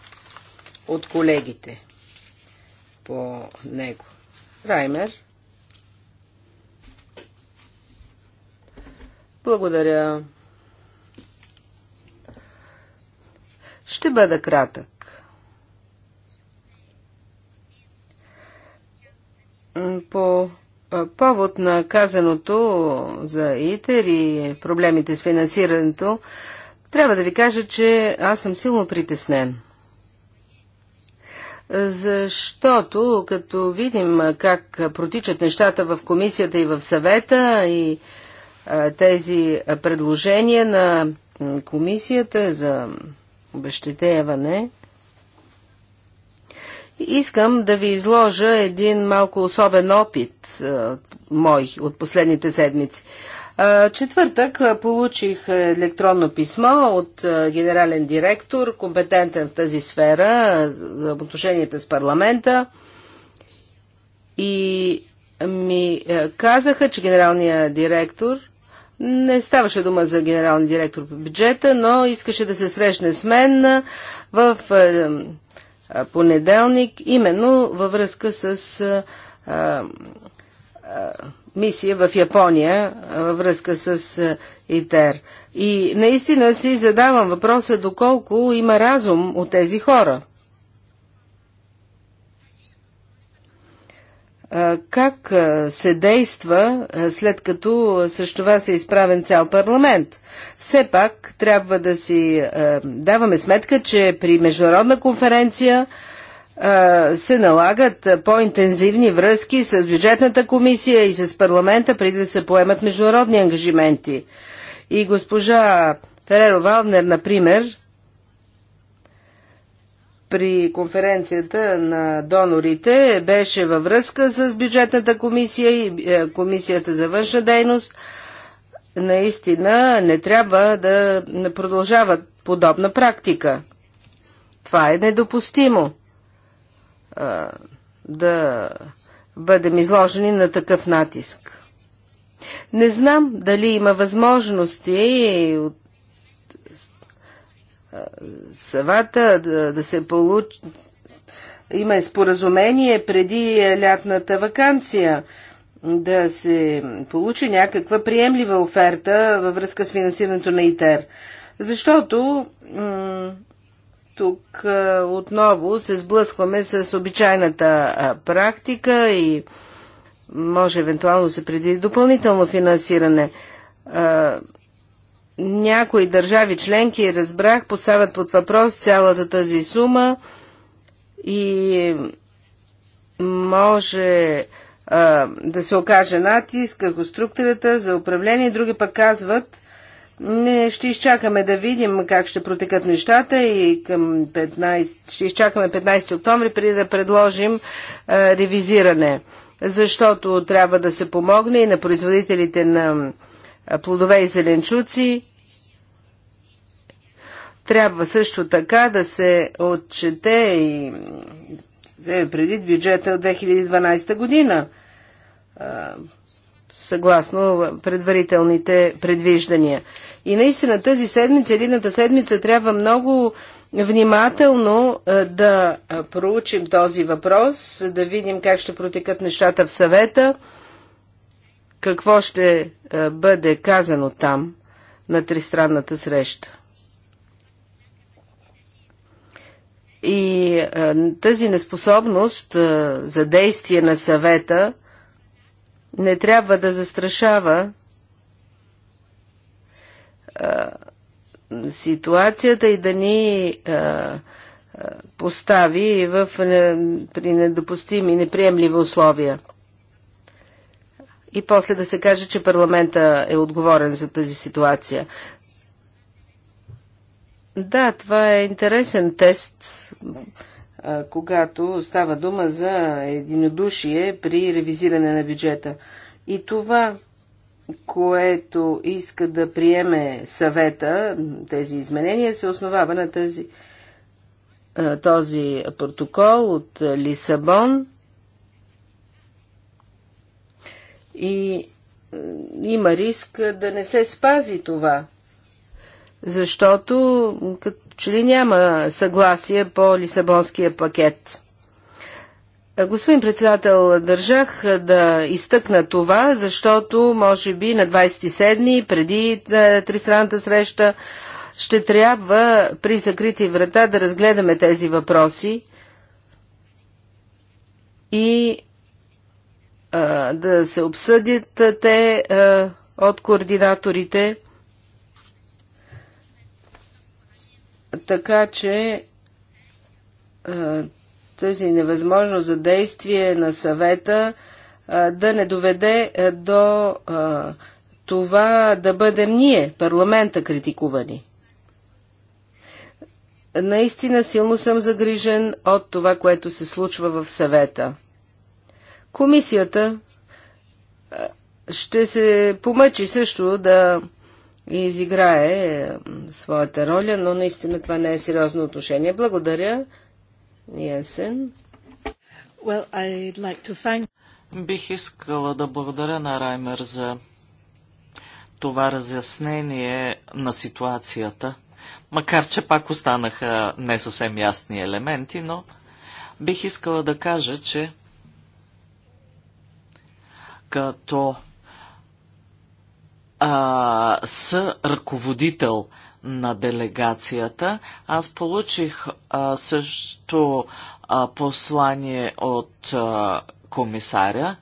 от колегите по него? Раймер? Благодаря. Ще бъда кратък. По повод на казаното за ИТЕР и проблемите с финансирането, трябва да ви кажа, че аз съм силно притеснен. Защото като видим как протичат нещата в комисията и в съвета и тези предложения на комисията за обещетяване, искам да ви изложа един малко особен опит мой от последните седмици. Четвъртък получих електронно писмо от генерален директор, компетентен в тази сфера, за отношенията с парламента. И ми казаха, че генералният директор – не ставаше дума за генерален директор по бюджета, но искаше да се срещне с мен в е, е, понеделник, именно във връзка с е, мисия в Япония във връзка с ИТЕР. И наистина си задавам въпроса доколко има разум от тези хора. как се действа, след като срещу това се изправен цял парламент. Все пак трябва да си даваме сметка, че при международна конференция се налагат по-интензивни връзки с бюджетната комисия и с парламента, преди да се поемат международни ангажименти. И госпожа Фереро Валнер, например, при конференцията на донорите беше във връзка с бюджетната комисия и е, комисията за външна дейност. Наистина не трябва да продължават подобна практика. Това е недопустимо. Е, да бъдем изложени на такъв натиск. Не знам дали има възможности от Савата, да, да се получи. Има и споразумение преди лятната вакансия да се получи някаква приемлива оферта във връзка с финансирането на ИТЕР. Защото тук отново се сблъскваме с обичайната практика и може евентуално се предвиди допълнително финансиране някои държави членки, разбрах, поставят под въпрос цялата тази сума и може а, да се окаже натиск върху структурата за управление. Други пък казват, не, ще изчакаме да видим как ще протекат нещата и към 15, ще изчакаме 15 октомври преди да предложим а, ревизиране, защото трябва да се помогне и на производителите на е, плодове и зеленчуци. Трябва също така да се отчете и вземе предвид бюджета от 2012 година, е, съгласно предварителните предвиждания. И наистина тази седмица, едната седмица трябва много внимателно е, да проучим този въпрос, да видим как ще протекат нещата в съвета – какво ще е, бъде казано там на тристранната среща. И е, тази неспособност е, за действие на съвета не трябва да застрашава ситуацията и да ни постави в, при недопустими, неприемливи условия и после да се каже, че парламента е отговорен за тази ситуация. Да, това е интересен тест, когато става дума за единодушие при ревизиране на бюджета. И това, което иска да приеме съвета, тези изменения, се основава на тази, този протокол от Лисабон – И има риск да не се спази това, защото като че ли няма съгласие по Лисабонския пакет. Господин председател, държах да изтъкна това, защото може би на 27-ми, преди тристранната среща, ще трябва при закрити врата да разгледаме тези въпроси и да се обсъдят те от координаторите. Така че тази невъзможност за действие на съвета да не доведе до това да бъдем ние, парламента, критикувани. Наистина силно съм загрижен от това, което се случва в съвета. Комисията ще се помъчи също да изиграе своята роля, но наистина това не е сериозно отношение. Благодаря, Ниенсен. Well, like Бих искала да благодаря на Раймер за това разяснение на ситуацията, макар че пак останаха не съвсем ясни елементи, но бих искала да кажа, че като а, с ръководител на делегацията. Аз получих а, също а, послание от а, комисаря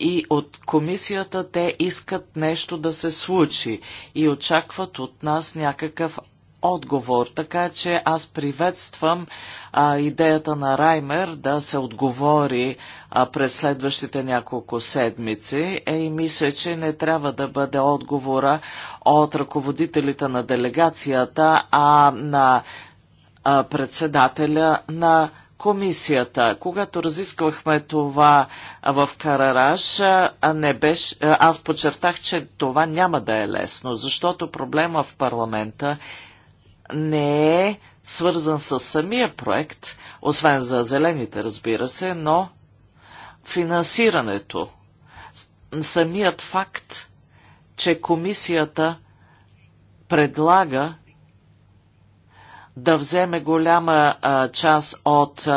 и от комисията те искат нещо да се случи и очакват от нас някакъв отговор. Така че аз приветствам а, идеята на Раймер да се отговори а, през следващите няколко седмици е, и мисля, че не трябва да бъде отговора от ръководителите на делегацията, а на а, председателя на комисията. Когато разисквахме това в Карараш, не беше, аз подчертах, че това няма да е лесно, защото проблема в парламента не е свързан с самия проект, освен за зелените, разбира се, но финансирането, самият факт, че комисията предлага да вземе голяма а, част от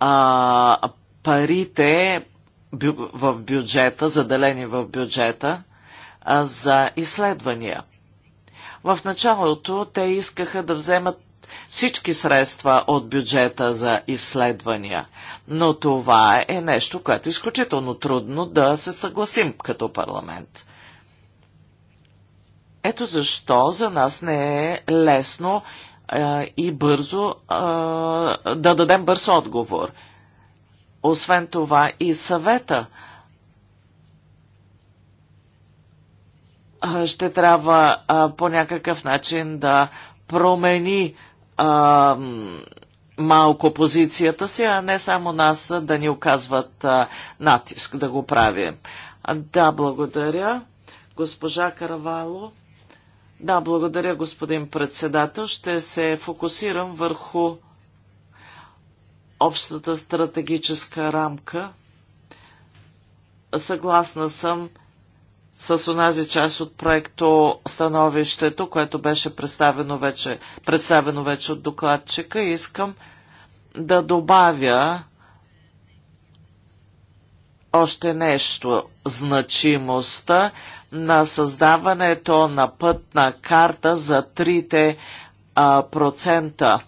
а, парите бю, в бюджета, заделени в бюджета, а, за изследвания. В началото те искаха да вземат всички средства от бюджета за изследвания. Но това е нещо, което е изключително трудно да се съгласим като парламент. Ето защо за нас не е лесно а, и бързо а, да дадем бърз отговор. Освен това и съвета ще трябва по някакъв начин да промени малко позицията си, а не само нас да ни оказват натиск да го правим. Да, благодаря. Госпожа Каравало. Да, благодаря, господин председател. Ще се фокусирам върху общата стратегическа рамка. Съгласна съм с онази част от проекто становището, което беше представено вече, представено вече от докладчика. Искам да добавя още нещо. Значимостта на създаването на пътна карта за трите процента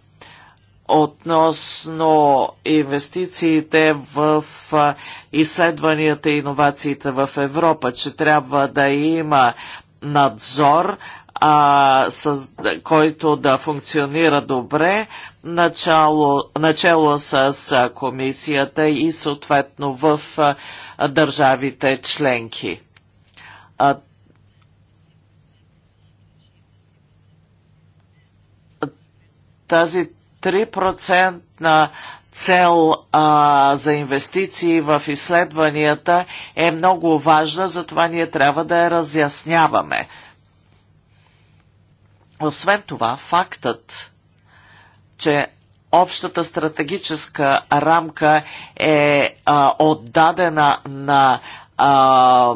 относно инвестициите в изследванията и иновациите в Европа, че трябва да има надзор, а, с, който да функционира добре, начало, начало с комисията и съответно в а, държавите членки. А, тази 3% на цел а, за инвестиции в изследванията е много важна, затова ние трябва да я разясняваме. Освен това, фактът, че общата стратегическа рамка е а, отдадена на а,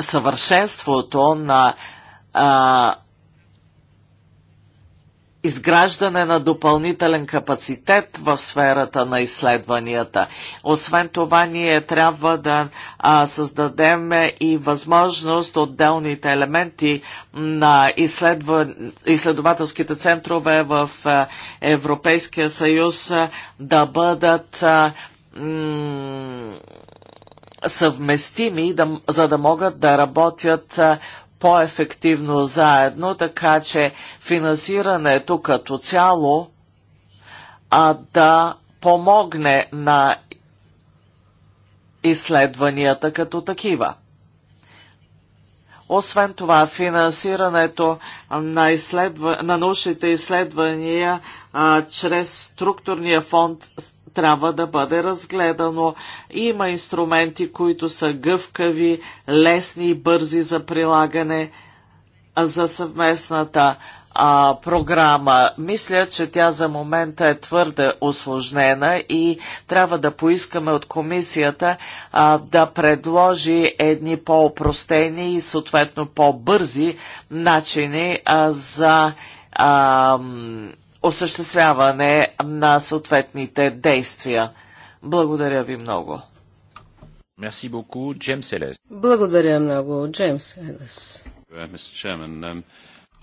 съвършенството на а, изграждане на допълнителен капацитет в сферата на изследванията. Освен това, ние трябва да а, създадем и възможност отделните елементи на изследва... изследователските центрове в Европейския съюз да бъдат а, съвместими, да, за да могат да работят по-ефективно заедно, така че финансирането като цяло а, да помогне на изследванията като такива. Освен това, финансирането на, изследва... на научните изследвания а, чрез структурния фонд трябва да бъде разгледано. Има инструменти, които са гъвкави, лесни и бързи за прилагане за съвместната а, програма. Мисля, че тя за момента е твърде осложнена и трябва да поискаме от комисията а, да предложи едни по-опростени и съответно по-бързи начини а, за а, осъществяване на съответните действия. Благодаря ви много. Merci beaucoup, Благодаря много, Джеймс Елес. Uh, um,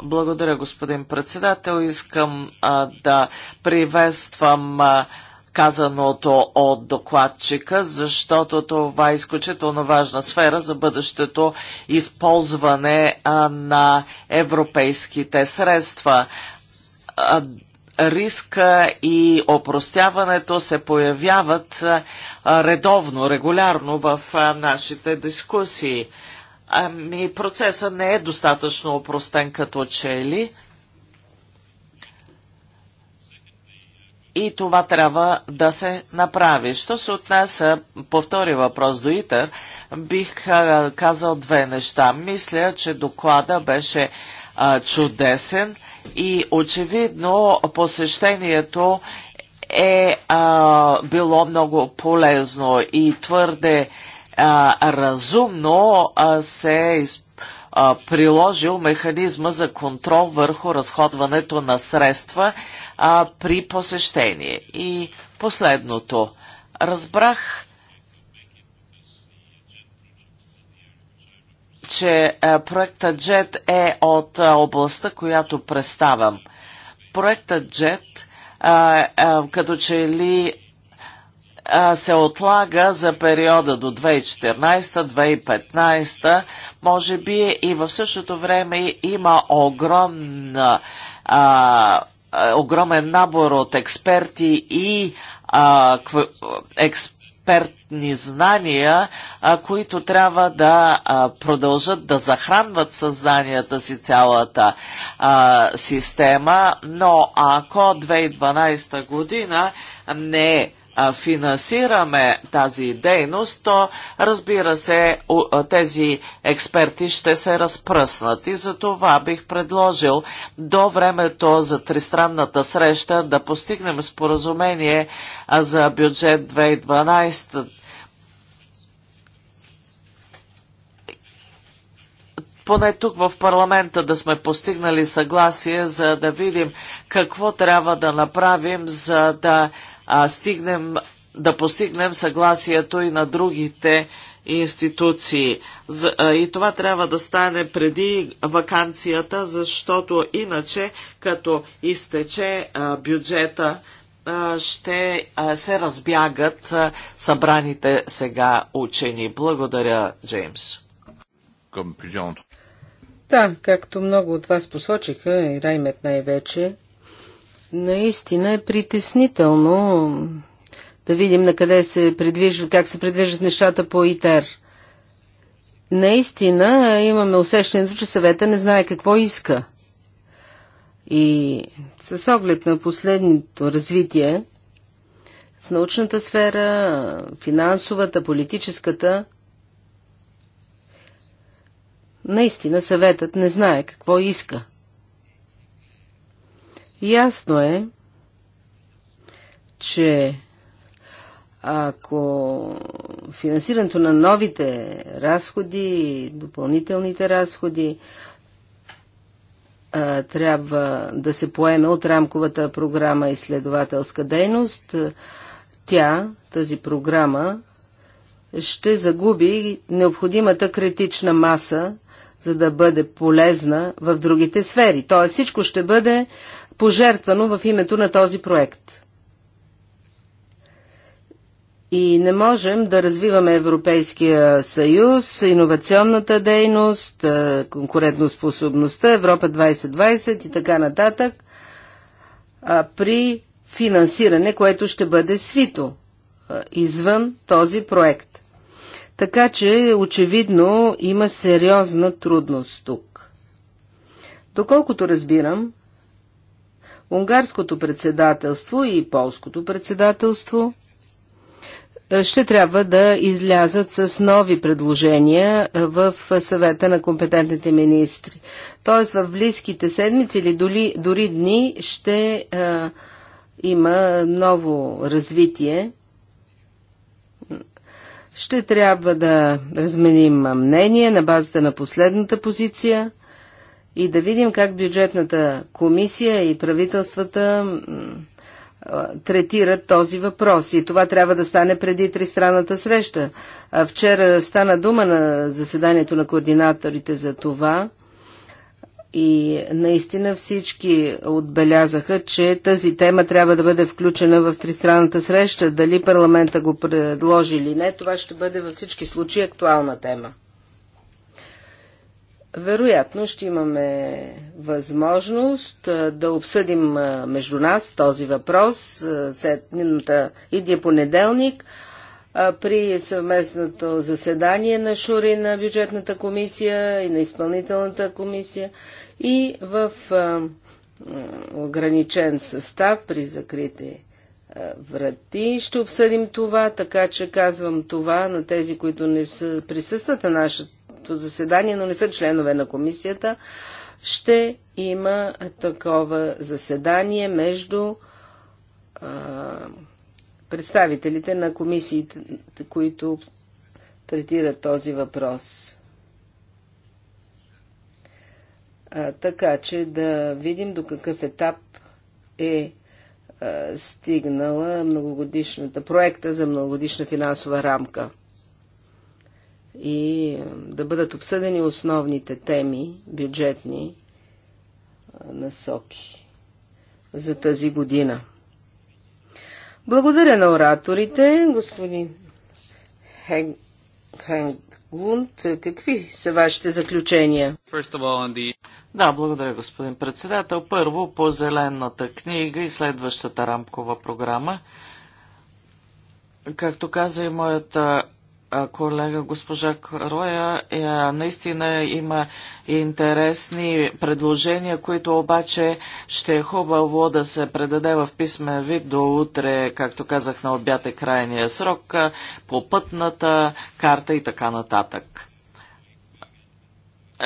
Благодаря, господин председател. Искам а, да приветствам а, казаното от докладчика, защото това е изключително важна сфера за бъдещето използване а, на европейските средства. А, риска и опростяването се появяват редовно, регулярно в нашите дискусии. Ами процесът не е достатъчно опростен като че ли. И това трябва да се направи. Що се отнася по втори въпрос до ИТЕР, бих казал две неща. Мисля, че доклада беше а, чудесен и очевидно посещението е а, било много полезно и твърде а, разумно а, се а, приложил механизма за контрол върху разходването на средства а, при посещение. И последното. Разбрах, че е, проекта JET е от е, областта, която представам. Проектът JET е, като че ли се отлага за периода до 2014-2015. Може би и в същото време има огромна, а, огромен набор от експерти и а, експертни знания, а, които трябва да а, продължат да захранват съзнанията си цялата а, система, но ако 2012 година не е финансираме тази дейност, то разбира се, тези експерти ще се разпръснат и за това бих предложил до времето за тристранната среща да постигнем споразумение за бюджет 2012 поне тук в парламента да сме постигнали съгласие, за да видим какво трябва да направим, за да а, стигнем, да постигнем съгласието и на другите институции. И това трябва да стане преди вакансията, защото иначе, като изтече бюджета, ще се разбягат събраните сега учени. Благодаря, Джеймс. Да, както много от вас посочиха, и Раймет най-вече, Наистина е притеснително да видим на къде се придвижват, как се придвижват нещата по ИТЕР. Наистина имаме усещането, че съвета не знае какво иска. И с оглед на последното развитие в научната сфера, финансовата, политическата, наистина съветът не знае какво иска. Ясно е, че ако финансирането на новите разходи, допълнителните разходи, трябва да се поеме от рамковата програма изследователска дейност, тя, тази програма, ще загуби необходимата критична маса, за да бъде полезна в другите сфери. Тоест всичко ще бъде пожертвано в името на този проект. И не можем да развиваме Европейския съюз, иновационната дейност, конкурентоспособността, Европа 2020 и така нататък, при финансиране, което ще бъде свито извън този проект. Така че, очевидно, има сериозна трудност тук. Доколкото разбирам, Унгарското председателство и полското председателство е, ще трябва да излязат с нови предложения е, в съвета на компетентните министри. Тоест в близките седмици или дори, дори дни ще а, е, има ново развитие. Ще трябва да разменим мнение на базата на последната позиция – и да видим как бюджетната комисия и правителствата третират този въпрос. И това трябва да стане преди тристранната среща. Вчера стана дума на заседанието на координаторите за това и наистина всички отбелязаха, че тази тема трябва да бъде включена в тристранната среща. Дали парламента го предложи или не, това ще бъде във всички случаи актуална тема. Вероятно ще имаме възможност да обсъдим между нас този въпрос след минута идния понеделник при съвместното заседание на Шури на бюджетната комисия и на изпълнителната комисия и в ограничен състав при закрити врати. Ще обсъдим това, така че казвам това на тези, които не са присъстват на нашата пленарното заседание, но не са членове на комисията, ще има такова заседание между а, представителите на комисиите, които третират този въпрос. А, така че да видим до какъв етап е а, стигнала многогодишната проекта за многогодишна финансова рамка и е, да бъдат обсъдени основните теми, бюджетни е, насоки за тази година. Благодаря на ораторите, господин Хенг. Хен... Лунд, какви са вашите заключения? Да, благодаря, господин председател. Първо по зелената книга и следващата рамкова програма. Както каза и моята колега госпожа Роя, е, наистина има интересни предложения, които обаче ще е хубаво да се предаде в писмен вид до утре, както казах на обяд е крайния срок, по пътната карта и така нататък.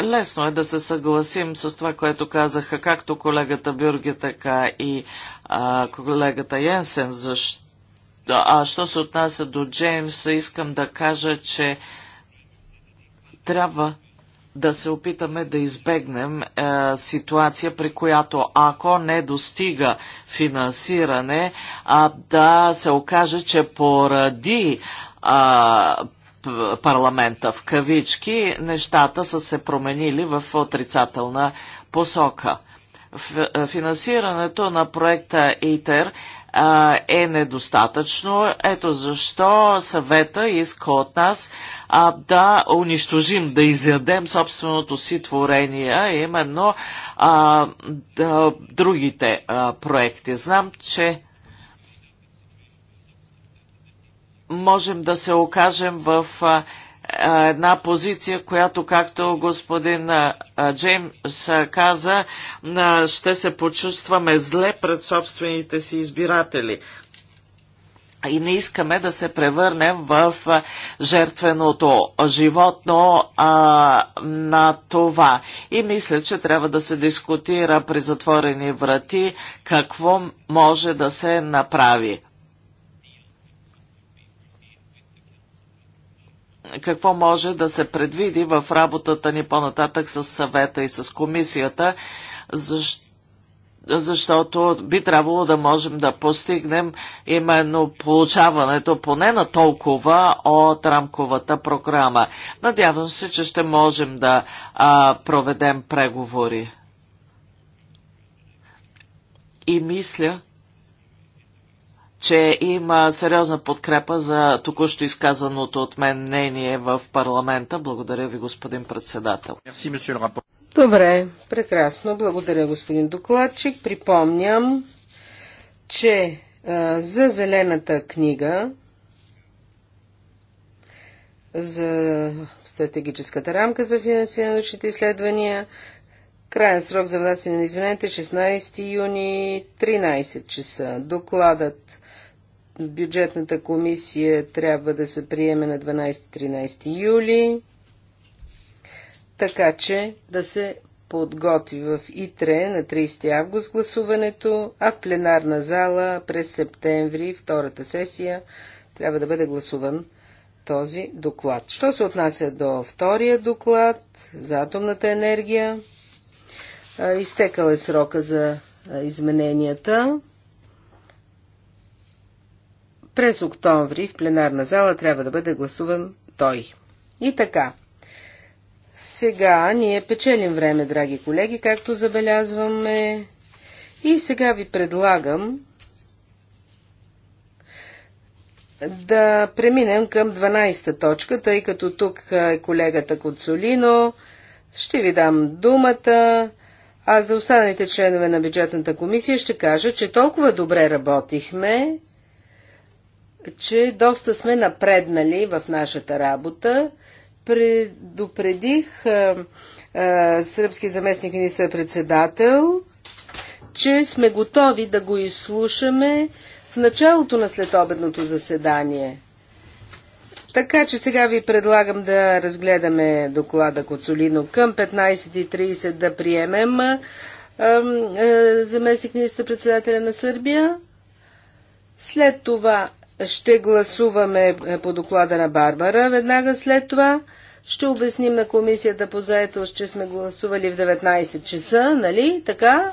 Лесно е да се съгласим с това, което казаха както колегата Бюрги, така и а, колегата Йенсен, защото а що се отнася до Джеймс, искам да кажа, че трябва да се опитаме да избегнем е, ситуация, при която ако не достига финансиране, а да се окаже, че поради е, парламента в кавички, нещата са се променили в отрицателна посока. Финансирането на проекта ИТЕР е недостатъчно. Ето защо съвета иска от нас а, да унищожим, да изядем собственото си творение, именно а, да, другите а, проекти. Знам, че можем да се окажем в а, една позиция, която, както господин Джеймс каза, ще се почувстваме зле пред собствените си избиратели. И не искаме да се превърнем в жертвеното животно а, на това. И мисля, че трябва да се дискутира при затворени врати какво може да се направи. какво може да се предвиди в работата ни по-нататък с съвета и с комисията, защото би трябвало да можем да постигнем именно получаването поне на толкова от рамковата програма. Надявам се, че ще можем да а, проведем преговори. И мисля, че има сериозна подкрепа за току-що изказаното от мен мнение в парламента. Благодаря ви, господин председател. Добре, прекрасно. Благодаря, господин докладчик. Припомням, че а, за зелената книга за стратегическата рамка за финансиране на научните изследвания. Крайен срок за внасяне на извинените 16 юни 13 часа. Докладът бюджетната комисия трябва да се приеме на 12-13 юли, така че да се подготви в ИТРЕ на 30 август гласуването, а в пленарна зала през септември, втората сесия, трябва да бъде гласуван този доклад. Що се отнася до втория доклад за атомната енергия, изтекал е срока за измененията. През октомври в пленарна зала трябва да бъде гласуван той. И така. Сега ние печелим време, драги колеги, както забелязваме. И сега ви предлагам да преминем към 12-та точка, тъй като тук е колегата Коцолино. Ще ви дам думата. А за останалите членове на бюджетната комисия ще кажа, че толкова добре работихме, че доста сме напреднали в нашата работа. Предупредих а, а, сръбски заместник министър-председател, че сме готови да го изслушаме в началото на следобедното заседание. Така че сега ви предлагам да разгледаме доклада Коцолино към 15.30 да приемем а, заместник министър-председателя на Сърбия. След това ще гласуваме е, по доклада на Барбара. Веднага след това ще обясним на комисията по заетост, че сме гласували в 19 часа, нали? Така.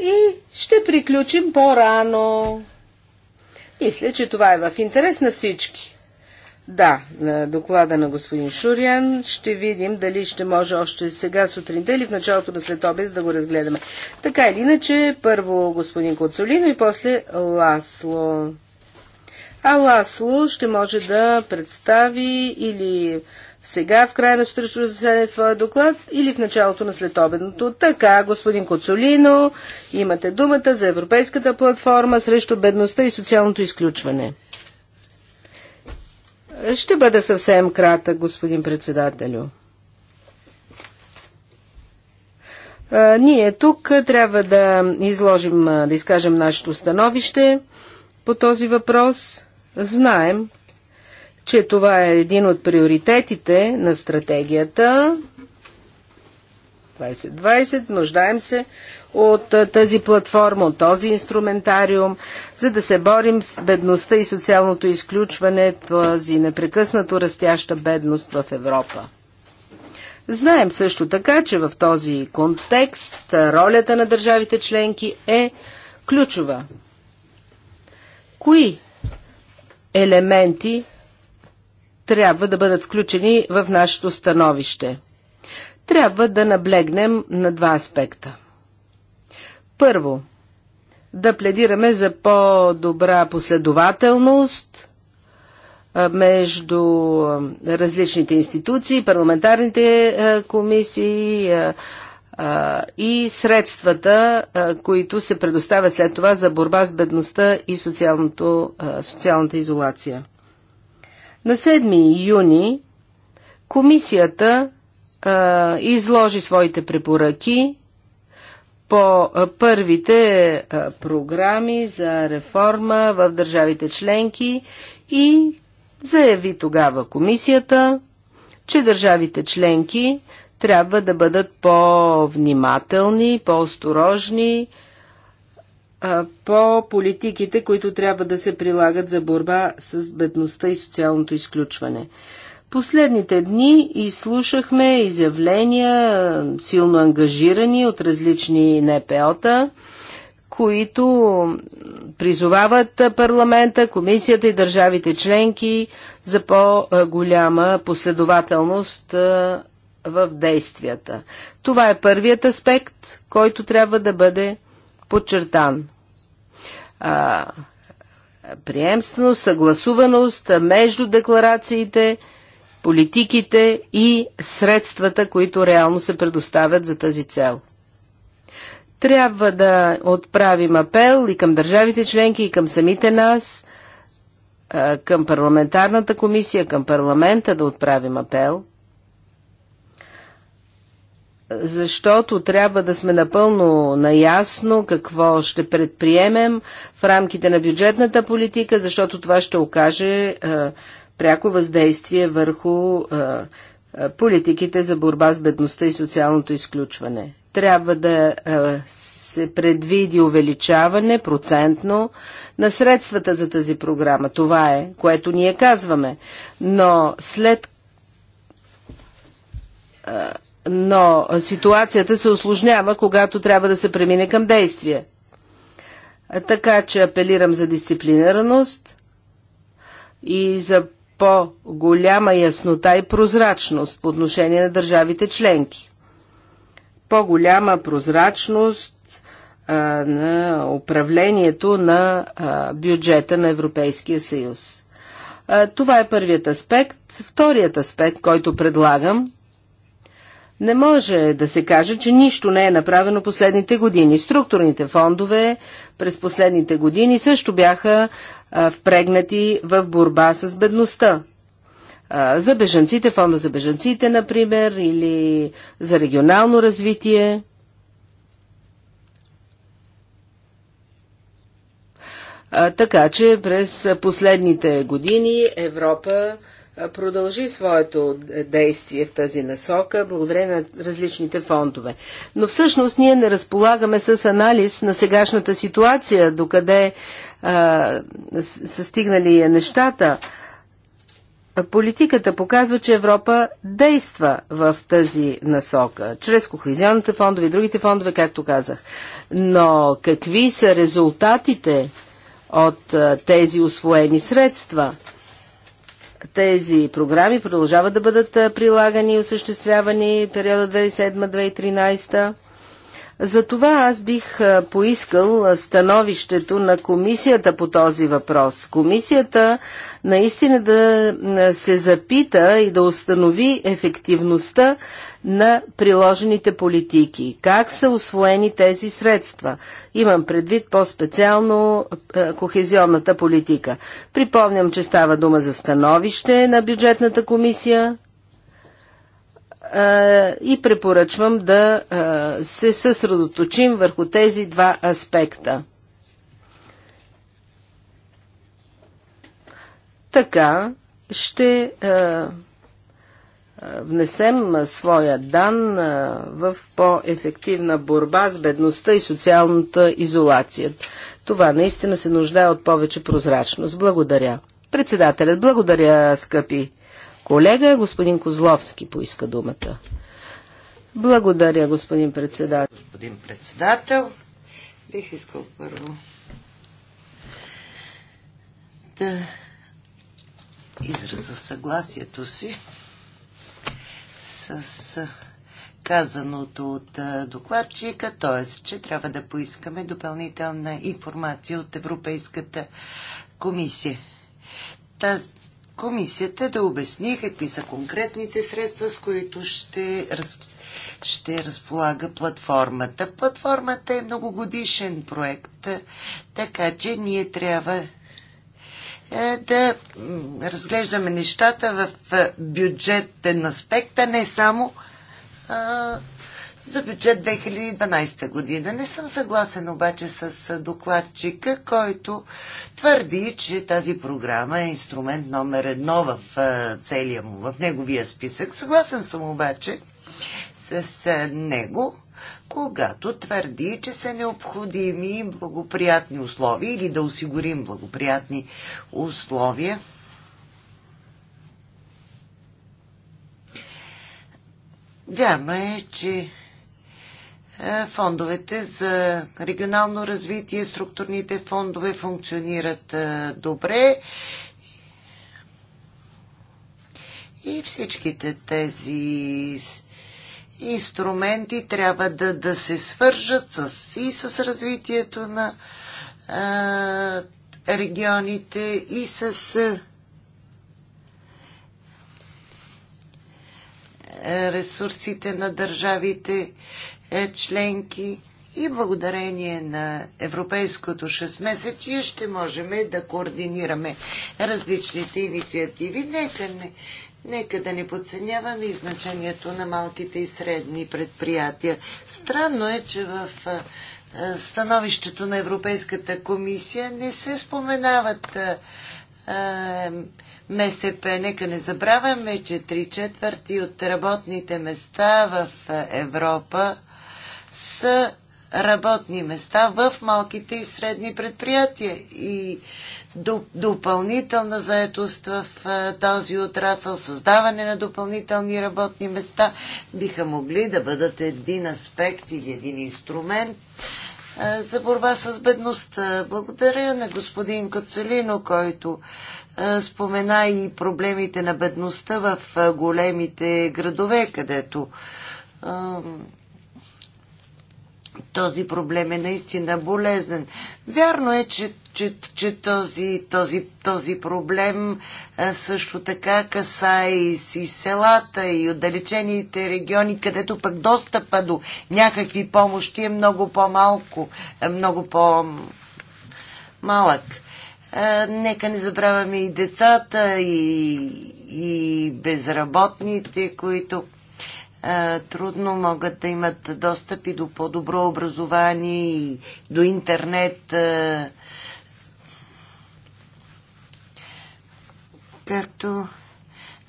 И ще приключим по-рано. Мисля, че това е в интерес на всички. Да, на доклада на господин Шурян ще видим дали ще може още сега сутринта или в началото на след обед да го разгледаме. Така или иначе, първо господин Коцолино и после Ласло. Аласло ще може да представи или сега в края на сутрешното заседание своя доклад или в началото на следобедното. Така, господин Коцолино, имате думата за Европейската платформа срещу бедността и социалното изключване. Ще бъда съвсем кратък, господин председателю. ние тук трябва да изложим, да изкажем нашето становище по този въпрос. Знаем, че това е един от приоритетите на стратегията 2020. Нуждаем се от тази платформа, от този инструментариум, за да се борим с бедността и социалното изключване, тази непрекъснато растяща бедност в Европа. Знаем също така, че в този контекст ролята на държавите членки е ключова. Кои елементи трябва да бъдат включени в нашето становище. Трябва да наблегнем на два аспекта. Първо, да пледираме за по-добра последователност между различните институции, парламентарните комисии, и средствата, които се предоставят след това за борба с бедността и социалната изолация. На 7 юни комисията изложи своите препоръки по първите програми за реформа в държавите членки и заяви тогава комисията, че държавите членки трябва да бъдат по-внимателни, по-осторожни по политиките, които трябва да се прилагат за борба с бедността и социалното изключване. Последните дни изслушахме изявления, силно ангажирани от различни НПО-та, които призовават парламента, комисията и държавите членки за по-голяма последователност в действията. Това е първият аспект, който трябва да бъде подчертан. А, приемственост, съгласуваност между декларациите, политиките и средствата, които реално се предоставят за тази цел. Трябва да отправим апел и към държавите членки, и към самите нас, към парламентарната комисия, към парламента да отправим апел – защото трябва да сме напълно наясно какво ще предприемем в рамките на бюджетната политика, защото това ще окаже е, пряко въздействие върху е, е, политиките за борба с бедността и социалното изключване. Трябва да се предвиди увеличаване процентно на средствата за тази програма. Това е, което ние казваме. Но след но ситуацията се осложнява, когато трябва да се премине към действие. Така че апелирам за дисциплинираност и за по-голяма яснота и прозрачност по отношение на държавите членки. По-голяма прозрачност а, на управлението на а, бюджета на Европейския съюз. А, това е първият аспект. Вторият аспект, който предлагам – не може да се каже, че нищо не е направено последните години. Структурните фондове през последните години също бяха впрегнати в борба с бедността. за бежанците, фонда за бежанците, например, или за регионално развитие. така че през последните години Европа продължи своето действие в тази насока, благодарение на различните фондове. Но всъщност ние не разполагаме с анализ на сегашната ситуация, докъде а, са стигнали нещата. Политиката показва, че Европа действа в тази насока, чрез кохезионните фондове и другите фондове, както казах. Но какви са резултатите от тези освоени средства? тези програми продължават да бъдат прилагани и осъществявани периода 2007-2013. Затова аз бих поискал становището на комисията по този въпрос. Комисията наистина да се запита и да установи ефективността на приложените политики. Как са освоени тези средства? Имам предвид по-специално е, кохезионната политика. Припомням, че става дума за становище на бюджетната комисия е, и препоръчвам да е, се съсредоточим върху тези два аспекта. Така ще внесем своя дан в по-ефективна борба с бедността и социалната изолация. Това наистина се нуждае от повече прозрачност. Благодаря. Председателят, благодаря, скъпи колега. Господин Козловски поиска думата. Благодаря, господин председател. Господин председател, бих искал първо да израза съгласието си с казаното от докладчика, т.е. че трябва да поискаме допълнителна информация от Европейската комисия. Таз, комисията да обясни какви са конкретните средства, с които ще, раз, ще разполага платформата. Платформата е многогодишен проект, така че ние трябва е, да разглеждаме нещата в е, бюджетен аспект, а не само за бюджет 2012 година. Не съм съгласен обаче с е, докладчика, който твърди, че тази програма е инструмент номер едно в целия му, в неговия списък. Съгласен съм обаче с него когато твърди, че са необходими благоприятни условия или да осигурим благоприятни условия Вярно е, че е, фондовете за регионално развитие, структурните фондове функционират е, добре и всичките тези инструменти трябва да, да се свържат с, и с развитието на а, регионите и с а, ресурсите на държавите е, членки и благодарение на европейското 6 месечи ще можем да координираме различните инициативи. Нека не, Нека да не подценяваме и значението на малките и средни предприятия. Странно е, че в становището на Европейската комисия не се споменават МСП. Нека не забравяме, че три четвърти от работните места в Европа са работни места в малките и средни предприятия. И допълнителна заетост в е, този отрасъл, създаване на допълнителни работни места биха могли да бъдат един аспект или един инструмент е, за борба с бедността. Благодаря на господин Коцелино, който е, спомена и проблемите на бедността в големите градове, където този проблем е наистина болезнен. Вярно е, че, че, че този, този, този проблем също така каса и, и селата, и отдалечените региони, където пък достъпа до някакви помощи е много по-малко, е много по-малък. Нека не забравяме и децата, и, и безработните, които е, трудно могат да имат достъп и до по-добро образование и до интернет. Е. Както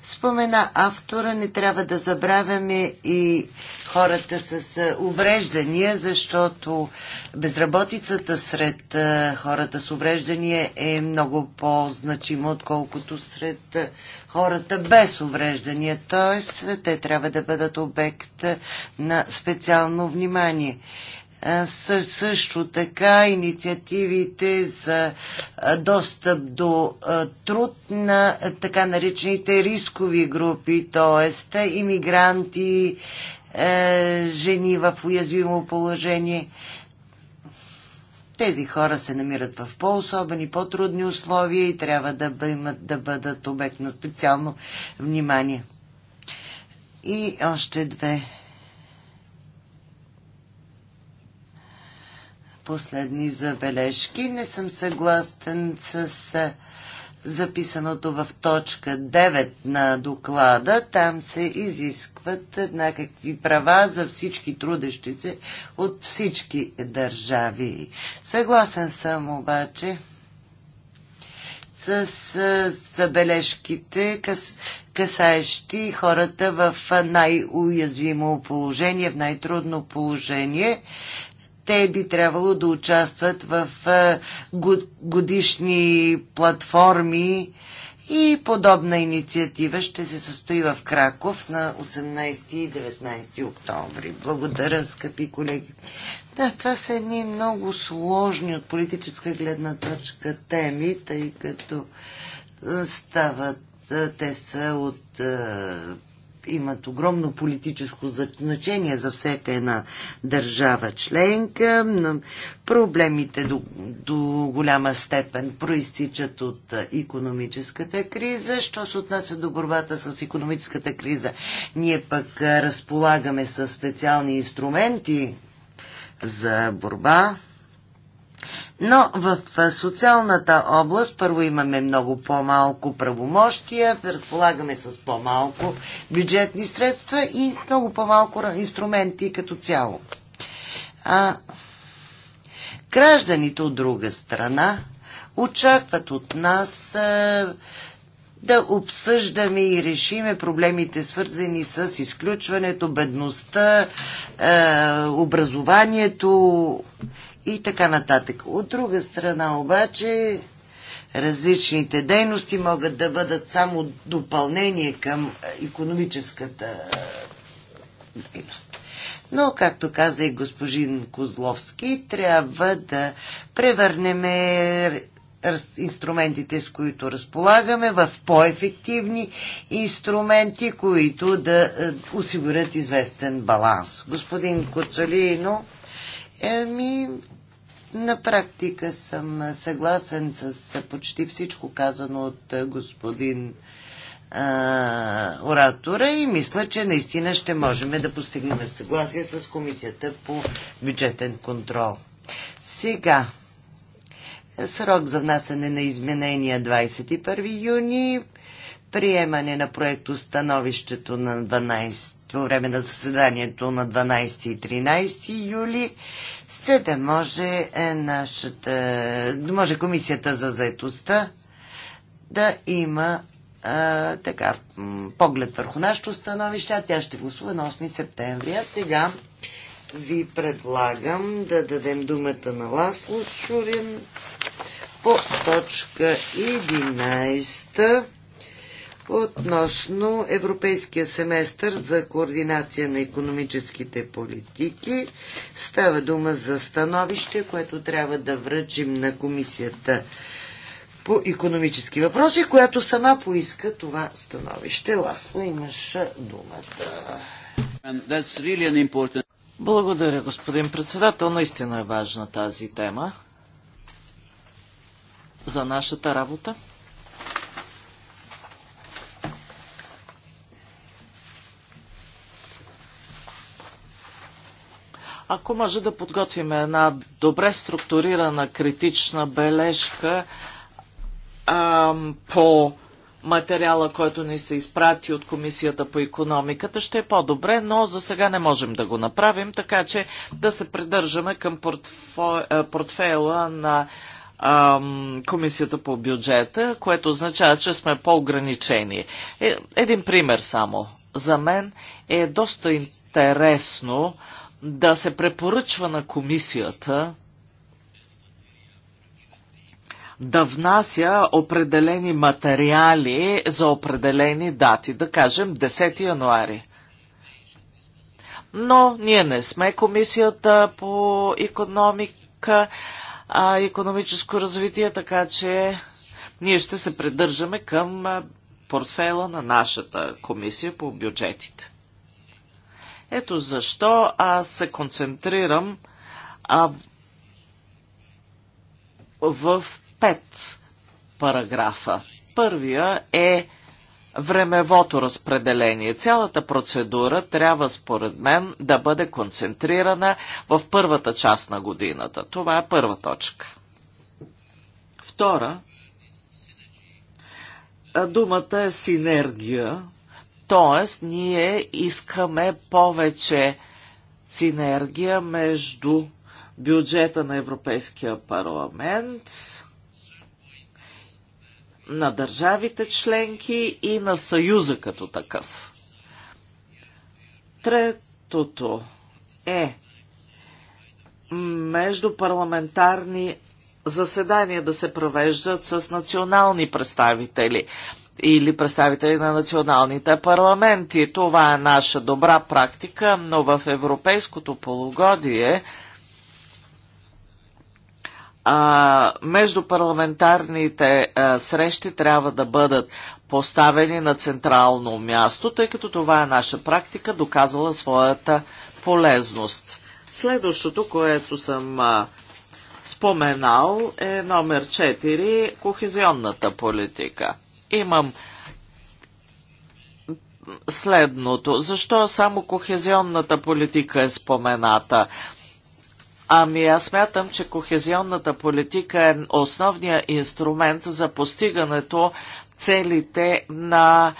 спомена автора, не трябва да забравяме и хората с увреждания, защото безработицата сред хората с увреждания е много по-значима, отколкото сред хората без увреждания. Т.е. те трябва да бъдат обект на специално внимание също така инициативите за достъп до труд на така наречените рискови групи, т.е. иммигранти, е, жени в уязвимо положение. Тези хора се намират в по-особени, по-трудни условия и трябва да, бъдат, да бъдат обект на специално внимание. И още две последни забележки. Не съм съгласен с записаното в точка 9 на доклада. Там се изискват еднакви права за всички трудещици от всички държави. Съгласен съм обаче с забележките, касаещи хората в най-уязвимо положение, в най-трудно положение те би трябвало да участват в годишни платформи и подобна инициатива ще се състои в Краков на 18 и 19 октомври. Благодаря, скъпи колеги. Да, това са едни много сложни от политическа гледна точка теми, тъй като стават, те са от имат огромно политическо значение за всяка една държава членка. Проблемите до, до голяма степен проистичат от економическата криза. Що се отнася до борбата с економическата криза, ние пък разполагаме с специални инструменти за борба но в социалната област първо имаме много по-малко правомощия, разполагаме с по-малко бюджетни средства и с много по-малко инструменти като цяло. А гражданите от друга страна очакват от нас да обсъждаме и решиме проблемите, свързани с изключването, бедността, образованието и така нататък. От друга страна обаче различните дейности могат да бъдат само допълнение към економическата е, дейност. Но, както каза и госпожин Козловски, трябва да превърнем инструментите, с които разполагаме, в по-ефективни инструменти, които да е, осигурят известен баланс. Господин Коцолино, еми, на практика съм съгласен с почти всичко казано от господин а, оратора и мисля, че наистина ще можем да постигнем съгласие с комисията по бюджетен контрол. Сега, срок за внасяне на изменения 21 юни, приемане на проекто становището на 12 по време на заседанието на 12 и 13 юли, за да може е, нашата, да може комисията за заетостта да има а, е, така, поглед върху нашето становище, а тя ще гласува на 8 септември. А сега ви предлагам да дадем думата на Ласло Шурин по точка 11 относно Европейския семестър за координация на економическите политики. Става дума за становище, което трябва да връчим на комисията по економически въпроси, която сама поиска това становище. Ласло, имаш думата. Благодаря, господин председател. Наистина е важна тази тема за нашата работа. Ако може да подготвим една добре структурирана критична бележка а, по материала, който ни се изпрати от Комисията по економиката, ще е по-добре, но за сега не можем да го направим, така че да се придържаме към портфо... Е, портфела на ам, Комисията по бюджета, което означава, че сме по-ограничени. Е, един пример само. За мен е доста интересно да се препоръчва на комисията да внася определени материали за определени дати, да кажем 10 януари. Но ние не сме комисията по економика, а економическо развитие, така че ние ще се придържаме към портфела на нашата комисия по бюджетите. Ето защо аз се концентрирам а, в пет параграфа. Първия е времевото разпределение. Цялата процедура трябва, според мен, да бъде концентрирана в първата част на годината. Това е първа точка. Втора, думата е синергия Тоест, ние искаме повече синергия между бюджета на Европейския парламент, на държавите членки и на Съюза като такъв. Третото е между парламентарни заседания да се провеждат с национални представители или представители на националните парламенти. Това е наша добра практика, но в европейското полугодие а, междупарламентарните а, срещи трябва да бъдат поставени на централно място, тъй като това е наша практика, доказала своята полезност. Следващото, което съм а, споменал е номер 4 – кохезионната политика – имам следното. Защо само кохезионната политика е спомената? Ами аз смятам, че кохезионната политика е основният инструмент за постигането целите на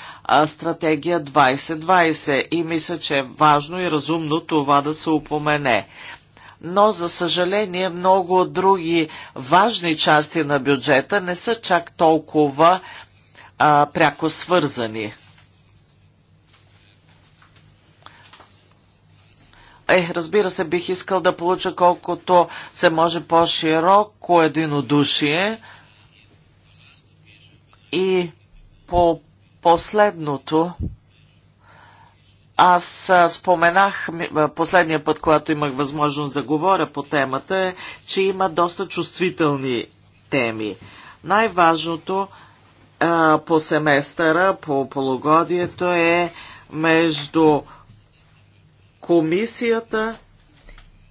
стратегия 2020 и мисля, че е важно и разумно това да се упомене. Но, за съжаление, много други важни части на бюджета не са чак толкова а, а, пряко свързани. Е, разбира се, бих искал да получа колкото се може по-широко единодушие и по последното. Аз споменах последния път, когато имах възможност да говоря по темата, е, че има доста чувствителни теми. Най-важното е а, по семестъра, по полугодието е между комисията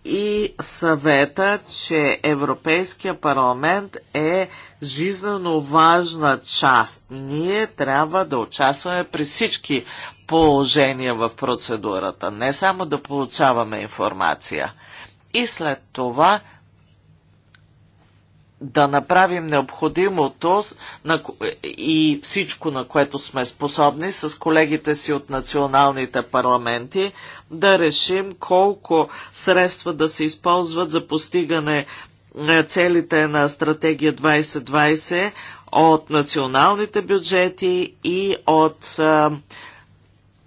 и съвета, че Европейския парламент е жизненно важна част. Ние трябва да участваме при всички положения в процедурата, не само да получаваме информация. И след това да направим необходимото и всичко, на което сме способни с колегите си от националните парламенти, да решим колко средства да се използват за постигане е, целите на стратегия 2020 от националните бюджети и от е,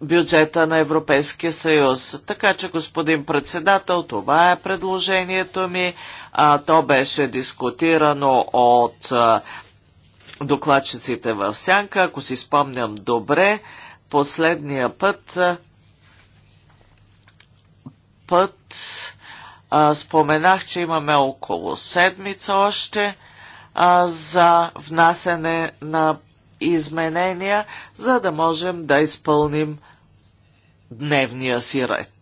бюджета на Европейския съюз. Така че, господин председател, това е предложението ми. А, то беше дискутирано от а, докладчиците в Сянка. Ако си спомням добре, последния път а, път а, споменах, че имаме около седмица още а, за внасене на изменения, за да можем да изпълним дневния си ред.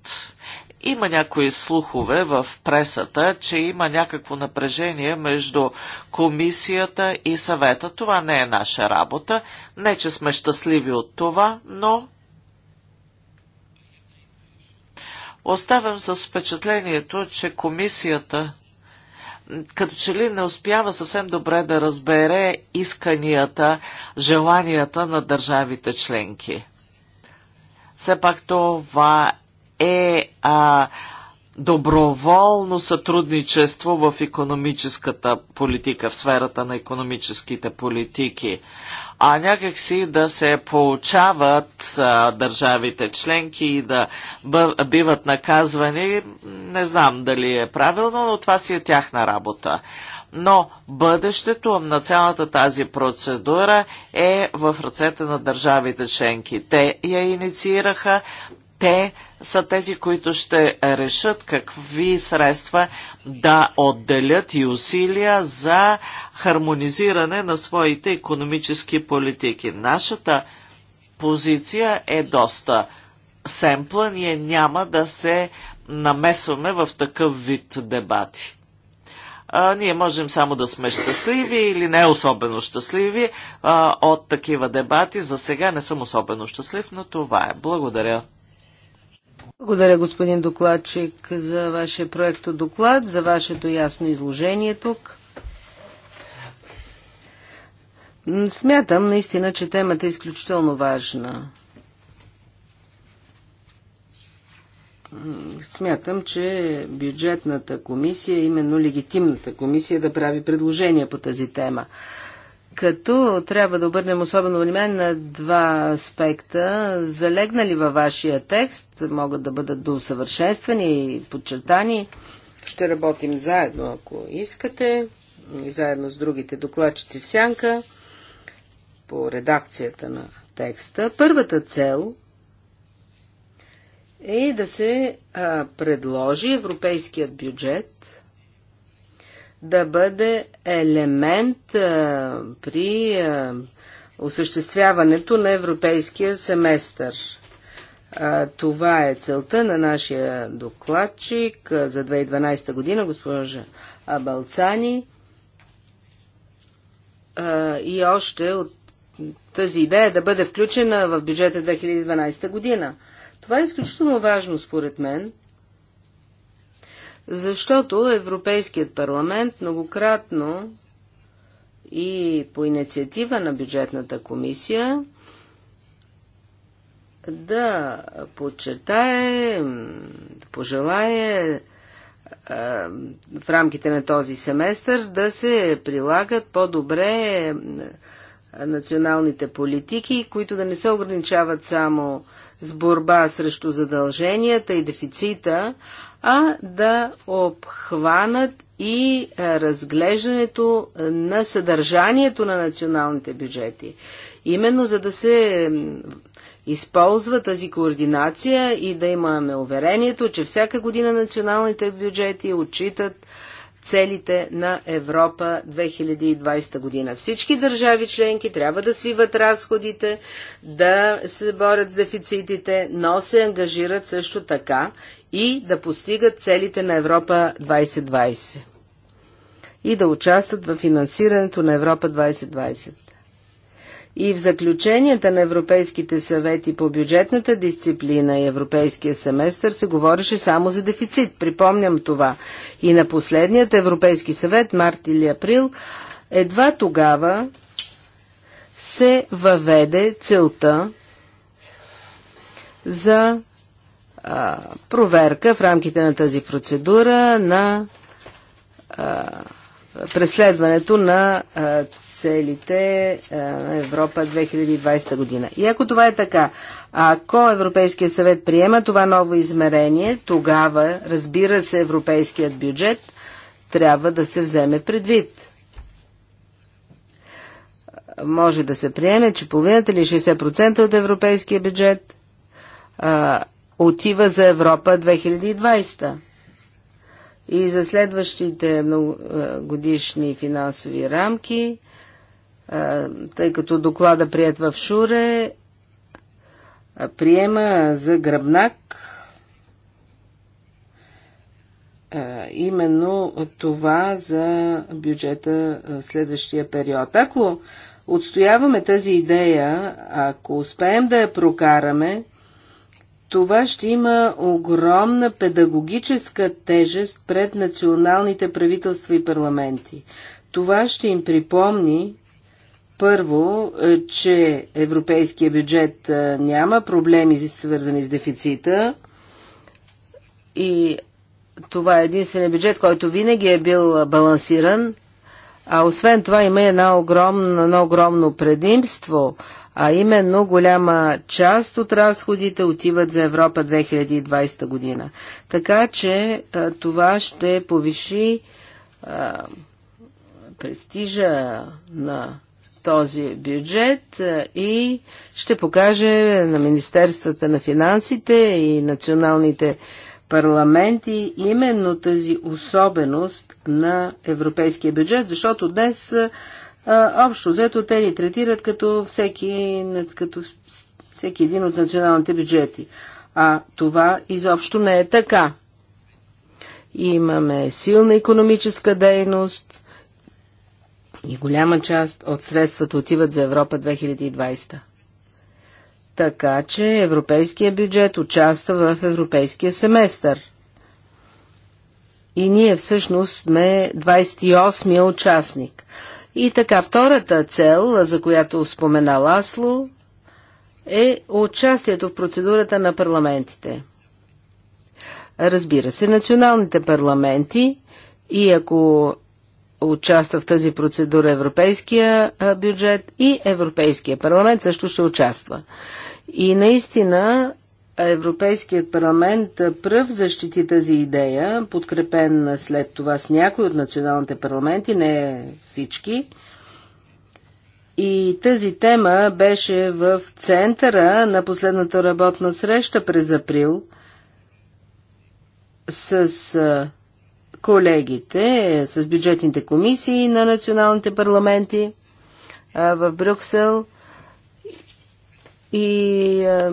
Има някои слухове в пресата, че има някакво напрежение между комисията и съвета. Това не е наша работа. Не, че сме щастливи от това, но оставям с впечатлението, че комисията като че ли не успява съвсем добре да разбере исканията, желанията на държавите членки. Все пак това е а, доброволно сътрудничество в економическата политика, в сферата на економическите политики. А някакси да се получават а, държавите членки и да бъв, биват наказвани, не знам дали е правилно, но това си е тяхна работа но бъдещето на цялата тази процедура е в ръцете на държавите членки. Те я инициираха, те са тези, които ще решат какви средства да отделят и усилия за хармонизиране на своите економически политики. Нашата позиция е доста семпла, ние няма да се намесваме в такъв вид дебати а, ние можем само да сме щастливи или не особено щастливи а, от такива дебати. За сега не съм особено щастлив, но това е. Благодаря. Благодаря, господин докладчик, за вашия проекто доклад, за вашето ясно изложение тук. Смятам наистина, че темата е изключително важна. Смятам, че бюджетната комисия, именно легитимната комисия, да прави предложения по тази тема. Като трябва да обърнем особено внимание на два аспекта, залегнали във вашия текст, могат да бъдат доусъвършенствани и подчертани. Ще работим заедно, ако искате, и заедно с другите докладчици в сянка по редакцията на текста. Първата цел е да се а, предложи европейският бюджет да бъде елемент а, при а, осъществяването на европейския семестър. А, това е целта на нашия докладчик а, за 2012 година, госпожа Абалцани. А, и още от тази идея да бъде включена в бюджета 2012 година. Това е изключително важно според мен, защото Европейският парламент многократно и по инициатива на бюджетната комисия да подчертае, да пожелае в рамките на този семестър да се прилагат по-добре националните политики, които да не се ограничават само с борба срещу задълженията и дефицита, а да обхванат и е, разглеждането на съдържанието на националните бюджети. Именно за да се използва тази координация и да имаме уверението, че всяка година националните бюджети отчитат целите на Европа 2020 година. Всички държави членки трябва да свиват разходите, да се борят с дефицитите, но се ангажират също така и да постигат целите на Европа 2020 и да участват в финансирането на Европа 2020 и в заключенията на Европейските съвети по бюджетната дисциплина и Европейския семестър се говореше само за дефицит. Припомням това. И на последният Европейски съвет, март или април, едва тогава се въведе целта за а, проверка в рамките на тази процедура на а, преследването на целите на Европа 2020 година. И ако това е така, ако Европейския съвет приема това ново измерение, тогава, разбира се, европейският бюджет трябва да се вземе предвид. Може да се приеме, че половината или 60% от европейския бюджет а, отива за Европа 2020 и за следващите годишни финансови рамки, тъй като доклада прият в Шуре приема за гръбнак именно това за бюджета следващия период. Ако отстояваме тази идея, ако успеем да я прокараме, това ще има огромна педагогическа тежест пред националните правителства и парламенти. Това ще им припомни първо, е, че европейския бюджет е, няма проблеми свързани с дефицита и това е единствения бюджет, който винаги е бил е, балансиран, а освен това има една огромна, едно огромно предимство – а именно голяма част от разходите отиват за Европа 2020 година. Така че това ще повиши а, престижа на този бюджет и ще покаже на Министерствата на финансите и националните парламенти именно тази особеност на европейския бюджет, защото днес Общо взето те ни третират като всеки, като всеки един от националните бюджети. А това изобщо не е така. Имаме силна економическа дейност и голяма част от средствата отиват за Европа 2020. Така че европейския бюджет участва в европейския семестър. И ние всъщност сме 28-я участник. И така, втората цел, за която спомена Ласло, е участието в процедурата на парламентите. Разбира се, националните парламенти и ако участва в тази процедура Европейския бюджет и Европейския парламент също ще участва. И наистина Европейският парламент пръв защити тази идея, подкрепен след това с някои от националните парламенти, не всички. И тази тема беше в центъра на последната работна среща през април с колегите, с бюджетните комисии на националните парламенти в Брюксел – и а, е,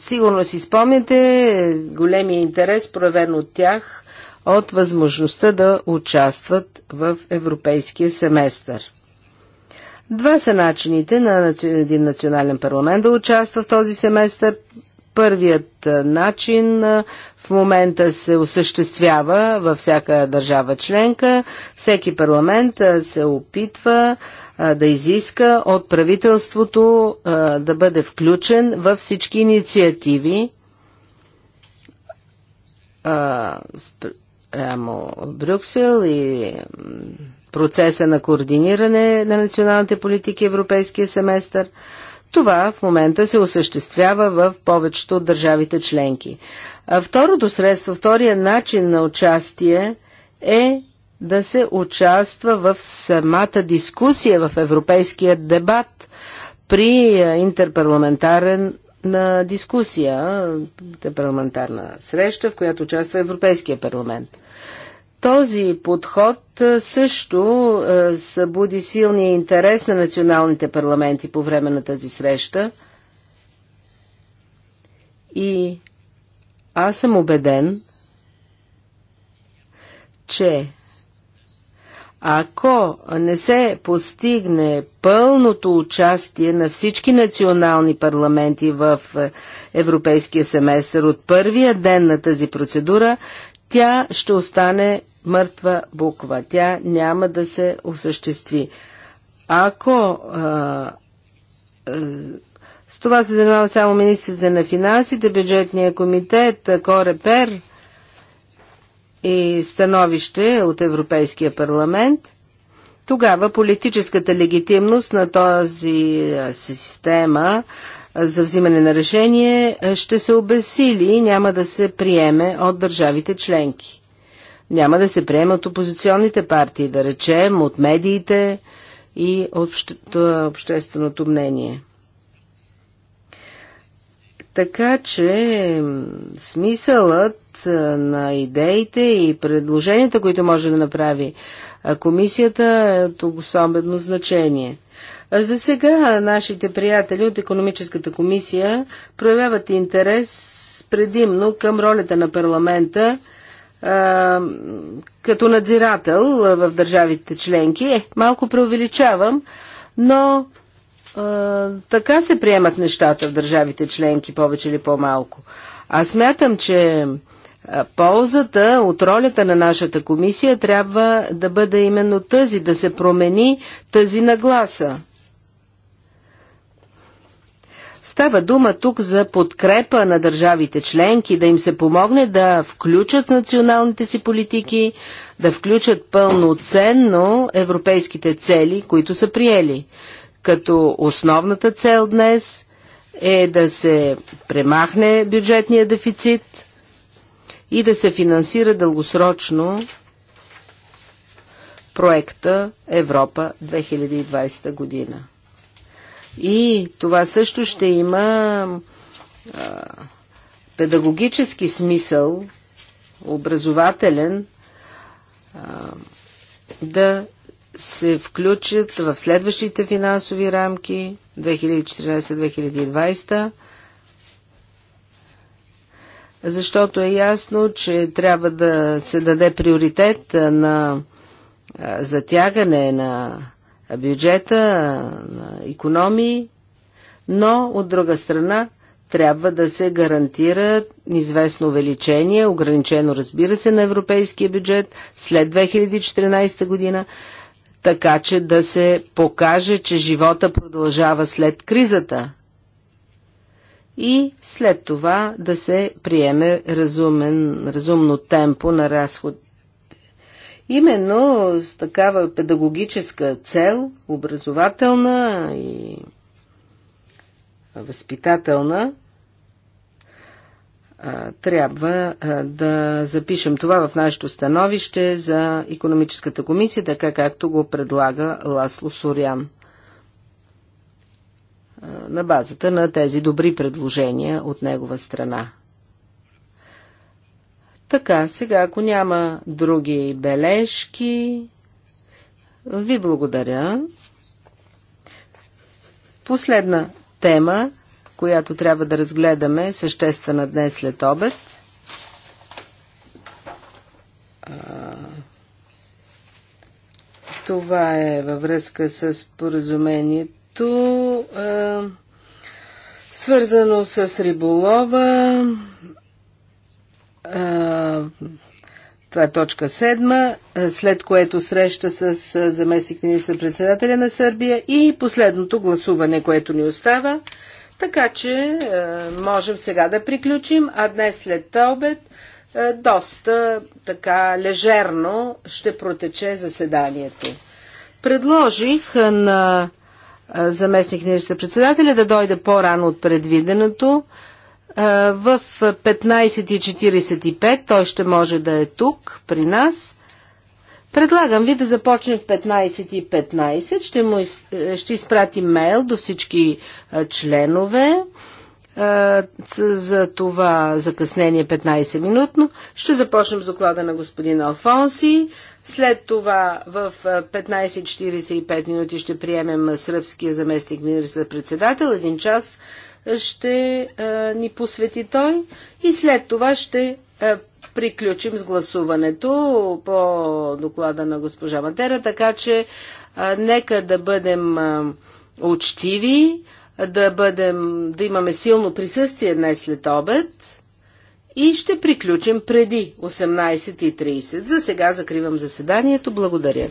сигурно си спомняте големия интерес, проявен от тях, от възможността да участват в европейския семестър. Два са начините на един национален парламент да участва в този семестър. Първият е, начин е, в момента се осъществява във всяка държава членка. Всеки парламент се опитва да изиска от правителството да бъде включен във всички инициативи прямо Брюксел и процеса на координиране на националните политики Европейския семестър. Това в момента се осъществява в повечето от държавите членки. второто средство, втория начин на участие е да се участва в самата дискусия, в европейския дебат при е, интерпарламентарен на дискусия, парламентарна среща, в която участва Европейския парламент. Този подход е, също е, събуди силния интерес на националните парламенти по време на тази среща. И аз съм убеден, че ако не се постигне пълното участие на всички национални парламенти в е, Европейския семестър от първия ден на тази процедура, тя ще остане мъртва буква. Тя няма да се осъществи. Ако а, а, с това се занимават само министрите на финансите, бюджетния комитет, Корепер, и становище от Европейския парламент, тогава политическата легитимност на този е, система е, за взимане на решение е, ще се обесили и няма да се приеме от държавите членки. Няма да се приеме от опозиционните партии, да речем, от медиите и от обще... общественото мнение. Така че смисълът на идеите и предложенията, които може да направи комисията, е от особено значение. За сега нашите приятели от економическата комисия проявяват интерес предимно към ролята на парламента а, като надзирател в държавите членки. Е, малко преувеличавам, но а, така се приемат нещата в държавите членки, повече или по-малко. Аз смятам, че Ползата от ролята на нашата комисия трябва да бъде именно тази, да се промени тази нагласа. Става дума тук за подкрепа на държавите членки, да им се помогне да включат националните си политики, да включат пълноценно европейските цели, които са приели. Като основната цел днес е да се премахне бюджетния дефицит – и да се финансира дългосрочно проекта Европа 2020 година. И това също ще има а, педагогически смисъл, образователен, а, да се включат в следващите финансови рамки 2014-2020 защото е ясно, че трябва да се даде приоритет на затягане на бюджета, на економии, но от друга страна трябва да се гарантира известно увеличение, ограничено разбира се на европейския бюджет след 2014 година, така че да се покаже, че живота продължава след кризата, и след това да се приеме разумен, разумно темпо на разход. Именно с такава педагогическа цел, образователна и възпитателна, трябва да запишем това в нашето становище за економическата комисия, така както го предлага Ласло Сорян на базата на тези добри предложения от негова страна. Така, сега, ако няма други бележки, ви благодаря. Последна тема, която трябва да разгледаме, съществена днес след обед. Това е във връзка с поразумението нещо а, свързано с риболова. А, това е точка седма, след което среща с заместник министър председателя на Сърбия и последното гласуване, което ни остава. Така че а, можем сега да приключим, а днес след обед доста така лежерно ще протече заседанието. Предложих на заместник министър-председателя да дойде по-рано от предвиденото. В 15.45 той ще може да е тук при нас. Предлагам ви да започнем в 15.15. Ще, му, ще изпрати мейл до всички членове за това закъснение 15-минутно. Ще започнем с доклада на господин Алфонси. След това в 15.45 минути ще приемем сръбския заместник министър председател. Един час ще а, ни посвети той и след това ще а, приключим с гласуването по доклада на госпожа Матера, така че а, нека да бъдем а, учтиви, да, бъдем, да имаме силно присъствие днес след обед и ще приключим преди 18.30. За сега закривам заседанието. Благодаря.